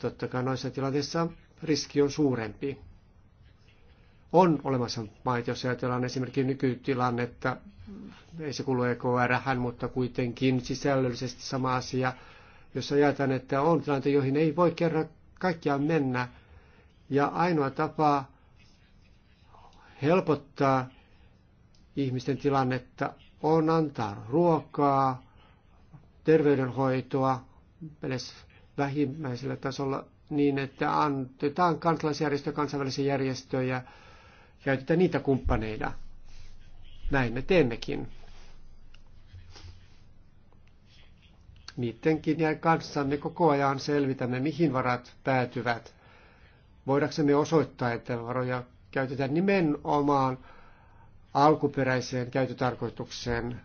Totta kai noissa tilanteissa riski on suurempi. On olemassa maita, jos ajatellaan esimerkiksi nykytilannetta, ei se kuulu EKR, mutta kuitenkin sisällöllisesti sama asia, jos ajatellaan, että on tilanteita, joihin ei voi kerran kaikkiaan mennä. Ja ainoa tapa helpottaa ihmisten tilannetta on antaa ruokaa, terveydenhoitoa, edes vähimmäisellä tasolla niin, että annetaan kansalaisjärjestö, kansainvälisiä järjestöjä, käytetään niitä kumppaneina. Näin me teemmekin. niidenkin ja kanssamme koko ajan selvitämme, mihin varat päätyvät. Voidaksemme osoittaa, että varoja käytetään nimenomaan alkuperäiseen käytötarkoitukseen,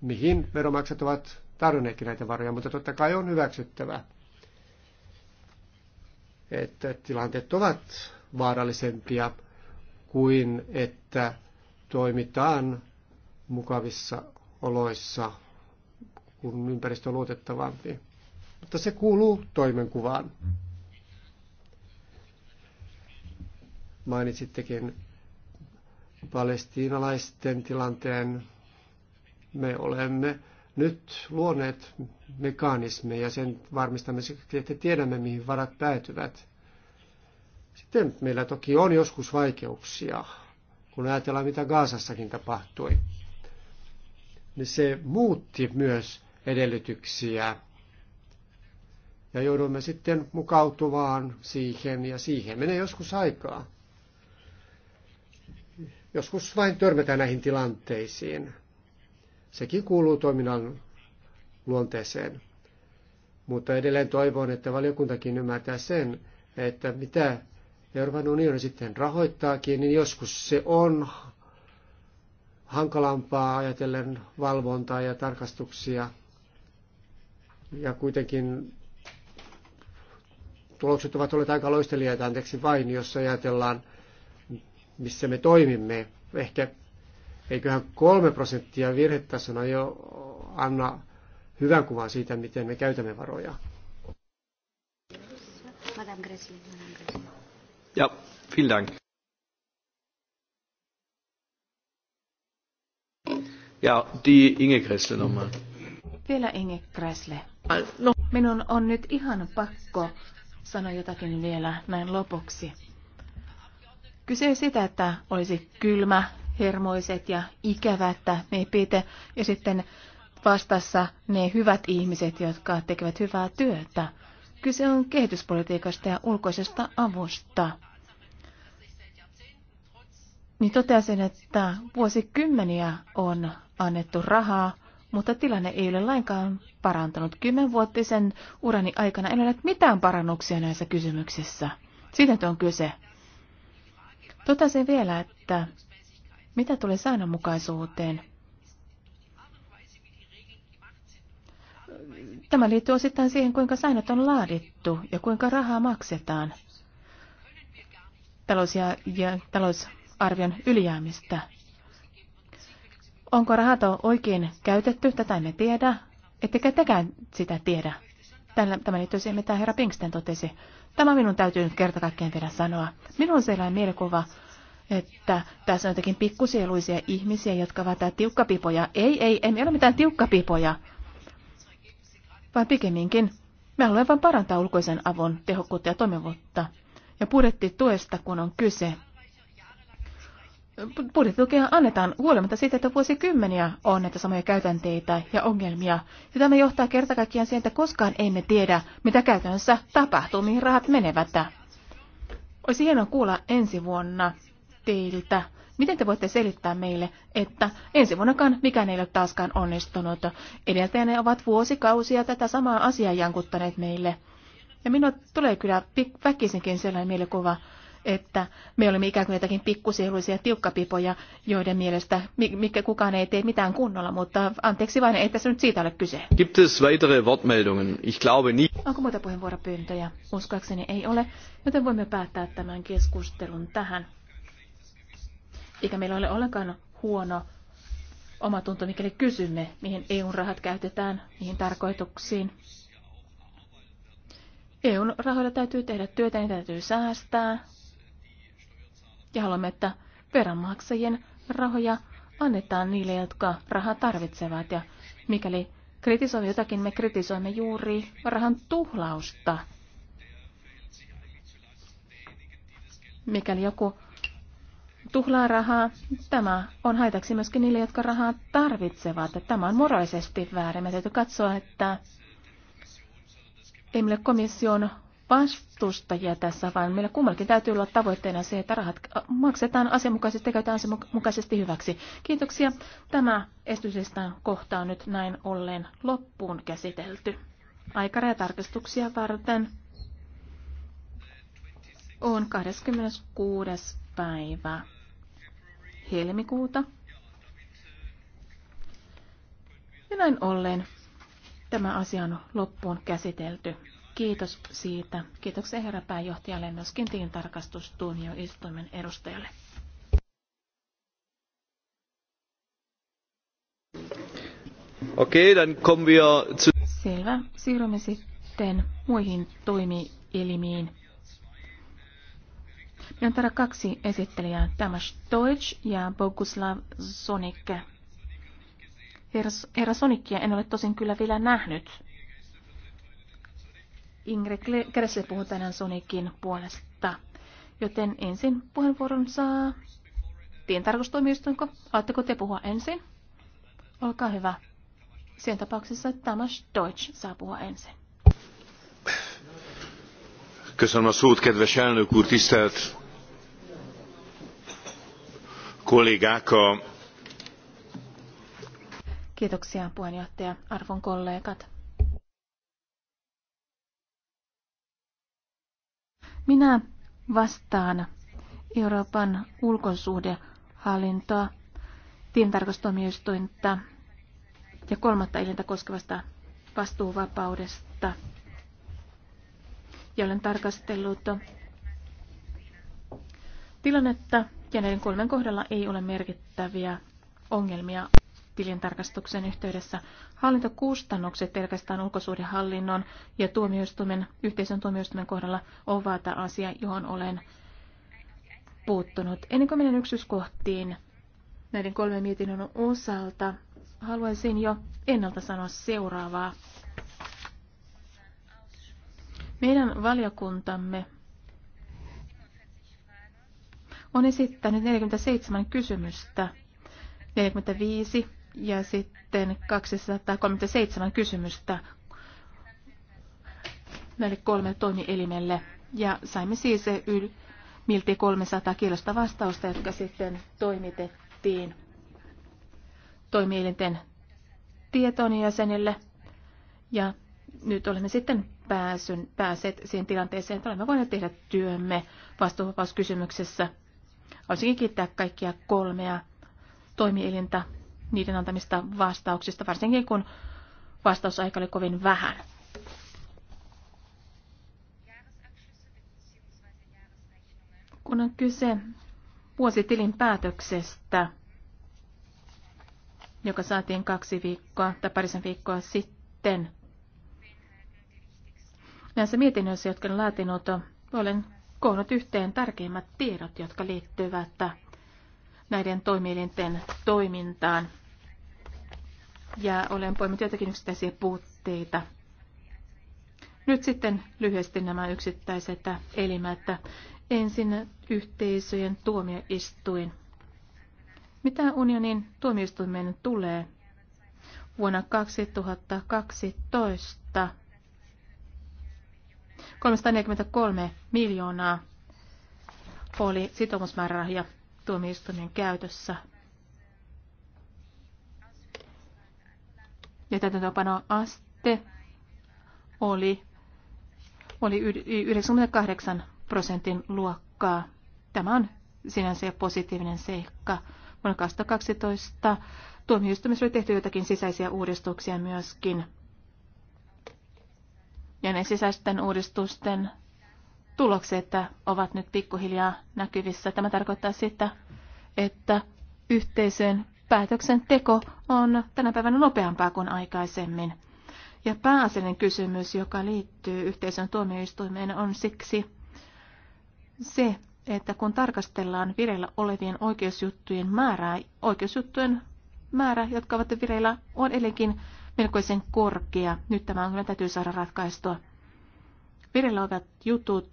mihin veromaksat ovat tarjonneetkin näitä varoja, mutta totta kai on hyväksyttävä, että tilanteet ovat vaarallisempia kuin että toimitaan mukavissa oloissa kun ympäristö on luotettavampi. Mutta se kuuluu toimenkuvaan. Mainitsittekin palestiinalaisten tilanteen. Me olemme nyt luoneet mekanismeja sen varmistamiseksi, että tiedämme, mihin varat päätyvät. Sitten meillä toki on joskus vaikeuksia, kun ajatellaan, mitä Gaasassakin tapahtui. Niin se muutti myös edellytyksiä. Ja joudumme sitten mukautumaan siihen ja siihen menee joskus aikaa. Joskus vain törmätään näihin tilanteisiin. Sekin kuuluu toiminnan luonteeseen. Mutta edelleen toivon, että valiokuntakin ymmärtää sen, että mitä Euroopan unioni sitten rahoittaakin, niin joskus se on hankalampaa ajatellen valvontaa ja tarkastuksia ja kuitenkin tulokset ovat olleet aika loistelijaita, anteeksi vain, jos ajatellaan, missä me toimimme. Ehkä eiköhän kolme prosenttia virhetasona jo anna hyvän kuvan siitä, miten me käytämme varoja. Ja, vielen Dank. Ja, die Inge Kressel nochmal. Mm. Vielä Inge Kressle. Äh, no. Minun on nyt ihan pakko sanoa jotakin vielä näin lopuksi. Kyse sitä, että olisi kylmä, hermoiset ja ikävät me pite, ja sitten vastassa ne hyvät ihmiset, jotka tekevät hyvää työtä. Kyse on kehityspolitiikasta ja ulkoisesta avusta. Niin totesin, että vuosikymmeniä on annettu rahaa mutta tilanne ei ole lainkaan parantanut. Kymmenvuotisen urani aikana en ole mitään parannuksia näissä kysymyksissä. Siitä on kyse. Totasin vielä, että mitä tulee säännönmukaisuuteen, Tämä liittyy osittain siihen, kuinka säännöt on laadittu ja kuinka rahaa maksetaan talous- ja, ja talousarvion ylijäämistä Onko rahat oikein käytetty? Tätä emme tiedä. Ettekä tekään sitä tiedä. Tämä liittyy siihen, mitä herra Pinksten totesi. Tämä minun täytyy nyt kerta kaikkiaan vielä sanoa. Minun on sellainen mielikuva, että tässä on jotenkin pikkusieluisia ihmisiä, jotka ovat tiukkapipoja. Ei, ei, emme ole mitään tiukkapipoja, vaan pikemminkin me haluamme vain parantaa ulkoisen avun tehokkuutta ja toimivuutta. Ja budjettituesta, kun on kyse, budjettitukea annetaan huolimatta siitä, että vuosikymmeniä on näitä samoja käytänteitä ja ongelmia. Ja tämä johtaa kerta kaikkiaan siihen, että koskaan emme tiedä, mitä käytännössä tapahtuu, mihin rahat menevät. Olisi hienoa kuulla ensi vuonna teiltä, miten te voitte selittää meille, että ensi vuonnakaan mikään ei ole taaskaan onnistunut. Edeltäjänne ovat vuosikausia tätä samaa asiaa jankuttaneet meille. Ja minua tulee kyllä väkisinkin sellainen mielikuva, että me olemme ikään kuin jotakin pikkusieluisia tiukkapipoja, joiden mielestä mikä kukaan ei tee mitään kunnolla, mutta anteeksi vain, ei tässä nyt siitä ole kyse. Gibt es weitere Wortmeldungen? Ich glaube Onko muita puheenvuoropyyntöjä? Uskoakseni ei ole, joten voimme päättää tämän keskustelun tähän. Eikä meillä ole ollenkaan huono tunto, mikäli kysymme, mihin eu rahat käytetään, mihin tarkoituksiin. eu rahoilla täytyy tehdä työtä, niitä täytyy säästää, ja haluamme, että veronmaksajien rahoja annetaan niille, jotka rahaa tarvitsevat. Ja mikäli kritisoimme jotakin, me kritisoimme juuri rahan tuhlausta. Mikäli joku tuhlaa rahaa, tämä on haitaksi myöskin niille, jotka rahaa tarvitsevat. Tämä on moraalisesti väärin. Me täytyy katsoa, että ei komission vastustajia tässä, vaan meillä kummallakin täytyy olla tavoitteena se, että rahat äh, maksetaan asianmukaisesti ja käytetään asianmukaisesti hyväksi. Kiitoksia. Tämä esityslistan kohta on nyt näin ollen loppuun käsitelty. Aikarajatarkastuksia varten on 26. päivä helmikuuta. Ja näin ollen tämä asia on loppuun käsitelty. Kiitos siitä. Kiitoksia herra pääjohtajalle myöskin tilintarkastustuomioistuimen edustajalle. Okei, okay, dann kommen wir zu... Selvä. Siirrymme sitten muihin toimielimiin. Meillä on täällä kaksi esittelijää, Tamas Deutsch ja Boguslav Sonik. Herra, herra Sonikia en ole tosin kyllä vielä nähnyt Ingrid Kressel puhuu tänään Sonicin puolesta. Joten ensin puheenvuoron saa tientarkastustoimistoinko. Aatteko te puhua ensin? Olkaa hyvä. Sen tapauksessa Tamas Deutsch saa puhua ensin. Köszönöm a szót, kedves elnök úr, tisztelt kollégák! A... Kiitoksia puheenjohtaja, arvon kollegat. Minä vastaan Euroopan ulkosuhdehallintoa, tilintarkastuomioistuinta ja kolmatta elintä koskevasta vastuuvapaudesta. Ja olen tarkastellut tilannetta ja näiden kolmen kohdalla ei ole merkittäviä ongelmia tilintarkastuksen yhteydessä. Hallintokustannukset pelkästään ulkosuhdehallinnon ja tuomioistuimen, yhteisön tuomioistuimen kohdalla ovat asia, johon olen puuttunut. Ennen kuin menen yksityiskohtiin näiden kolmen mietinnön osalta, haluaisin jo ennalta sanoa seuraavaa. Meidän valiokuntamme on esittänyt 47 kysymystä. 45 ja sitten 237 kysymystä näille kolme toimielimelle. Ja saimme siis yl, milti 300 kielestä vastausta, jotka sitten toimitettiin toimielinten tietoon jäsenille. Ja nyt olemme sitten pääsyn, pääset siihen tilanteeseen, että olemme voineet tehdä työmme vastuuvapauskysymyksessä. Haluaisinkin kiittää kaikkia kolmea toimielintä niiden antamista vastauksista, varsinkin kun vastausaika oli kovin vähän. Kun on kyse vuositilin päätöksestä, joka saatiin kaksi viikkoa tai parisen viikkoa sitten. Näissä mietinnöissä, jotka olen laatinut, olen koonnut yhteen tärkeimmät tiedot, jotka liittyvät näiden toimielinten toimintaan. Ja olen poiminut joitakin yksittäisiä puutteita. Nyt sitten lyhyesti nämä yksittäiset elimät. Ensin yhteisöjen tuomioistuin. Mitä unionin tuomioistuimeen tulee? Vuonna 2012 343 miljoonaa oli sitoumusmäärärahoja tuomioistuimen käytössä. Ja täytäntöönpano aste oli, oli 98 prosentin luokkaa. Tämä on sinänsä positiivinen seikka. Vuonna 2012 tuomioistuimessa oli tehty jotakin sisäisiä uudistuksia myöskin. Ja ne sisäisten uudistusten tulokset ovat nyt pikkuhiljaa näkyvissä. Tämä tarkoittaa sitä, että yhteisön päätöksenteko on tänä päivänä nopeampaa kuin aikaisemmin. Ja pääasiallinen kysymys, joka liittyy yhteisön tuomioistuimeen, on siksi se, että kun tarkastellaan vireillä olevien oikeusjuttujen määrää, oikeusjuttujen määrä, jotka ovat vireillä, on edelleenkin melkoisen korkea. Nyt tämä on kyllä täytyy saada ratkaistua. Vireillä olevat jutut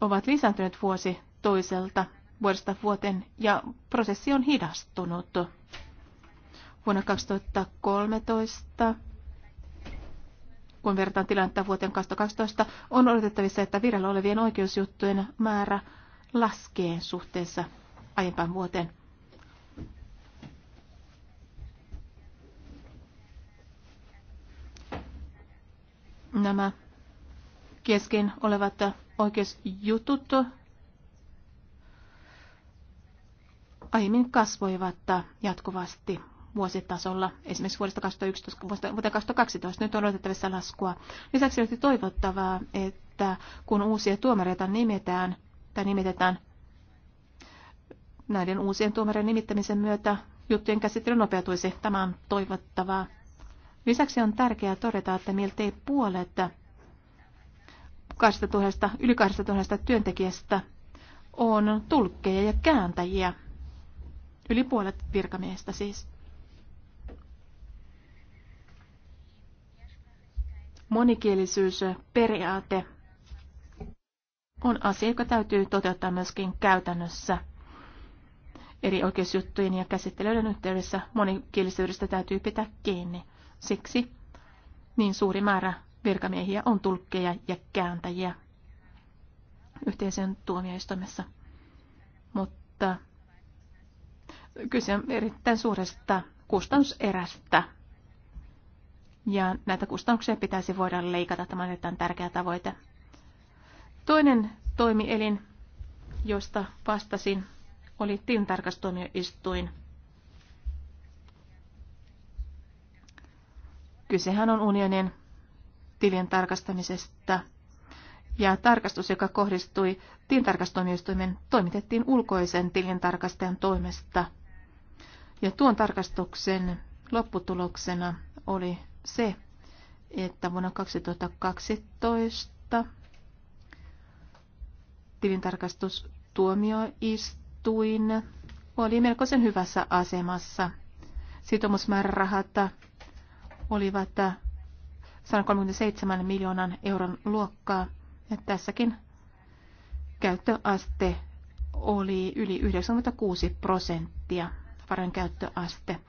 ovat lisääntyneet vuosi toiselta vuodesta vuoteen ja prosessi on hidastunut. Vuonna 2013, kun verrataan tilannetta vuoteen 2012, on odotettavissa, että vireillä olevien oikeusjuttujen määrä laskee suhteessa aiempaan vuoteen. nämä kesken olevat oikeusjutut aiemmin kasvoivat jatkuvasti vuositasolla, esimerkiksi vuodesta 2011 vuodesta, vuoteen 2012. Nyt on odotettavissa laskua. Lisäksi olisi toivottavaa, että kun uusia tuomareita nimetään, tai nimetetään näiden uusien tuomareiden nimittämisen myötä, juttujen käsittely nopeutuisi. Tämä on toivottavaa. Lisäksi on tärkeää todeta, että miltei puolet 2000, yli 2000 työntekijästä on tulkkeja ja kääntäjiä. Yli puolet virkamiehistä siis. Monikielisyysperiaate on asia, joka täytyy toteuttaa myöskin käytännössä. Eri oikeusjuttujen ja käsittelyiden yhteydessä monikielisyydestä täytyy pitää kiinni. Siksi niin suuri määrä virkamiehiä on tulkkeja ja kääntäjiä yhteisön tuomioistuimessa. Mutta kyse on erittäin suuresta kustannuserästä. Ja näitä kustannuksia pitäisi voida leikata. Tämä on erittäin tärkeä tavoite. Toinen toimielin, josta vastasin, oli tilintarkastuomioistuin. Kysehän on unionin tilien tarkastamisesta ja tarkastus, joka kohdistui tilintarkastuomioistuimen, toimitettiin ulkoisen tilintarkastajan toimesta. Ja tuon tarkastuksen lopputuloksena oli se, että vuonna 2012 tilintarkastustuomioistuin oli melkoisen hyvässä asemassa. Sitomusmäärärahat olivat 137 äh, miljoonan euron luokkaa. Ja tässäkin käyttöaste oli yli 96 prosenttia, varan käyttöaste.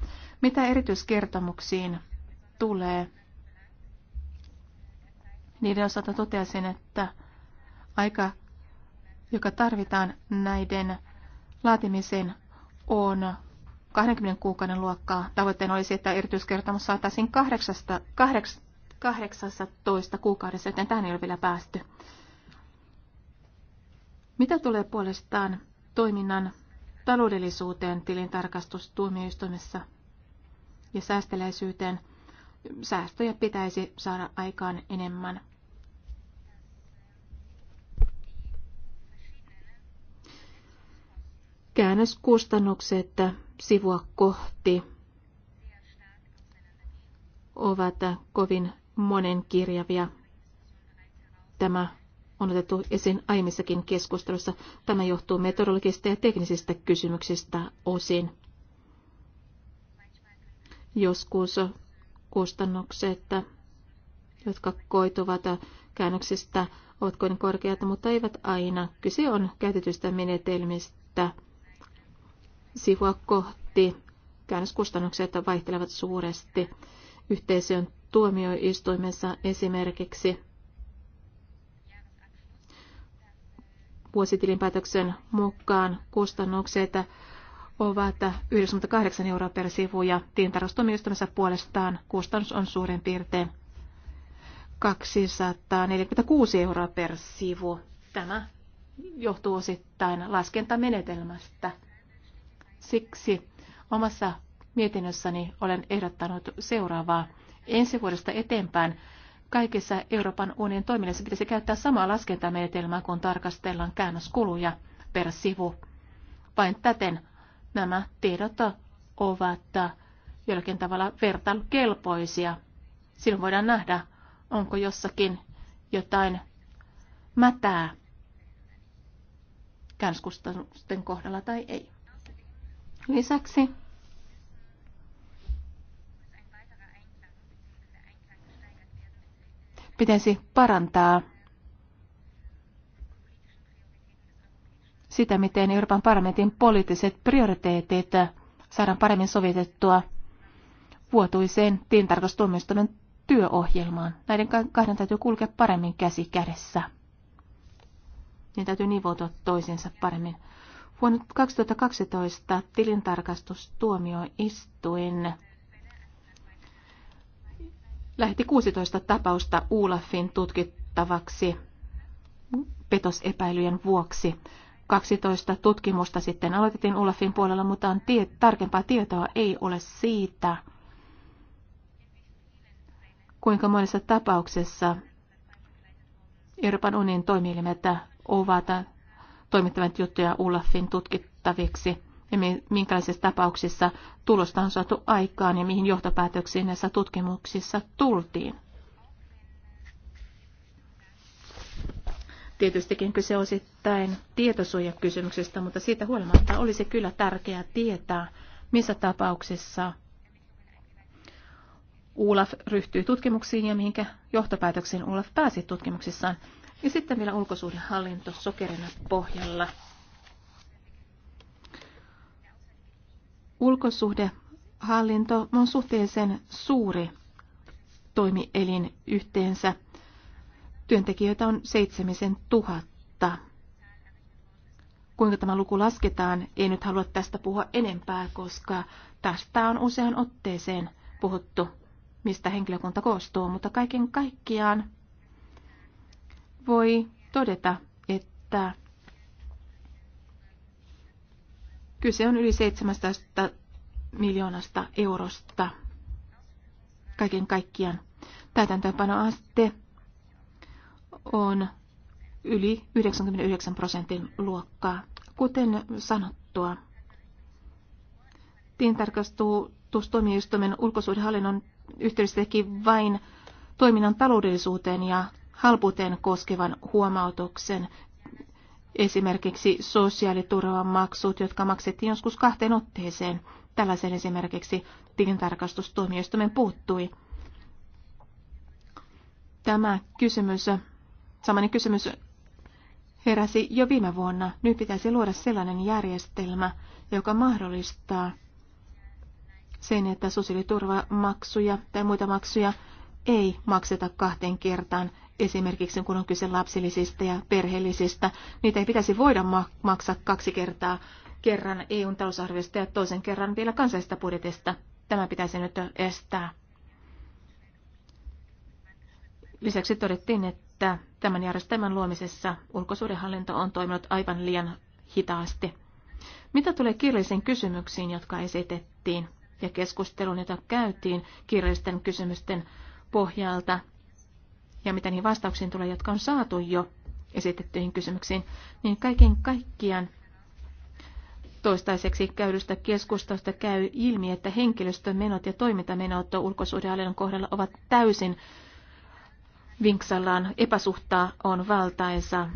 Mitä erityiskertomuksiin tulee, niiden osalta toteaisin, että aika, joka tarvitaan näiden laatimiseen, on 20 kuukauden luokkaa. Tavoitteena olisi, että erityiskertomus saataisiin 18 kuukaudessa, joten tähän ei ole vielä päästy. Mitä tulee puolestaan toiminnan taloudellisuuteen tilintarkastustuomioistuimessa ja säästeläisyyteen, säästöjä pitäisi saada aikaan enemmän. Käännöskustannukset sivua kohti ovat kovin monenkirjavia. Tämä on otettu esiin aiemmissakin keskustelussa. Tämä johtuu metodologisista ja teknisistä kysymyksistä osin. Joskus kustannukset, jotka koituvat käännöksistä, ovat kovin korkeat, mutta eivät aina. Kyse on käytetyistä menetelmistä – sivua kohti. Käännöskustannukset vaihtelevat suuresti. Yhteisön tuomioistuimessa esimerkiksi vuositilinpäätöksen mukaan kustannukset ovat 98 euroa per sivu ja tilintarkastustuomioistuimessa puolestaan kustannus on suurin piirtein 246 euroa per sivu. Tämä johtuu osittain laskentamenetelmästä – Siksi omassa mietinnössäni olen ehdottanut seuraavaa. Ensi vuodesta eteenpäin kaikissa Euroopan unionin toiminnassa pitäisi käyttää samaa laskentamenetelmää, kun tarkastellaan käännöskuluja per sivu. Vain täten nämä tiedot ovat jollakin tavalla vertailukelpoisia. Silloin voidaan nähdä, onko jossakin jotain mätää käännöskustannusten kohdalla tai ei. Lisäksi pitäisi parantaa sitä, miten Euroopan parlamentin poliittiset prioriteetit saadaan paremmin sovitettua vuotuiseen tiintarkastustuomioistuimen työohjelmaan. Näiden kahden täytyy kulkea paremmin käsi kädessä. Niin täytyy nivoutua toisiinsa paremmin. Vuonna 2012 tilintarkastustuomioistuin lähetti 16 tapausta Ulafin tutkittavaksi petosepäilyjen vuoksi. 12 tutkimusta sitten aloitettiin Ulafin puolella, mutta on tie- tarkempaa tietoa ei ole siitä, kuinka monessa tapauksessa Euroopan unionin toimielimet ovat toimittavat juttuja Ulafin tutkittaviksi ja minkälaisissa tapauksissa tulosta on saatu aikaan ja mihin johtopäätöksiin näissä tutkimuksissa tultiin. Tietystikin kyse osittain tietosuojakysymyksestä, mutta siitä huolimatta olisi kyllä tärkeää tietää, missä tapauksissa Ulaf ryhtyi tutkimuksiin ja mihinkä johtopäätöksiin Ulaf pääsi tutkimuksissaan. Ja sitten vielä ulkosuhdehallinto sokerina pohjalla. Ulkosuhdehallinto on suhteellisen suuri toimielin yhteensä. Työntekijöitä on seitsemisen tuhatta. Kuinka tämä luku lasketaan, ei nyt halua tästä puhua enempää, koska tästä on usean otteeseen puhuttu, mistä henkilökunta koostuu, mutta kaiken kaikkiaan voi todeta, että kyse on yli 700 miljoonasta eurosta kaiken kaikkiaan. Täytäntöönpanoaste on yli 99 prosentin luokkaa. Kuten sanottua, tiintarkastustuomioistuimen ulkosuudenhallinnon yhteydessä teki vain toiminnan taloudellisuuteen ja halputen koskevan huomautuksen. Esimerkiksi sosiaaliturvan maksut, jotka maksettiin joskus kahteen otteeseen. Tällaisen esimerkiksi tilintarkastustuomioistuimen puuttui. Tämä kysymys, samainen kysymys heräsi jo viime vuonna. Nyt pitäisi luoda sellainen järjestelmä, joka mahdollistaa sen, että sosiaaliturvamaksuja tai muita maksuja ei makseta kahteen kertaan esimerkiksi kun on kyse lapsillisista ja perheellisistä, niitä ei pitäisi voida maksaa kaksi kertaa kerran EUn talousarviosta ja toisen kerran vielä kansallisesta budjetista. Tämä pitäisi nyt estää. Lisäksi todettiin, että tämän järjestelmän luomisessa ulkosuudenhallinto on toiminut aivan liian hitaasti. Mitä tulee kirjallisiin kysymyksiin, jotka esitettiin ja keskusteluun, jota käytiin kirjallisten kysymysten pohjalta, ja mitä niihin vastauksiin tulee, jotka on saatu jo esitettyihin kysymyksiin, niin kaiken kaikkiaan toistaiseksi käydystä keskustelusta käy ilmi, että henkilöstömenot ja toimintamenot ulkosuhdehallinnon kohdalla ovat täysin vinksallaan. Epäsuhtaa on valtaisa.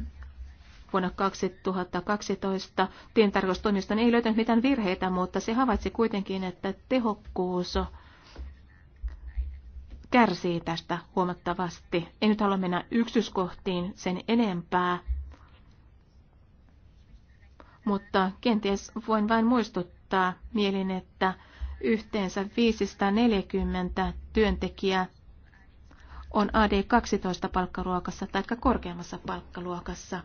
Vuonna 2012 tilintarkastustoimiston ei löytänyt mitään virheitä, mutta se havaitsi kuitenkin, että tehokkuus on kärsii tästä huomattavasti. En nyt halua mennä yksityiskohtiin sen enempää, mutta kenties voin vain muistuttaa mielin, että yhteensä 540 työntekijää on AD12 palkkaluokassa tai korkeammassa palkkaluokassa.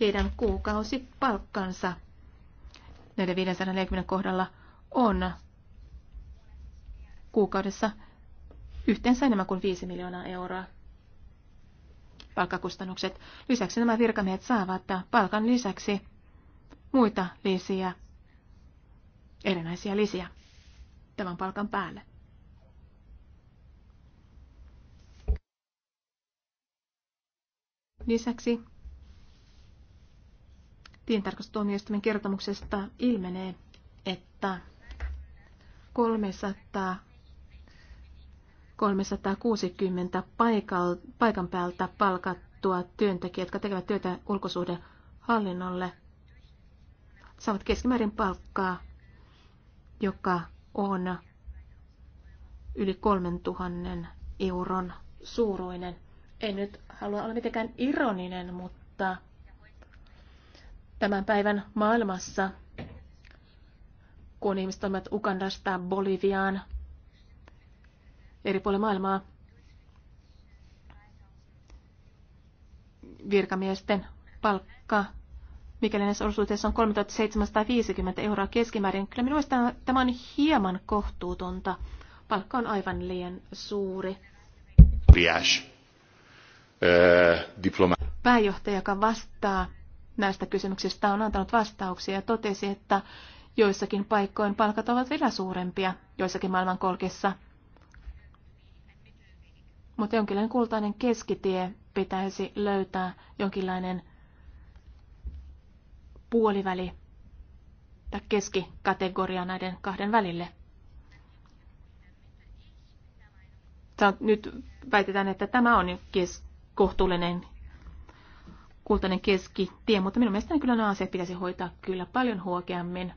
Heidän kuukausipalkkansa 4540 kohdalla on kuukaudessa yhteensä enemmän kuin 5 miljoonaa euroa. Palkkakustannukset. Lisäksi nämä virkamiehet saavat palkan lisäksi muita lisiä, erinäisiä lisiä tämän palkan päälle. Lisäksi tiintarkastustuomioistuimen kertomuksesta ilmenee, että 300 360 paikal, paikan päältä palkattua työntekijää, jotka tekevät työtä ulkosuhdehallinnolle, saavat keskimäärin palkkaa, joka on yli 3000 euron suuruinen. En nyt halua olla mitenkään ironinen, mutta tämän päivän maailmassa, kun ihmiset ovat Ugandasta Boliviaan, eri puolilla maailmaa virkamiesten palkka, mikäli näissä olosuhteissa on 3750 euroa keskimäärin. Kyllä minun tämä on hieman kohtuutonta. Palkka on aivan liian suuri. Pääjohtaja, joka vastaa näistä kysymyksistä, on antanut vastauksia ja totesi, että joissakin paikkoin palkat ovat vielä suurempia, joissakin maailmankolkissa – mutta jonkinlainen kultainen keskitie pitäisi löytää, jonkinlainen puoliväli tai keskikategoria näiden kahden välille. Nyt väitetään, että tämä on kes- kohtuullinen kultainen keskitie, mutta minun mielestäni kyllä nämä asiat pitäisi hoitaa kyllä paljon huokeammin.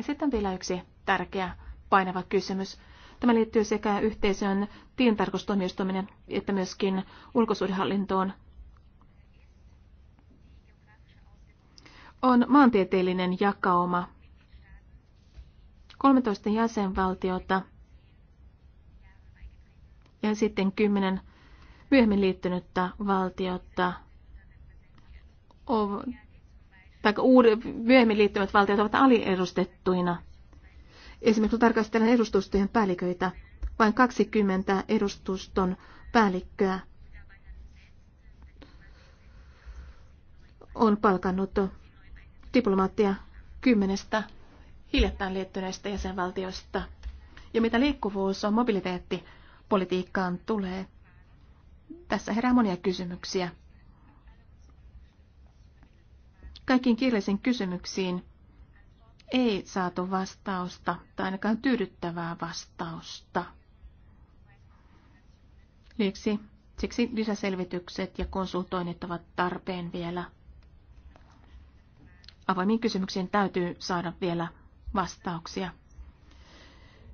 Sitten vielä yksi tärkeä painava kysymys. Tämä liittyy sekä yhteisön tilintarkastustoimistoiminen että myöskin ulkosuhdehallintoon. On maantieteellinen jakauma. 13 jäsenvaltiota ja sitten 10 myöhemmin liittynyttä valtiota tai uudet, myöhemmin liittyvät valtiot ovat aliedustettuina. Esimerkiksi kun tarkastellaan edustustojen päälliköitä, vain 20 edustuston päällikköä on palkannut diplomaattia kymmenestä hiljattain liittyneestä jäsenvaltiosta. Ja mitä liikkuvuus on mobiliteettipolitiikkaan tulee, tässä herää monia kysymyksiä. Kaikkiin kirjallisiin kysymyksiin ei saatu vastausta tai ainakaan tyydyttävää vastausta. Liiksi, siksi lisäselvitykset ja konsultoinnit ovat tarpeen vielä. Avoimiin kysymyksiin täytyy saada vielä vastauksia.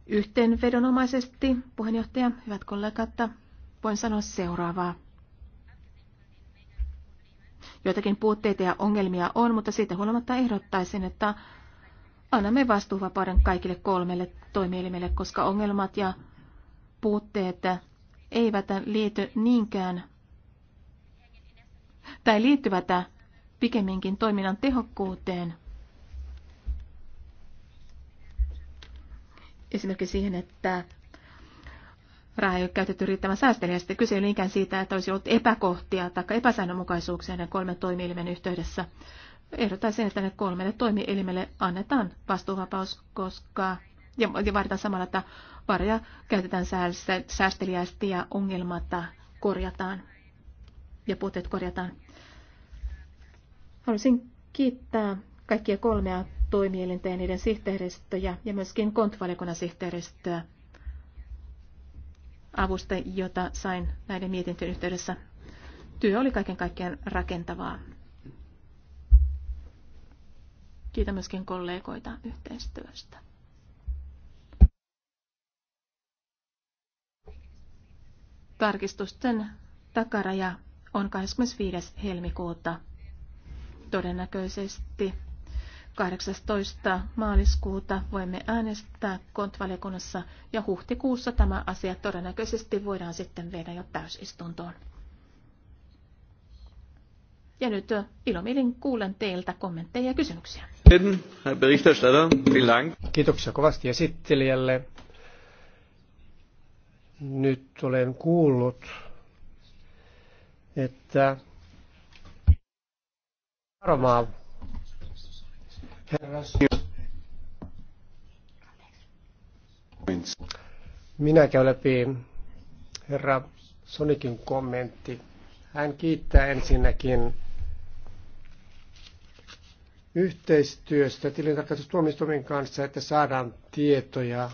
Yhteenvedonomaisesti, puheenjohtaja, hyvät kollegat, voin sanoa seuraavaa. Joitakin puutteita ja ongelmia on, mutta siitä huolimatta ehdottaisin, että annamme vastuuvapauden kaikille kolmelle toimielimelle, koska ongelmat ja puutteet eivät liity niinkään tai liittyvät pikemminkin toiminnan tehokkuuteen. Esimerkiksi siihen, että raha ei ole käytetty riittävän säästeliästi. Kyse ei siitä, että olisi ollut epäkohtia tai epäsäännönmukaisuuksia näiden kolmen toimielimen yhteydessä sen, että ne kolmelle toimielimelle annetaan vastuuvapaus, koska ja, ja vaaditaan samalla, että varoja käytetään säästeliästi ja ongelmat korjataan ja puutteet korjataan. Haluaisin kiittää kaikkia kolmea toimielintä ja niiden sihteeristöjä ja myöskin kontvalikunnan sihteeristöä avusta, jota sain näiden mietintöjen yhteydessä. Työ oli kaiken kaikkiaan rakentavaa. Kiitän myöskin kollegoita yhteistyöstä. Tarkistusten takaraja on 25. helmikuuta. Todennäköisesti 18. maaliskuuta voimme äänestää kontvaliokunnassa ja huhtikuussa tämä asia todennäköisesti voidaan sitten viedä jo täysistuntoon. Ja nyt ilomielin kuulen teiltä kommentteja ja kysymyksiä. Kiitoksia kovasti esittelijälle. Nyt olen kuullut, että varmaan herra minä käyn läpi herra Sonikin kommentti. Hän kiittää ensinnäkin yhteistyöstä tilintarkastustuomioistuimen kanssa, että saadaan tietoja.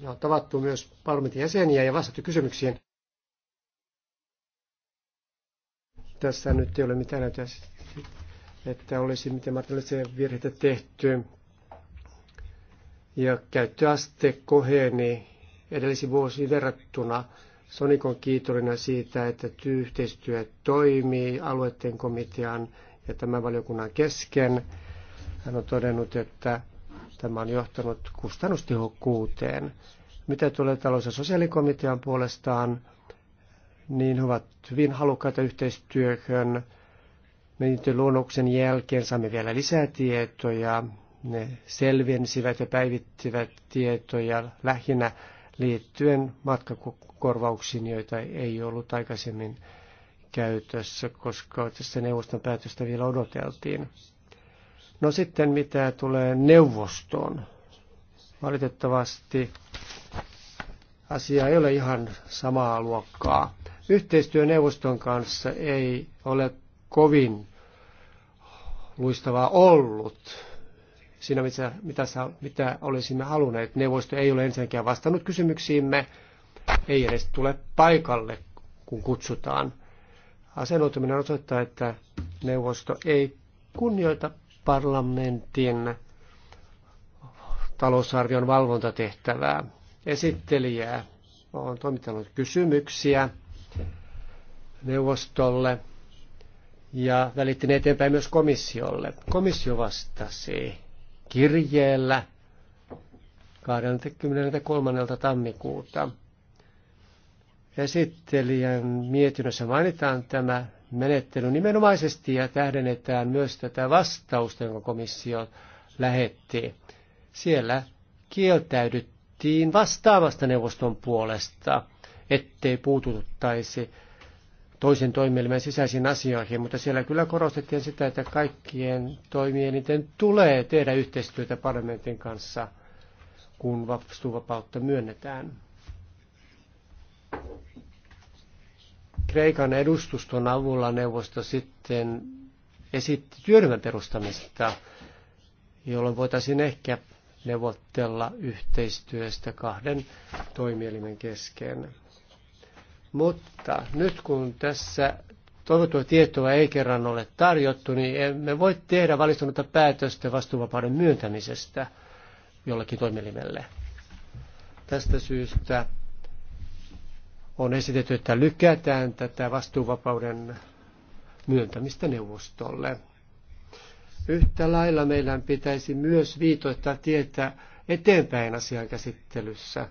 Ja on tavattu myös parlamentin jäseniä ja vastattu kysymyksiin. Tässä nyt ei ole mitään näytä, siis, että olisi miten marginaalisia virheitä tehty. Ja käyttöaste koheni edellisiin vuosiin verrattuna. Sonikon kiitollinen siitä, että yhteistyö toimii alueiden komitean ja tämän valiokunnan kesken. Hän on todennut, että tämä on johtanut kustannustehokkuuteen. Mitä tulee talous- ja sosiaalikomitean puolestaan, niin he ovat hyvin halukkaita yhteistyöhön. Mietintöluonnoksen jälkeen saamme vielä lisää tietoja, Ne selvensivät ja päivittivät tietoja lähinnä liittyen matkakorvauksiin, joita ei ollut aikaisemmin käytössä, koska tässä neuvoston päätöstä vielä odoteltiin. No sitten mitä tulee neuvostoon. Valitettavasti asia ei ole ihan samaa luokkaa. Yhteistyö neuvoston kanssa ei ole kovin luistavaa ollut siinä, mitä, mitä, mitä olisimme halunneet. Neuvosto ei ole ensinnäkään vastannut kysymyksiimme, ei edes tule paikalle, kun kutsutaan. Asennoituminen osoittaa, että neuvosto ei kunnioita parlamentin talousarvion valvontatehtävää. Esittelijää on toimittanut kysymyksiä neuvostolle ja välitti ne eteenpäin myös komissiolle. Komissio vastasi kirjeellä 23. tammikuuta Esittelijän mietinnössä mainitaan tämä menettely nimenomaisesti ja tähdennetään myös tätä vastausta, jonka komissio lähetti. Siellä kieltäydyttiin vastaamasta neuvoston puolesta, ettei puututtaisi toisen toimielimen sisäisiin asioihin, mutta siellä kyllä korostettiin sitä, että kaikkien toimielinten tulee tehdä yhteistyötä parlamentin kanssa, kun vastuuvapautta myönnetään. Kreikan edustuston avulla neuvosto sitten esitti työryhmän perustamista, jolloin voitaisiin ehkä neuvotella yhteistyöstä kahden toimielimen kesken. Mutta nyt kun tässä toivottua tietoa ei kerran ole tarjottu, niin emme voi tehdä valistunutta päätöstä vastuuvapauden myöntämisestä jollekin toimielimelle. Tästä syystä on esitetty, että lykätään tätä vastuuvapauden myöntämistä neuvostolle. Yhtä lailla meidän pitäisi myös viitoittaa tietää eteenpäin asian käsittelyssä.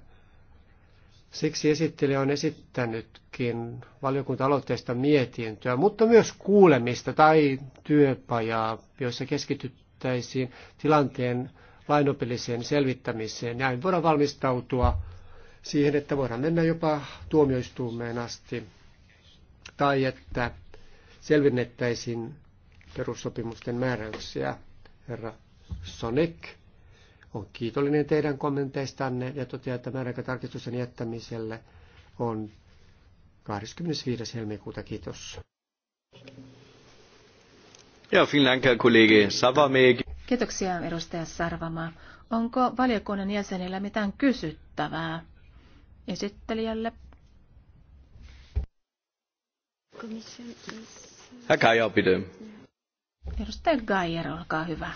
Siksi esittelijä on esittänytkin valiokunta-aloitteesta mietintöä, mutta myös kuulemista tai työpajaa, joissa keskityttäisiin tilanteen lainopilliseen selvittämiseen. Näin voidaan valmistautua siihen, että voidaan mennä jopa tuomioistuimeen asti, tai että selvinnettäisiin perussopimusten määräyksiä. Herra Sonek on kiitollinen teidän kommenteistanne ja toteaa, että määräaikatarkistuksen jättämiselle on 25. helmikuuta. Kiitos. Ja, vielen Kollege Kiitoksia, edustaja Sarvamaa. Onko valiokunnan jäsenillä mitään kysyttävää? esittelijälle. Herr Kaja, bitte. Edustaja Geier, olkaa hyvä.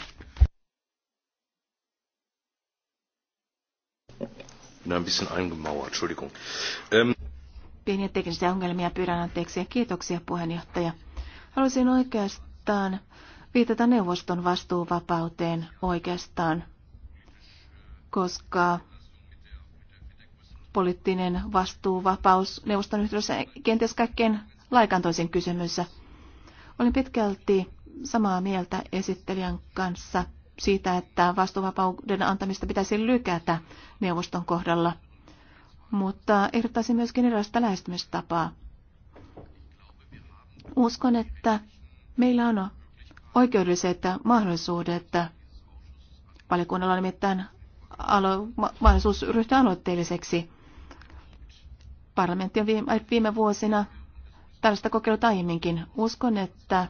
Minä olen bisschen eingemauert, Entschuldigung. Ähm. Pieniä teknisiä ongelmia pyydän anteeksi ja kiitoksia puheenjohtaja. Haluaisin oikeastaan viitata neuvoston vastuuvapauteen oikeastaan, koska poliittinen vastuuvapaus neuvoston yhteydessä kenties kaikkein laikantoisin kysymys. Olin pitkälti samaa mieltä esittelijän kanssa siitä, että vastuuvapauden antamista pitäisi lykätä neuvoston kohdalla, mutta ehdottaisin myöskin erilaista lähestymistapaa. Uskon, että meillä on oikeudelliset mahdollisuudet. Valiokunnalla on nimittäin alo- ma- mahdollisuus ryhtyä aloitteelliseksi Parlamentti on viime, äh, viime vuosina tällaista kokeilut aiemminkin. Uskon, että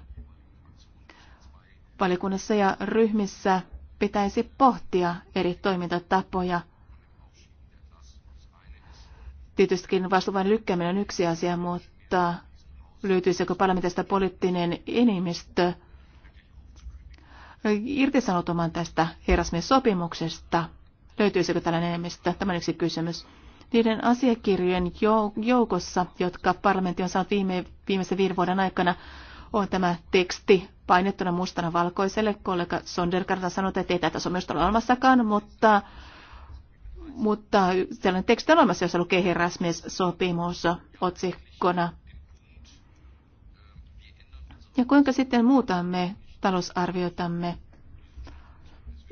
valikunnassa ja ryhmissä pitäisi pohtia eri toimintatapoja. Tietystikin vastuvan lykkääminen on yksi asia, mutta löytyisikö parlamentista poliittinen enemmistö irtisanoutumaan tästä herrasmies-sopimuksesta? Löytyisikö tällainen enemmistö? Tämä on yksi kysymys niiden asiakirjojen joukossa, jotka parlamentti on saanut viime, viimeisen viiden vuoden aikana, on tämä teksti painettuna mustana valkoiselle. Kollega Sondergaard on sanonut, että ei tätä ole myös olemassakaan, mutta, mutta sellainen teksti on olemassa, jossa lukee herrasmies-sopimus otsikkona. Ja kuinka sitten muutamme talousarviotamme?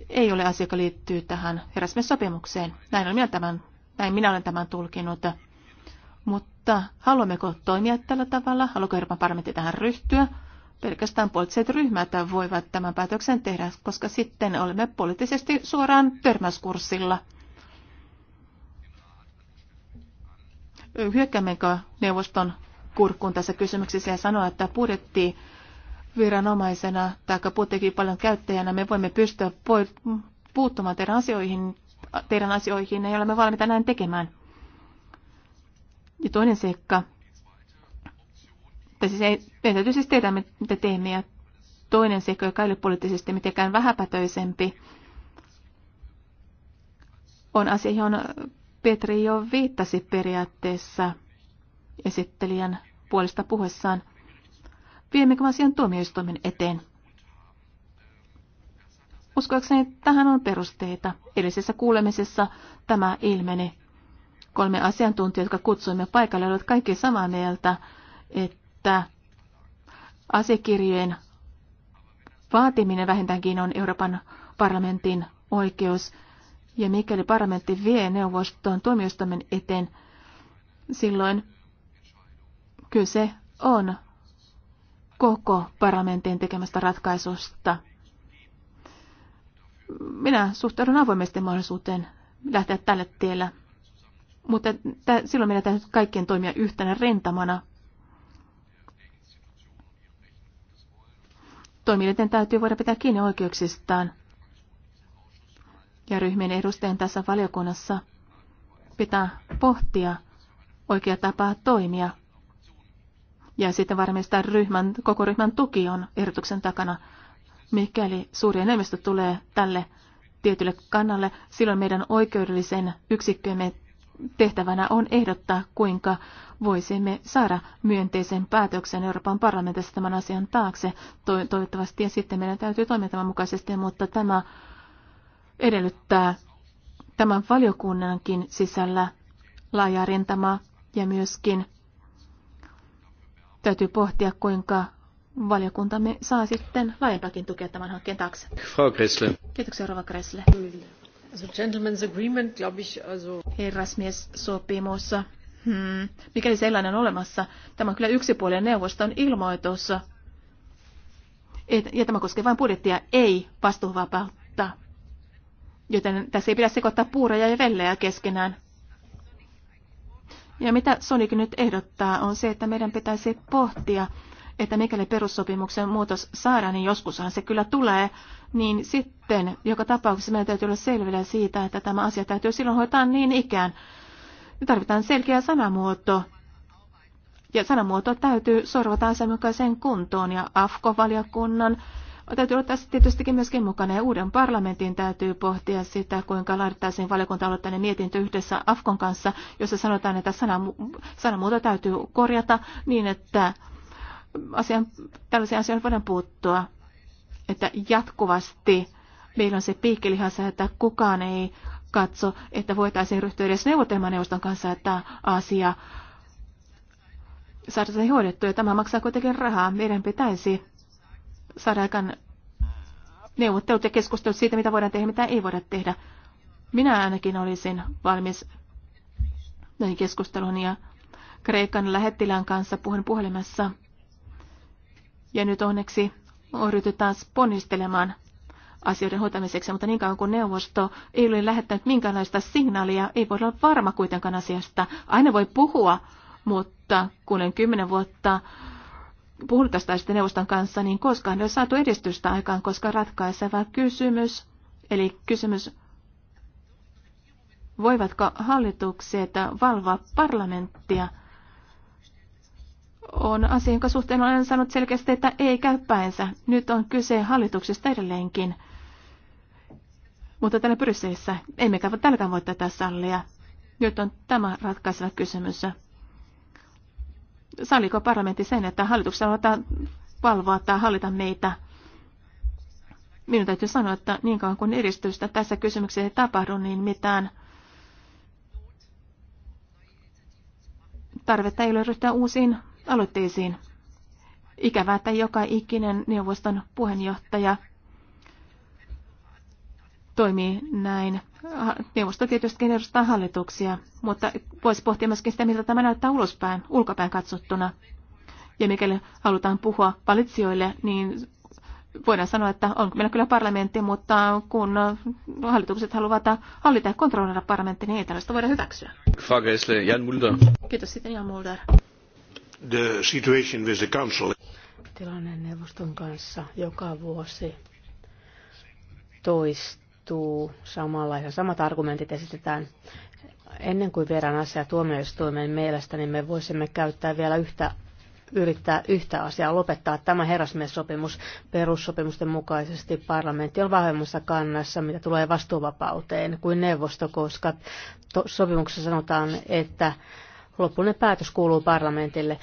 Ei ole asia, joka liittyy tähän herrasmies-sopimukseen. Näin on minä tämän näin minä olen tämän tulkinut. Mutta haluammeko toimia tällä tavalla? Haluaako Euroopan parlamentti tähän ryhtyä? Pelkästään poliittiset ryhmät voivat tämän päätöksen tehdä, koska sitten olemme poliittisesti suoraan törmäskurssilla. Hyökkäämmekö neuvoston kurkkuun tässä kysymyksessä ja sanoa, että budjetti viranomaisena tai budjettikin paljon käyttäjänä me voimme pystyä puuttumaan teidän asioihin teidän asioihin ja olemme valmiita näin tekemään. Ja toinen seikka, tai siis ei, ei täytyy siis tehdä, mitä teemme, ja toinen seikka, joka ei ole poliittisesti mitenkään vähäpätöisempi, on asia, johon Petri jo viittasi periaatteessa esittelijän puolesta puhessaan. Viemmekö asian tuomioistuimen eteen? Uskoakseni tähän on perusteita. Edellisessä kuulemisessa tämä ilmeni. Kolme asiantuntijaa, jotka kutsuimme paikalle, olivat kaikki samaa mieltä, että asiakirjojen vaatiminen vähintäänkin on Euroopan parlamentin oikeus, ja mikäli parlamentti vie neuvoston tuomioistuimen eteen, silloin kyse on koko parlamentin tekemästä ratkaisusta minä suhtaudun avoimesti mahdollisuuteen lähteä tälle tielle. Mutta t- silloin meidän täytyy kaikkien toimia yhtenä rentamana. Toimijoiden täytyy voida pitää kiinni oikeuksistaan. Ja ryhmien edustajien tässä valiokunnassa pitää pohtia oikea tapa toimia. Ja sitten varmistaa ryhmän, koko ryhmän tuki on erotuksen takana. Mikäli suuri enemmistö tulee tälle tietylle kannalle, silloin meidän oikeudellisen yksikkömme tehtävänä on ehdottaa, kuinka voisimme saada myönteisen päätöksen Euroopan parlamentissa tämän asian taakse. Toivottavasti ja sitten meidän täytyy toimia tämän mukaisesti, mutta tämä edellyttää tämän valiokunnankin sisällä laajaa rintamaa ja myöskin täytyy pohtia, kuinka valiokuntamme saa sitten laajempakin tukea tämän hankkeen taakse. Frau Kressle. Kiitoksia, Rova Kressle. Also gentleman's agreement, glaube ich, also... Herrasmies-sopimus. Hmm. Mikäli sellainen on olemassa, tämä on kyllä yksipuolinen neuvoston ilmoitus. Et, ja tämä koskee vain budjettia, ei vastuuvapautta. Joten tässä ei pidä sekoittaa puureja ja vellejä keskenään. Ja mitä Sonic nyt ehdottaa, on se, että meidän pitäisi pohtia että mikäli perussopimuksen muutos saadaan, niin joskushan se kyllä tulee, niin sitten joka tapauksessa meidän täytyy olla selvillä siitä, että tämä asia täytyy silloin hoitaa niin ikään. Me tarvitaan selkeä sanamuoto. Ja sanamuoto täytyy sorvata asianmukaiseen kuntoon ja AFKO-valiokunnan täytyy olla tässä tietystikin myöskin mukana ja uuden parlamentin täytyy pohtia sitä, kuinka laadittaisiin valiokunta-aloittainen mietintö yhdessä Afkon kanssa, jossa sanotaan, että sanamuoto täytyy korjata niin, että asian, tällaisia asioita voidaan puuttua, että jatkuvasti meillä on se piikkilihassa, että kukaan ei katso, että voitaisiin ryhtyä edes neuvottelemaan neuvoston kanssa, että asia saada se hoidettua. Ja tämä maksaa kuitenkin rahaa. Meidän pitäisi saada aikaan neuvottelut ja keskustelut siitä, mitä voidaan tehdä, mitä ei voida tehdä. Minä ainakin olisin valmis näihin keskusteluun ja Kreikan lähettilään kanssa puhun puhelimessa ja nyt onneksi on ryhdytään ponnistelemaan asioiden hoitamiseksi, mutta niin kauan kuin neuvosto ei ole lähettänyt minkäänlaista signaalia, ei voi olla varma kuitenkaan asiasta. Aina voi puhua, mutta kun en kymmenen vuotta puhunut tästä sitten neuvoston kanssa, niin koskaan ei ole saatu edistystä aikaan, koska ratkaiseva kysymys, eli kysymys, voivatko hallitukset valvoa parlamenttia – on asia, jonka suhteen olen sanonut selkeästi, että ei käy päänsä. Nyt on kyse hallituksesta edelleenkin. Mutta täällä Brysselissä emmekä tälläkään voi tätä sallia. Nyt on tämä ratkaiseva kysymys. Saliko parlamentti sen, että hallituksella aletaan valvoa tai hallita meitä? Minun täytyy sanoa, että niin kauan kuin edistystä tässä kysymyksessä ei tapahdu, niin mitään tarvetta ei ole ryhtyä uusiin aloitteisiin. Ikävää, että joka ikinen neuvoston puheenjohtaja toimii näin. Neuvosto tietysti edustaa hallituksia, mutta voisi pohtia myöskin sitä, miltä tämä näyttää ulospäin, ulkopäin katsottuna. Ja mikäli halutaan puhua valitsijoille, niin voidaan sanoa, että on meillä kyllä parlamentti, mutta kun hallitukset haluavat hallita ja kontrolloida parlamentti, niin ei tällaista voida hyväksyä. Jan Mulder. Kiitos sitten Jan Mulder the situation with the council. Tilanne neuvoston kanssa joka vuosi toistuu samalla ja samat argumentit esitetään. Ennen kuin viedään asia tuomioistuimeen mielestäni niin me voisimme käyttää vielä yhtä yrittää yhtä asiaa lopettaa tämä herrasmiessopimus perussopimusten mukaisesti. Parlamentti on vahvemmassa kannassa, mitä tulee vastuuvapauteen kuin neuvosto, koska sopimuksessa sanotaan, että Lopullinen päätös kuuluu parlamentille.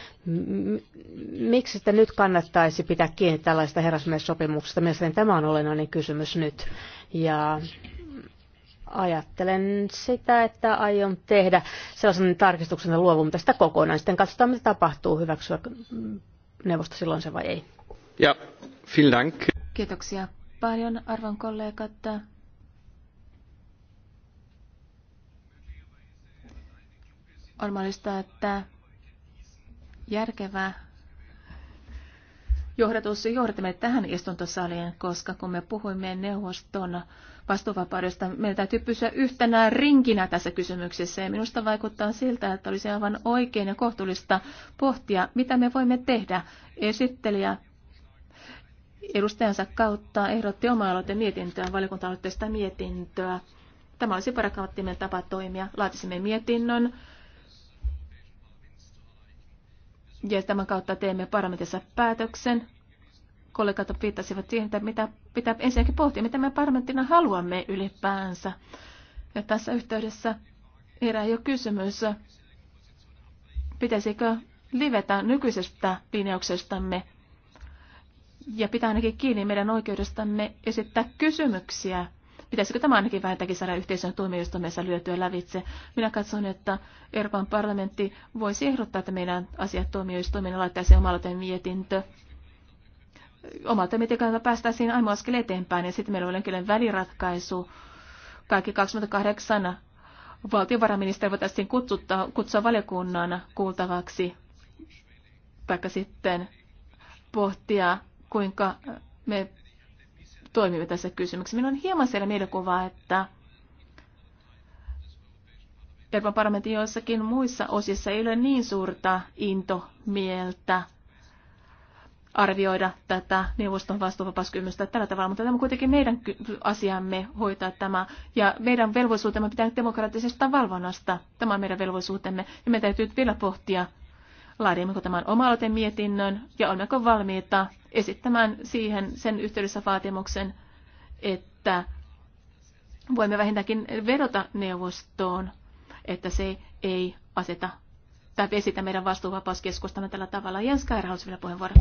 Miksi sitten nyt kannattaisi pitää kiinni tällaista herrasmiessopimuksesta? sopimuksesta Mielestäni tämä on olennainen kysymys nyt. Ja ajattelen sitä, että aion tehdä sellaisen tarkistuksen, että luovun tästä kokonaan. Sitten katsotaan, mitä tapahtuu, hyväksyä neuvosto silloin se vai ei. Ja, vielen dank. Kiitoksia paljon arvon kollegat. On mahdollista, että järkevä johdatus meidät tähän istuntosaliin, koska kun me puhuimme neuvoston vastuuvapaudesta, meidän täytyy pysyä yhtenä rinkinä tässä kysymyksessä. Ja minusta vaikuttaa siltä, että olisi aivan oikein ja kohtuullista pohtia, mitä me voimme tehdä. Esittelijä edustajansa kautta ehdotti oma-aloite mietintöä, valiokunta mietintöä. Tämä olisi parakauttimen tapa toimia. Laatisimme mietinnön, Ja tämän kautta teemme parlamentissa päätöksen. Kollegat viittasivat siihen, että mitä pitää ensinnäkin pohtia, mitä me parlamenttina haluamme ylipäänsä. Ja tässä yhteydessä herää jo kysymys, pitäisikö livetä nykyisestä linjauksestamme ja pitää ainakin kiinni meidän oikeudestamme esittää kysymyksiä Pitäisikö tämä ainakin vähintäänkin saada yhteisön tuomioistuimessa lyötyä lävitse? Minä katson, että Euroopan parlamentti voisi ehdottaa, että meidän asiat tuomioistuimen laittaisiin omaloiteen mietintö. Omalta mietintöä siinä aimo askel eteenpäin ja sitten meillä on jonkinlainen väliratkaisu. Kaikki 28 valtiovarainministeri voitaisiin kutsuttaa, kutsua valiokunnan kuultavaksi, taikka sitten pohtia, kuinka me toimimme tässä kysymyksessä. Minulla on hieman siellä mielikuva, että Euroopan parlamentin joissakin muissa osissa ei ole niin suurta intomieltä arvioida tätä neuvoston vastuuvapauskymystä tällä tavalla, mutta tämä on kuitenkin meidän asiamme hoitaa tämä, ja meidän velvollisuutemme pitää demokraattisesta valvonnasta. Tämä on meidän velvollisuutemme, ja meidän täytyy vielä pohtia, laadimmeko tämän oma mietinnön ja olemmeko valmiita esittämään siihen sen yhteydessä vaatimuksen, että voimme vähintäänkin vedota neuvostoon, että se ei aseta tai esitä meidän vastuuvapauskeskustamme tällä tavalla. Jens Kairaus vielä puheenvuoro.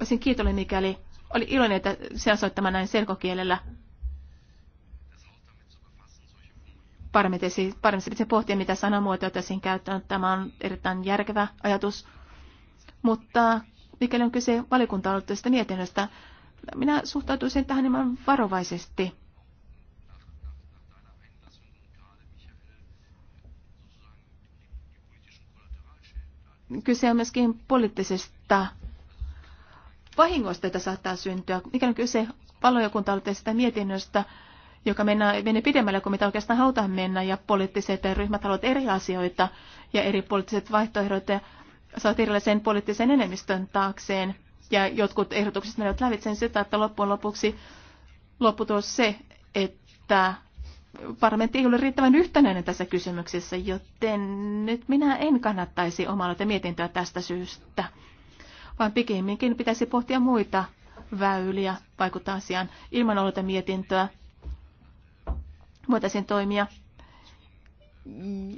Olisin kiitollinen, mikäli oli iloinen, että se tämän näin selkokielellä. Paremmin pitäisi pohtia, mitä sanamuotoja tässä käyttöön. Tämä on erittäin järkevä ajatus. Mutta mikäli on kyse valiokunta mietinnöstä. Minä suhtautuisin tähän hieman varovaisesti. Kyse on myöskin poliittisesta vahingoista, että saattaa syntyä. Mikäli on kyse valiokunta mietinnöstä, joka mennään, menee pidemmälle kuin mitä oikeastaan halutaan mennä, ja poliittiset ryhmät haluavat eri asioita ja eri poliittiset vaihtoehdot, sotilaisen poliittisen enemmistön taakseen. Ja jotkut ehdotukset menevät lävitse niin sitä, että loppujen lopuksi lopputulos se, että parlamentti ei ole riittävän yhtenäinen tässä kysymyksessä, joten nyt minä en kannattaisi omaa mietintöä tästä syystä, vaan pikemminkin pitäisi pohtia muita väyliä vaikuttaa asiaan ilman aloitemietintöä. Voitaisiin toimia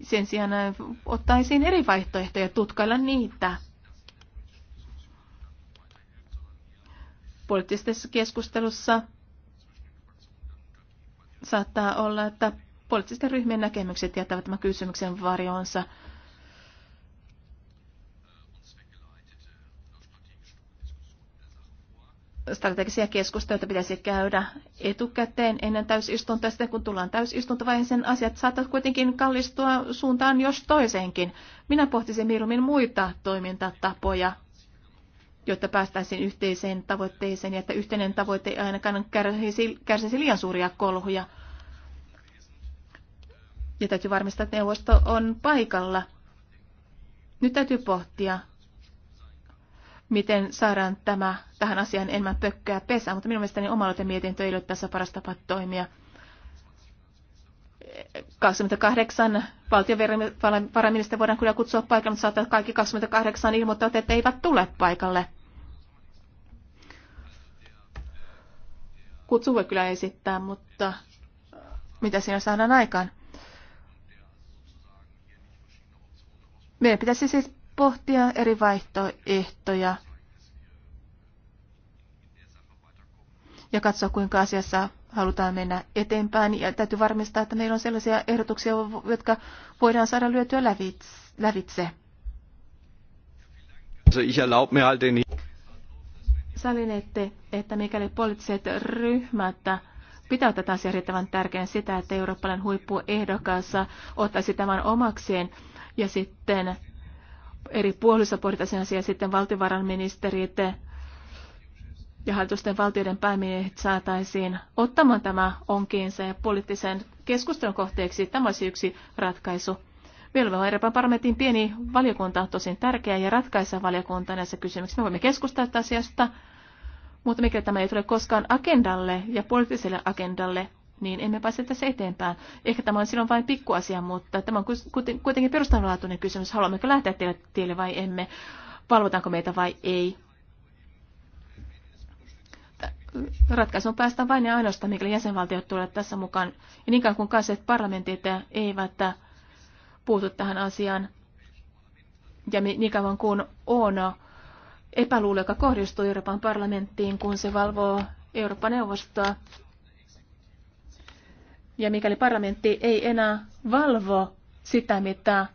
sen sijaan äh, ottaisiin eri vaihtoehtoja tutkailla niitä. Poliittisessa keskustelussa saattaa olla, että poliittisten ryhmien näkemykset jättävät tämän kysymyksen varjoonsa. strategisia joita pitäisi käydä etukäteen ennen täysistuntoa. Sitten kun tullaan täysistuntovaiheeseen, asiat saattavat kuitenkin kallistua suuntaan jos toiseenkin. Minä pohtisin mieluummin muita toimintatapoja, jotta päästäisiin yhteiseen tavoitteeseen ja että yhteinen tavoite ei ainakaan kärsisi, kärsisi liian suuria kolhuja. Ja täytyy varmistaa, että neuvosto on paikalla. Nyt täytyy pohtia, miten saadaan tämä, tähän asiaan enemmän pökkää pesää, mutta minun mielestäni oma mietintö ei ole tässä paras tapa toimia. 28 valtiovarainministeriä voidaan kyllä kutsua paikalle, mutta saattaa kaikki 28 ilmoittavat, että eivät tule paikalle. Kutsu voi kyllä esittää, mutta äh, mitä siinä saadaan aikaan? Meidän pitäisi siis pohtia eri vaihtoehtoja ja katsoa, kuinka asiassa halutaan mennä eteenpäin. Ja täytyy varmistaa, että meillä on sellaisia ehdotuksia, jotka voidaan saada lyötyä lävitse. Sallin, että mikäli poliittiset ryhmät pitää tätä asiaa riittävän tärkeän sitä, että eurooppalainen huippuehdokas ottaisi tämän omakseen ja sitten eri puolissa pohditaan asiaa sitten valtiovarainministerit ja hallitusten valtioiden päämiehet saataisiin ottamaan tämä onkiinsa ja poliittisen keskustelun kohteeksi. Tämä olisi yksi ratkaisu. Vielä on Euroopan parlamentin pieni valiokunta, on tosin tärkeä ja ratkaisa valiokunta näissä kysymyksissä. Me voimme keskustella tästä asiasta, mutta mikä tämä ei tule koskaan agendalle ja poliittiselle agendalle, niin emme pääse tässä eteenpäin. Ehkä tämä on silloin vain pikkuasia, mutta tämä on kuitenkin perustavanlaatuinen kysymys. Haluammeko lähteä tielle, tielle vai emme? Valvotaanko meitä vai ei? on päästä vain ja ainoastaan, mikäli jäsenvaltiot tulevat tässä mukaan. Ja niin kauan kuin kansalliset parlamentit eivät puutu tähän asiaan, ja niin kauan kuin on epäluulo, joka kohdistuu Euroopan parlamenttiin, kun se valvoo Euroopan neuvostoa, ja mikäli parlamentti ei enää valvo sitä, mitä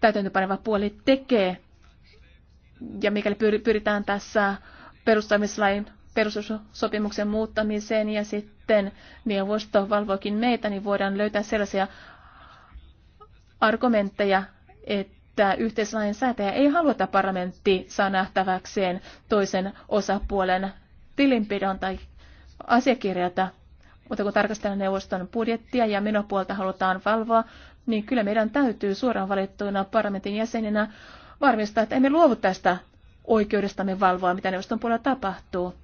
täytäntöpaneva puoli tekee, ja mikäli pyritään tässä perustamislain perussopimuksen muuttamiseen ja sitten neuvosto valvoikin meitä, niin voidaan löytää sellaisia argumentteja, että yhteislain säätäjä ei halua, että parlamentti saa nähtäväkseen toisen osapuolen tilinpidon tai asiakirjata mutta kun tarkastellaan neuvoston budjettia ja menopuolta halutaan valvoa, niin kyllä meidän täytyy suoraan valittuina parlamentin jäseninä varmistaa, että emme luovu tästä oikeudestamme valvoa, mitä neuvoston puolella tapahtuu.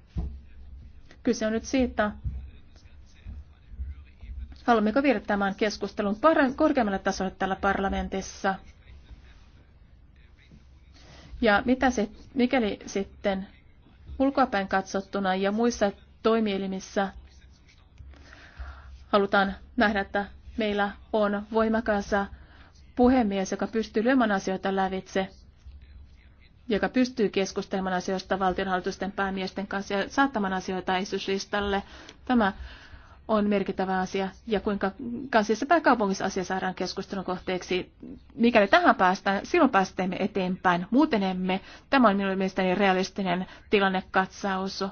Kyse on nyt siitä, haluammeko viedä tämän keskustelun korkeammalle tasolle täällä parlamentissa. Ja mitä se, mikäli sitten ulkoapäin katsottuna ja muissa toimielimissä halutaan nähdä, että meillä on voimakas puhemies, joka pystyy lyömään asioita lävitse, joka pystyy keskustelemaan asioista valtionhallitusten päämiesten kanssa ja saattamaan asioita esityslistalle. Tämä on merkittävä asia ja kuinka kansissa kaupungissa asia saadaan keskustelun kohteeksi. Mikäli tähän päästään, silloin päästään eteenpäin. Muuten emme. Tämä on minun mielestäni realistinen tilannekatsaus.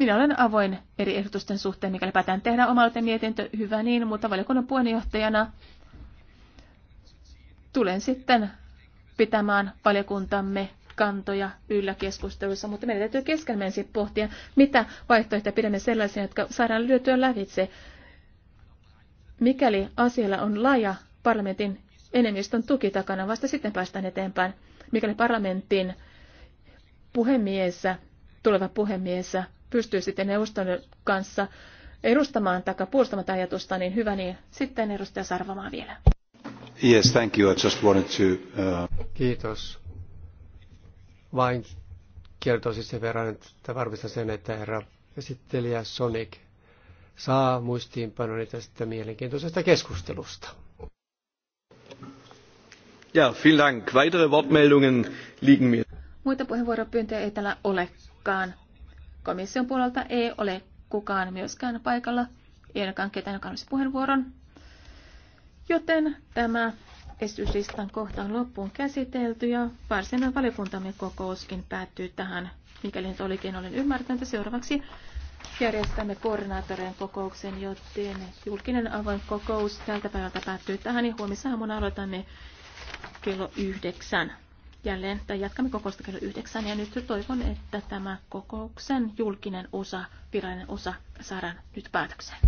Minä olen avoin eri ehdotusten suhteen, mikäli päätään tehdä omalta mietintö, hyvä niin, mutta valiokunnan puheenjohtajana tulen sitten pitämään valiokuntamme kantoja yllä keskusteluissa, mutta meidän täytyy keskenämme ensin pohtia, mitä vaihtoehtoja pidämme sellaisia, jotka saadaan lyötyä lävitse. Mikäli asialla on laaja parlamentin enemmistön tuki takana, vasta sitten päästään eteenpäin. Mikäli parlamentin puhemies, tuleva puhemies pystyy sitten neuvoston kanssa edustamaan tai puolustamaan ajatusta, niin hyvä, niin sitten edustaja Sarvamaa vielä. Yes, thank you. I just wanted to, uh... Kiitos. Vain kertoisin siis sen verran, että varmistan sen, että herra esittelijä Sonic saa muistiinpanoni tästä mielenkiintoisesta keskustelusta. Ja, vielen Dank. Weitere Wortmeldungen liegen mir. Muita puheenvuoropyyntöjä ei täällä olekaan. Komission puolelta ei ole kukaan myöskään paikalla, ei ainakaan ketään, joka olisi puheenvuoron. Joten tämä esityslistan kohta on loppuun käsitelty ja varsinainen valiokuntamme kokouskin päättyy tähän, mikäli nyt olikin olen ymmärtänyt. Seuraavaksi järjestämme koordinaattoreen kokouksen, joten julkinen avoin kokous tältä päivältä päättyy tähän ja huomisaamuna aloitamme kello yhdeksän jälleen, tai jatkamme kokousta kello yhdeksän, ja nyt toivon, että tämä kokouksen julkinen osa, virallinen osa saadaan nyt päätökseen.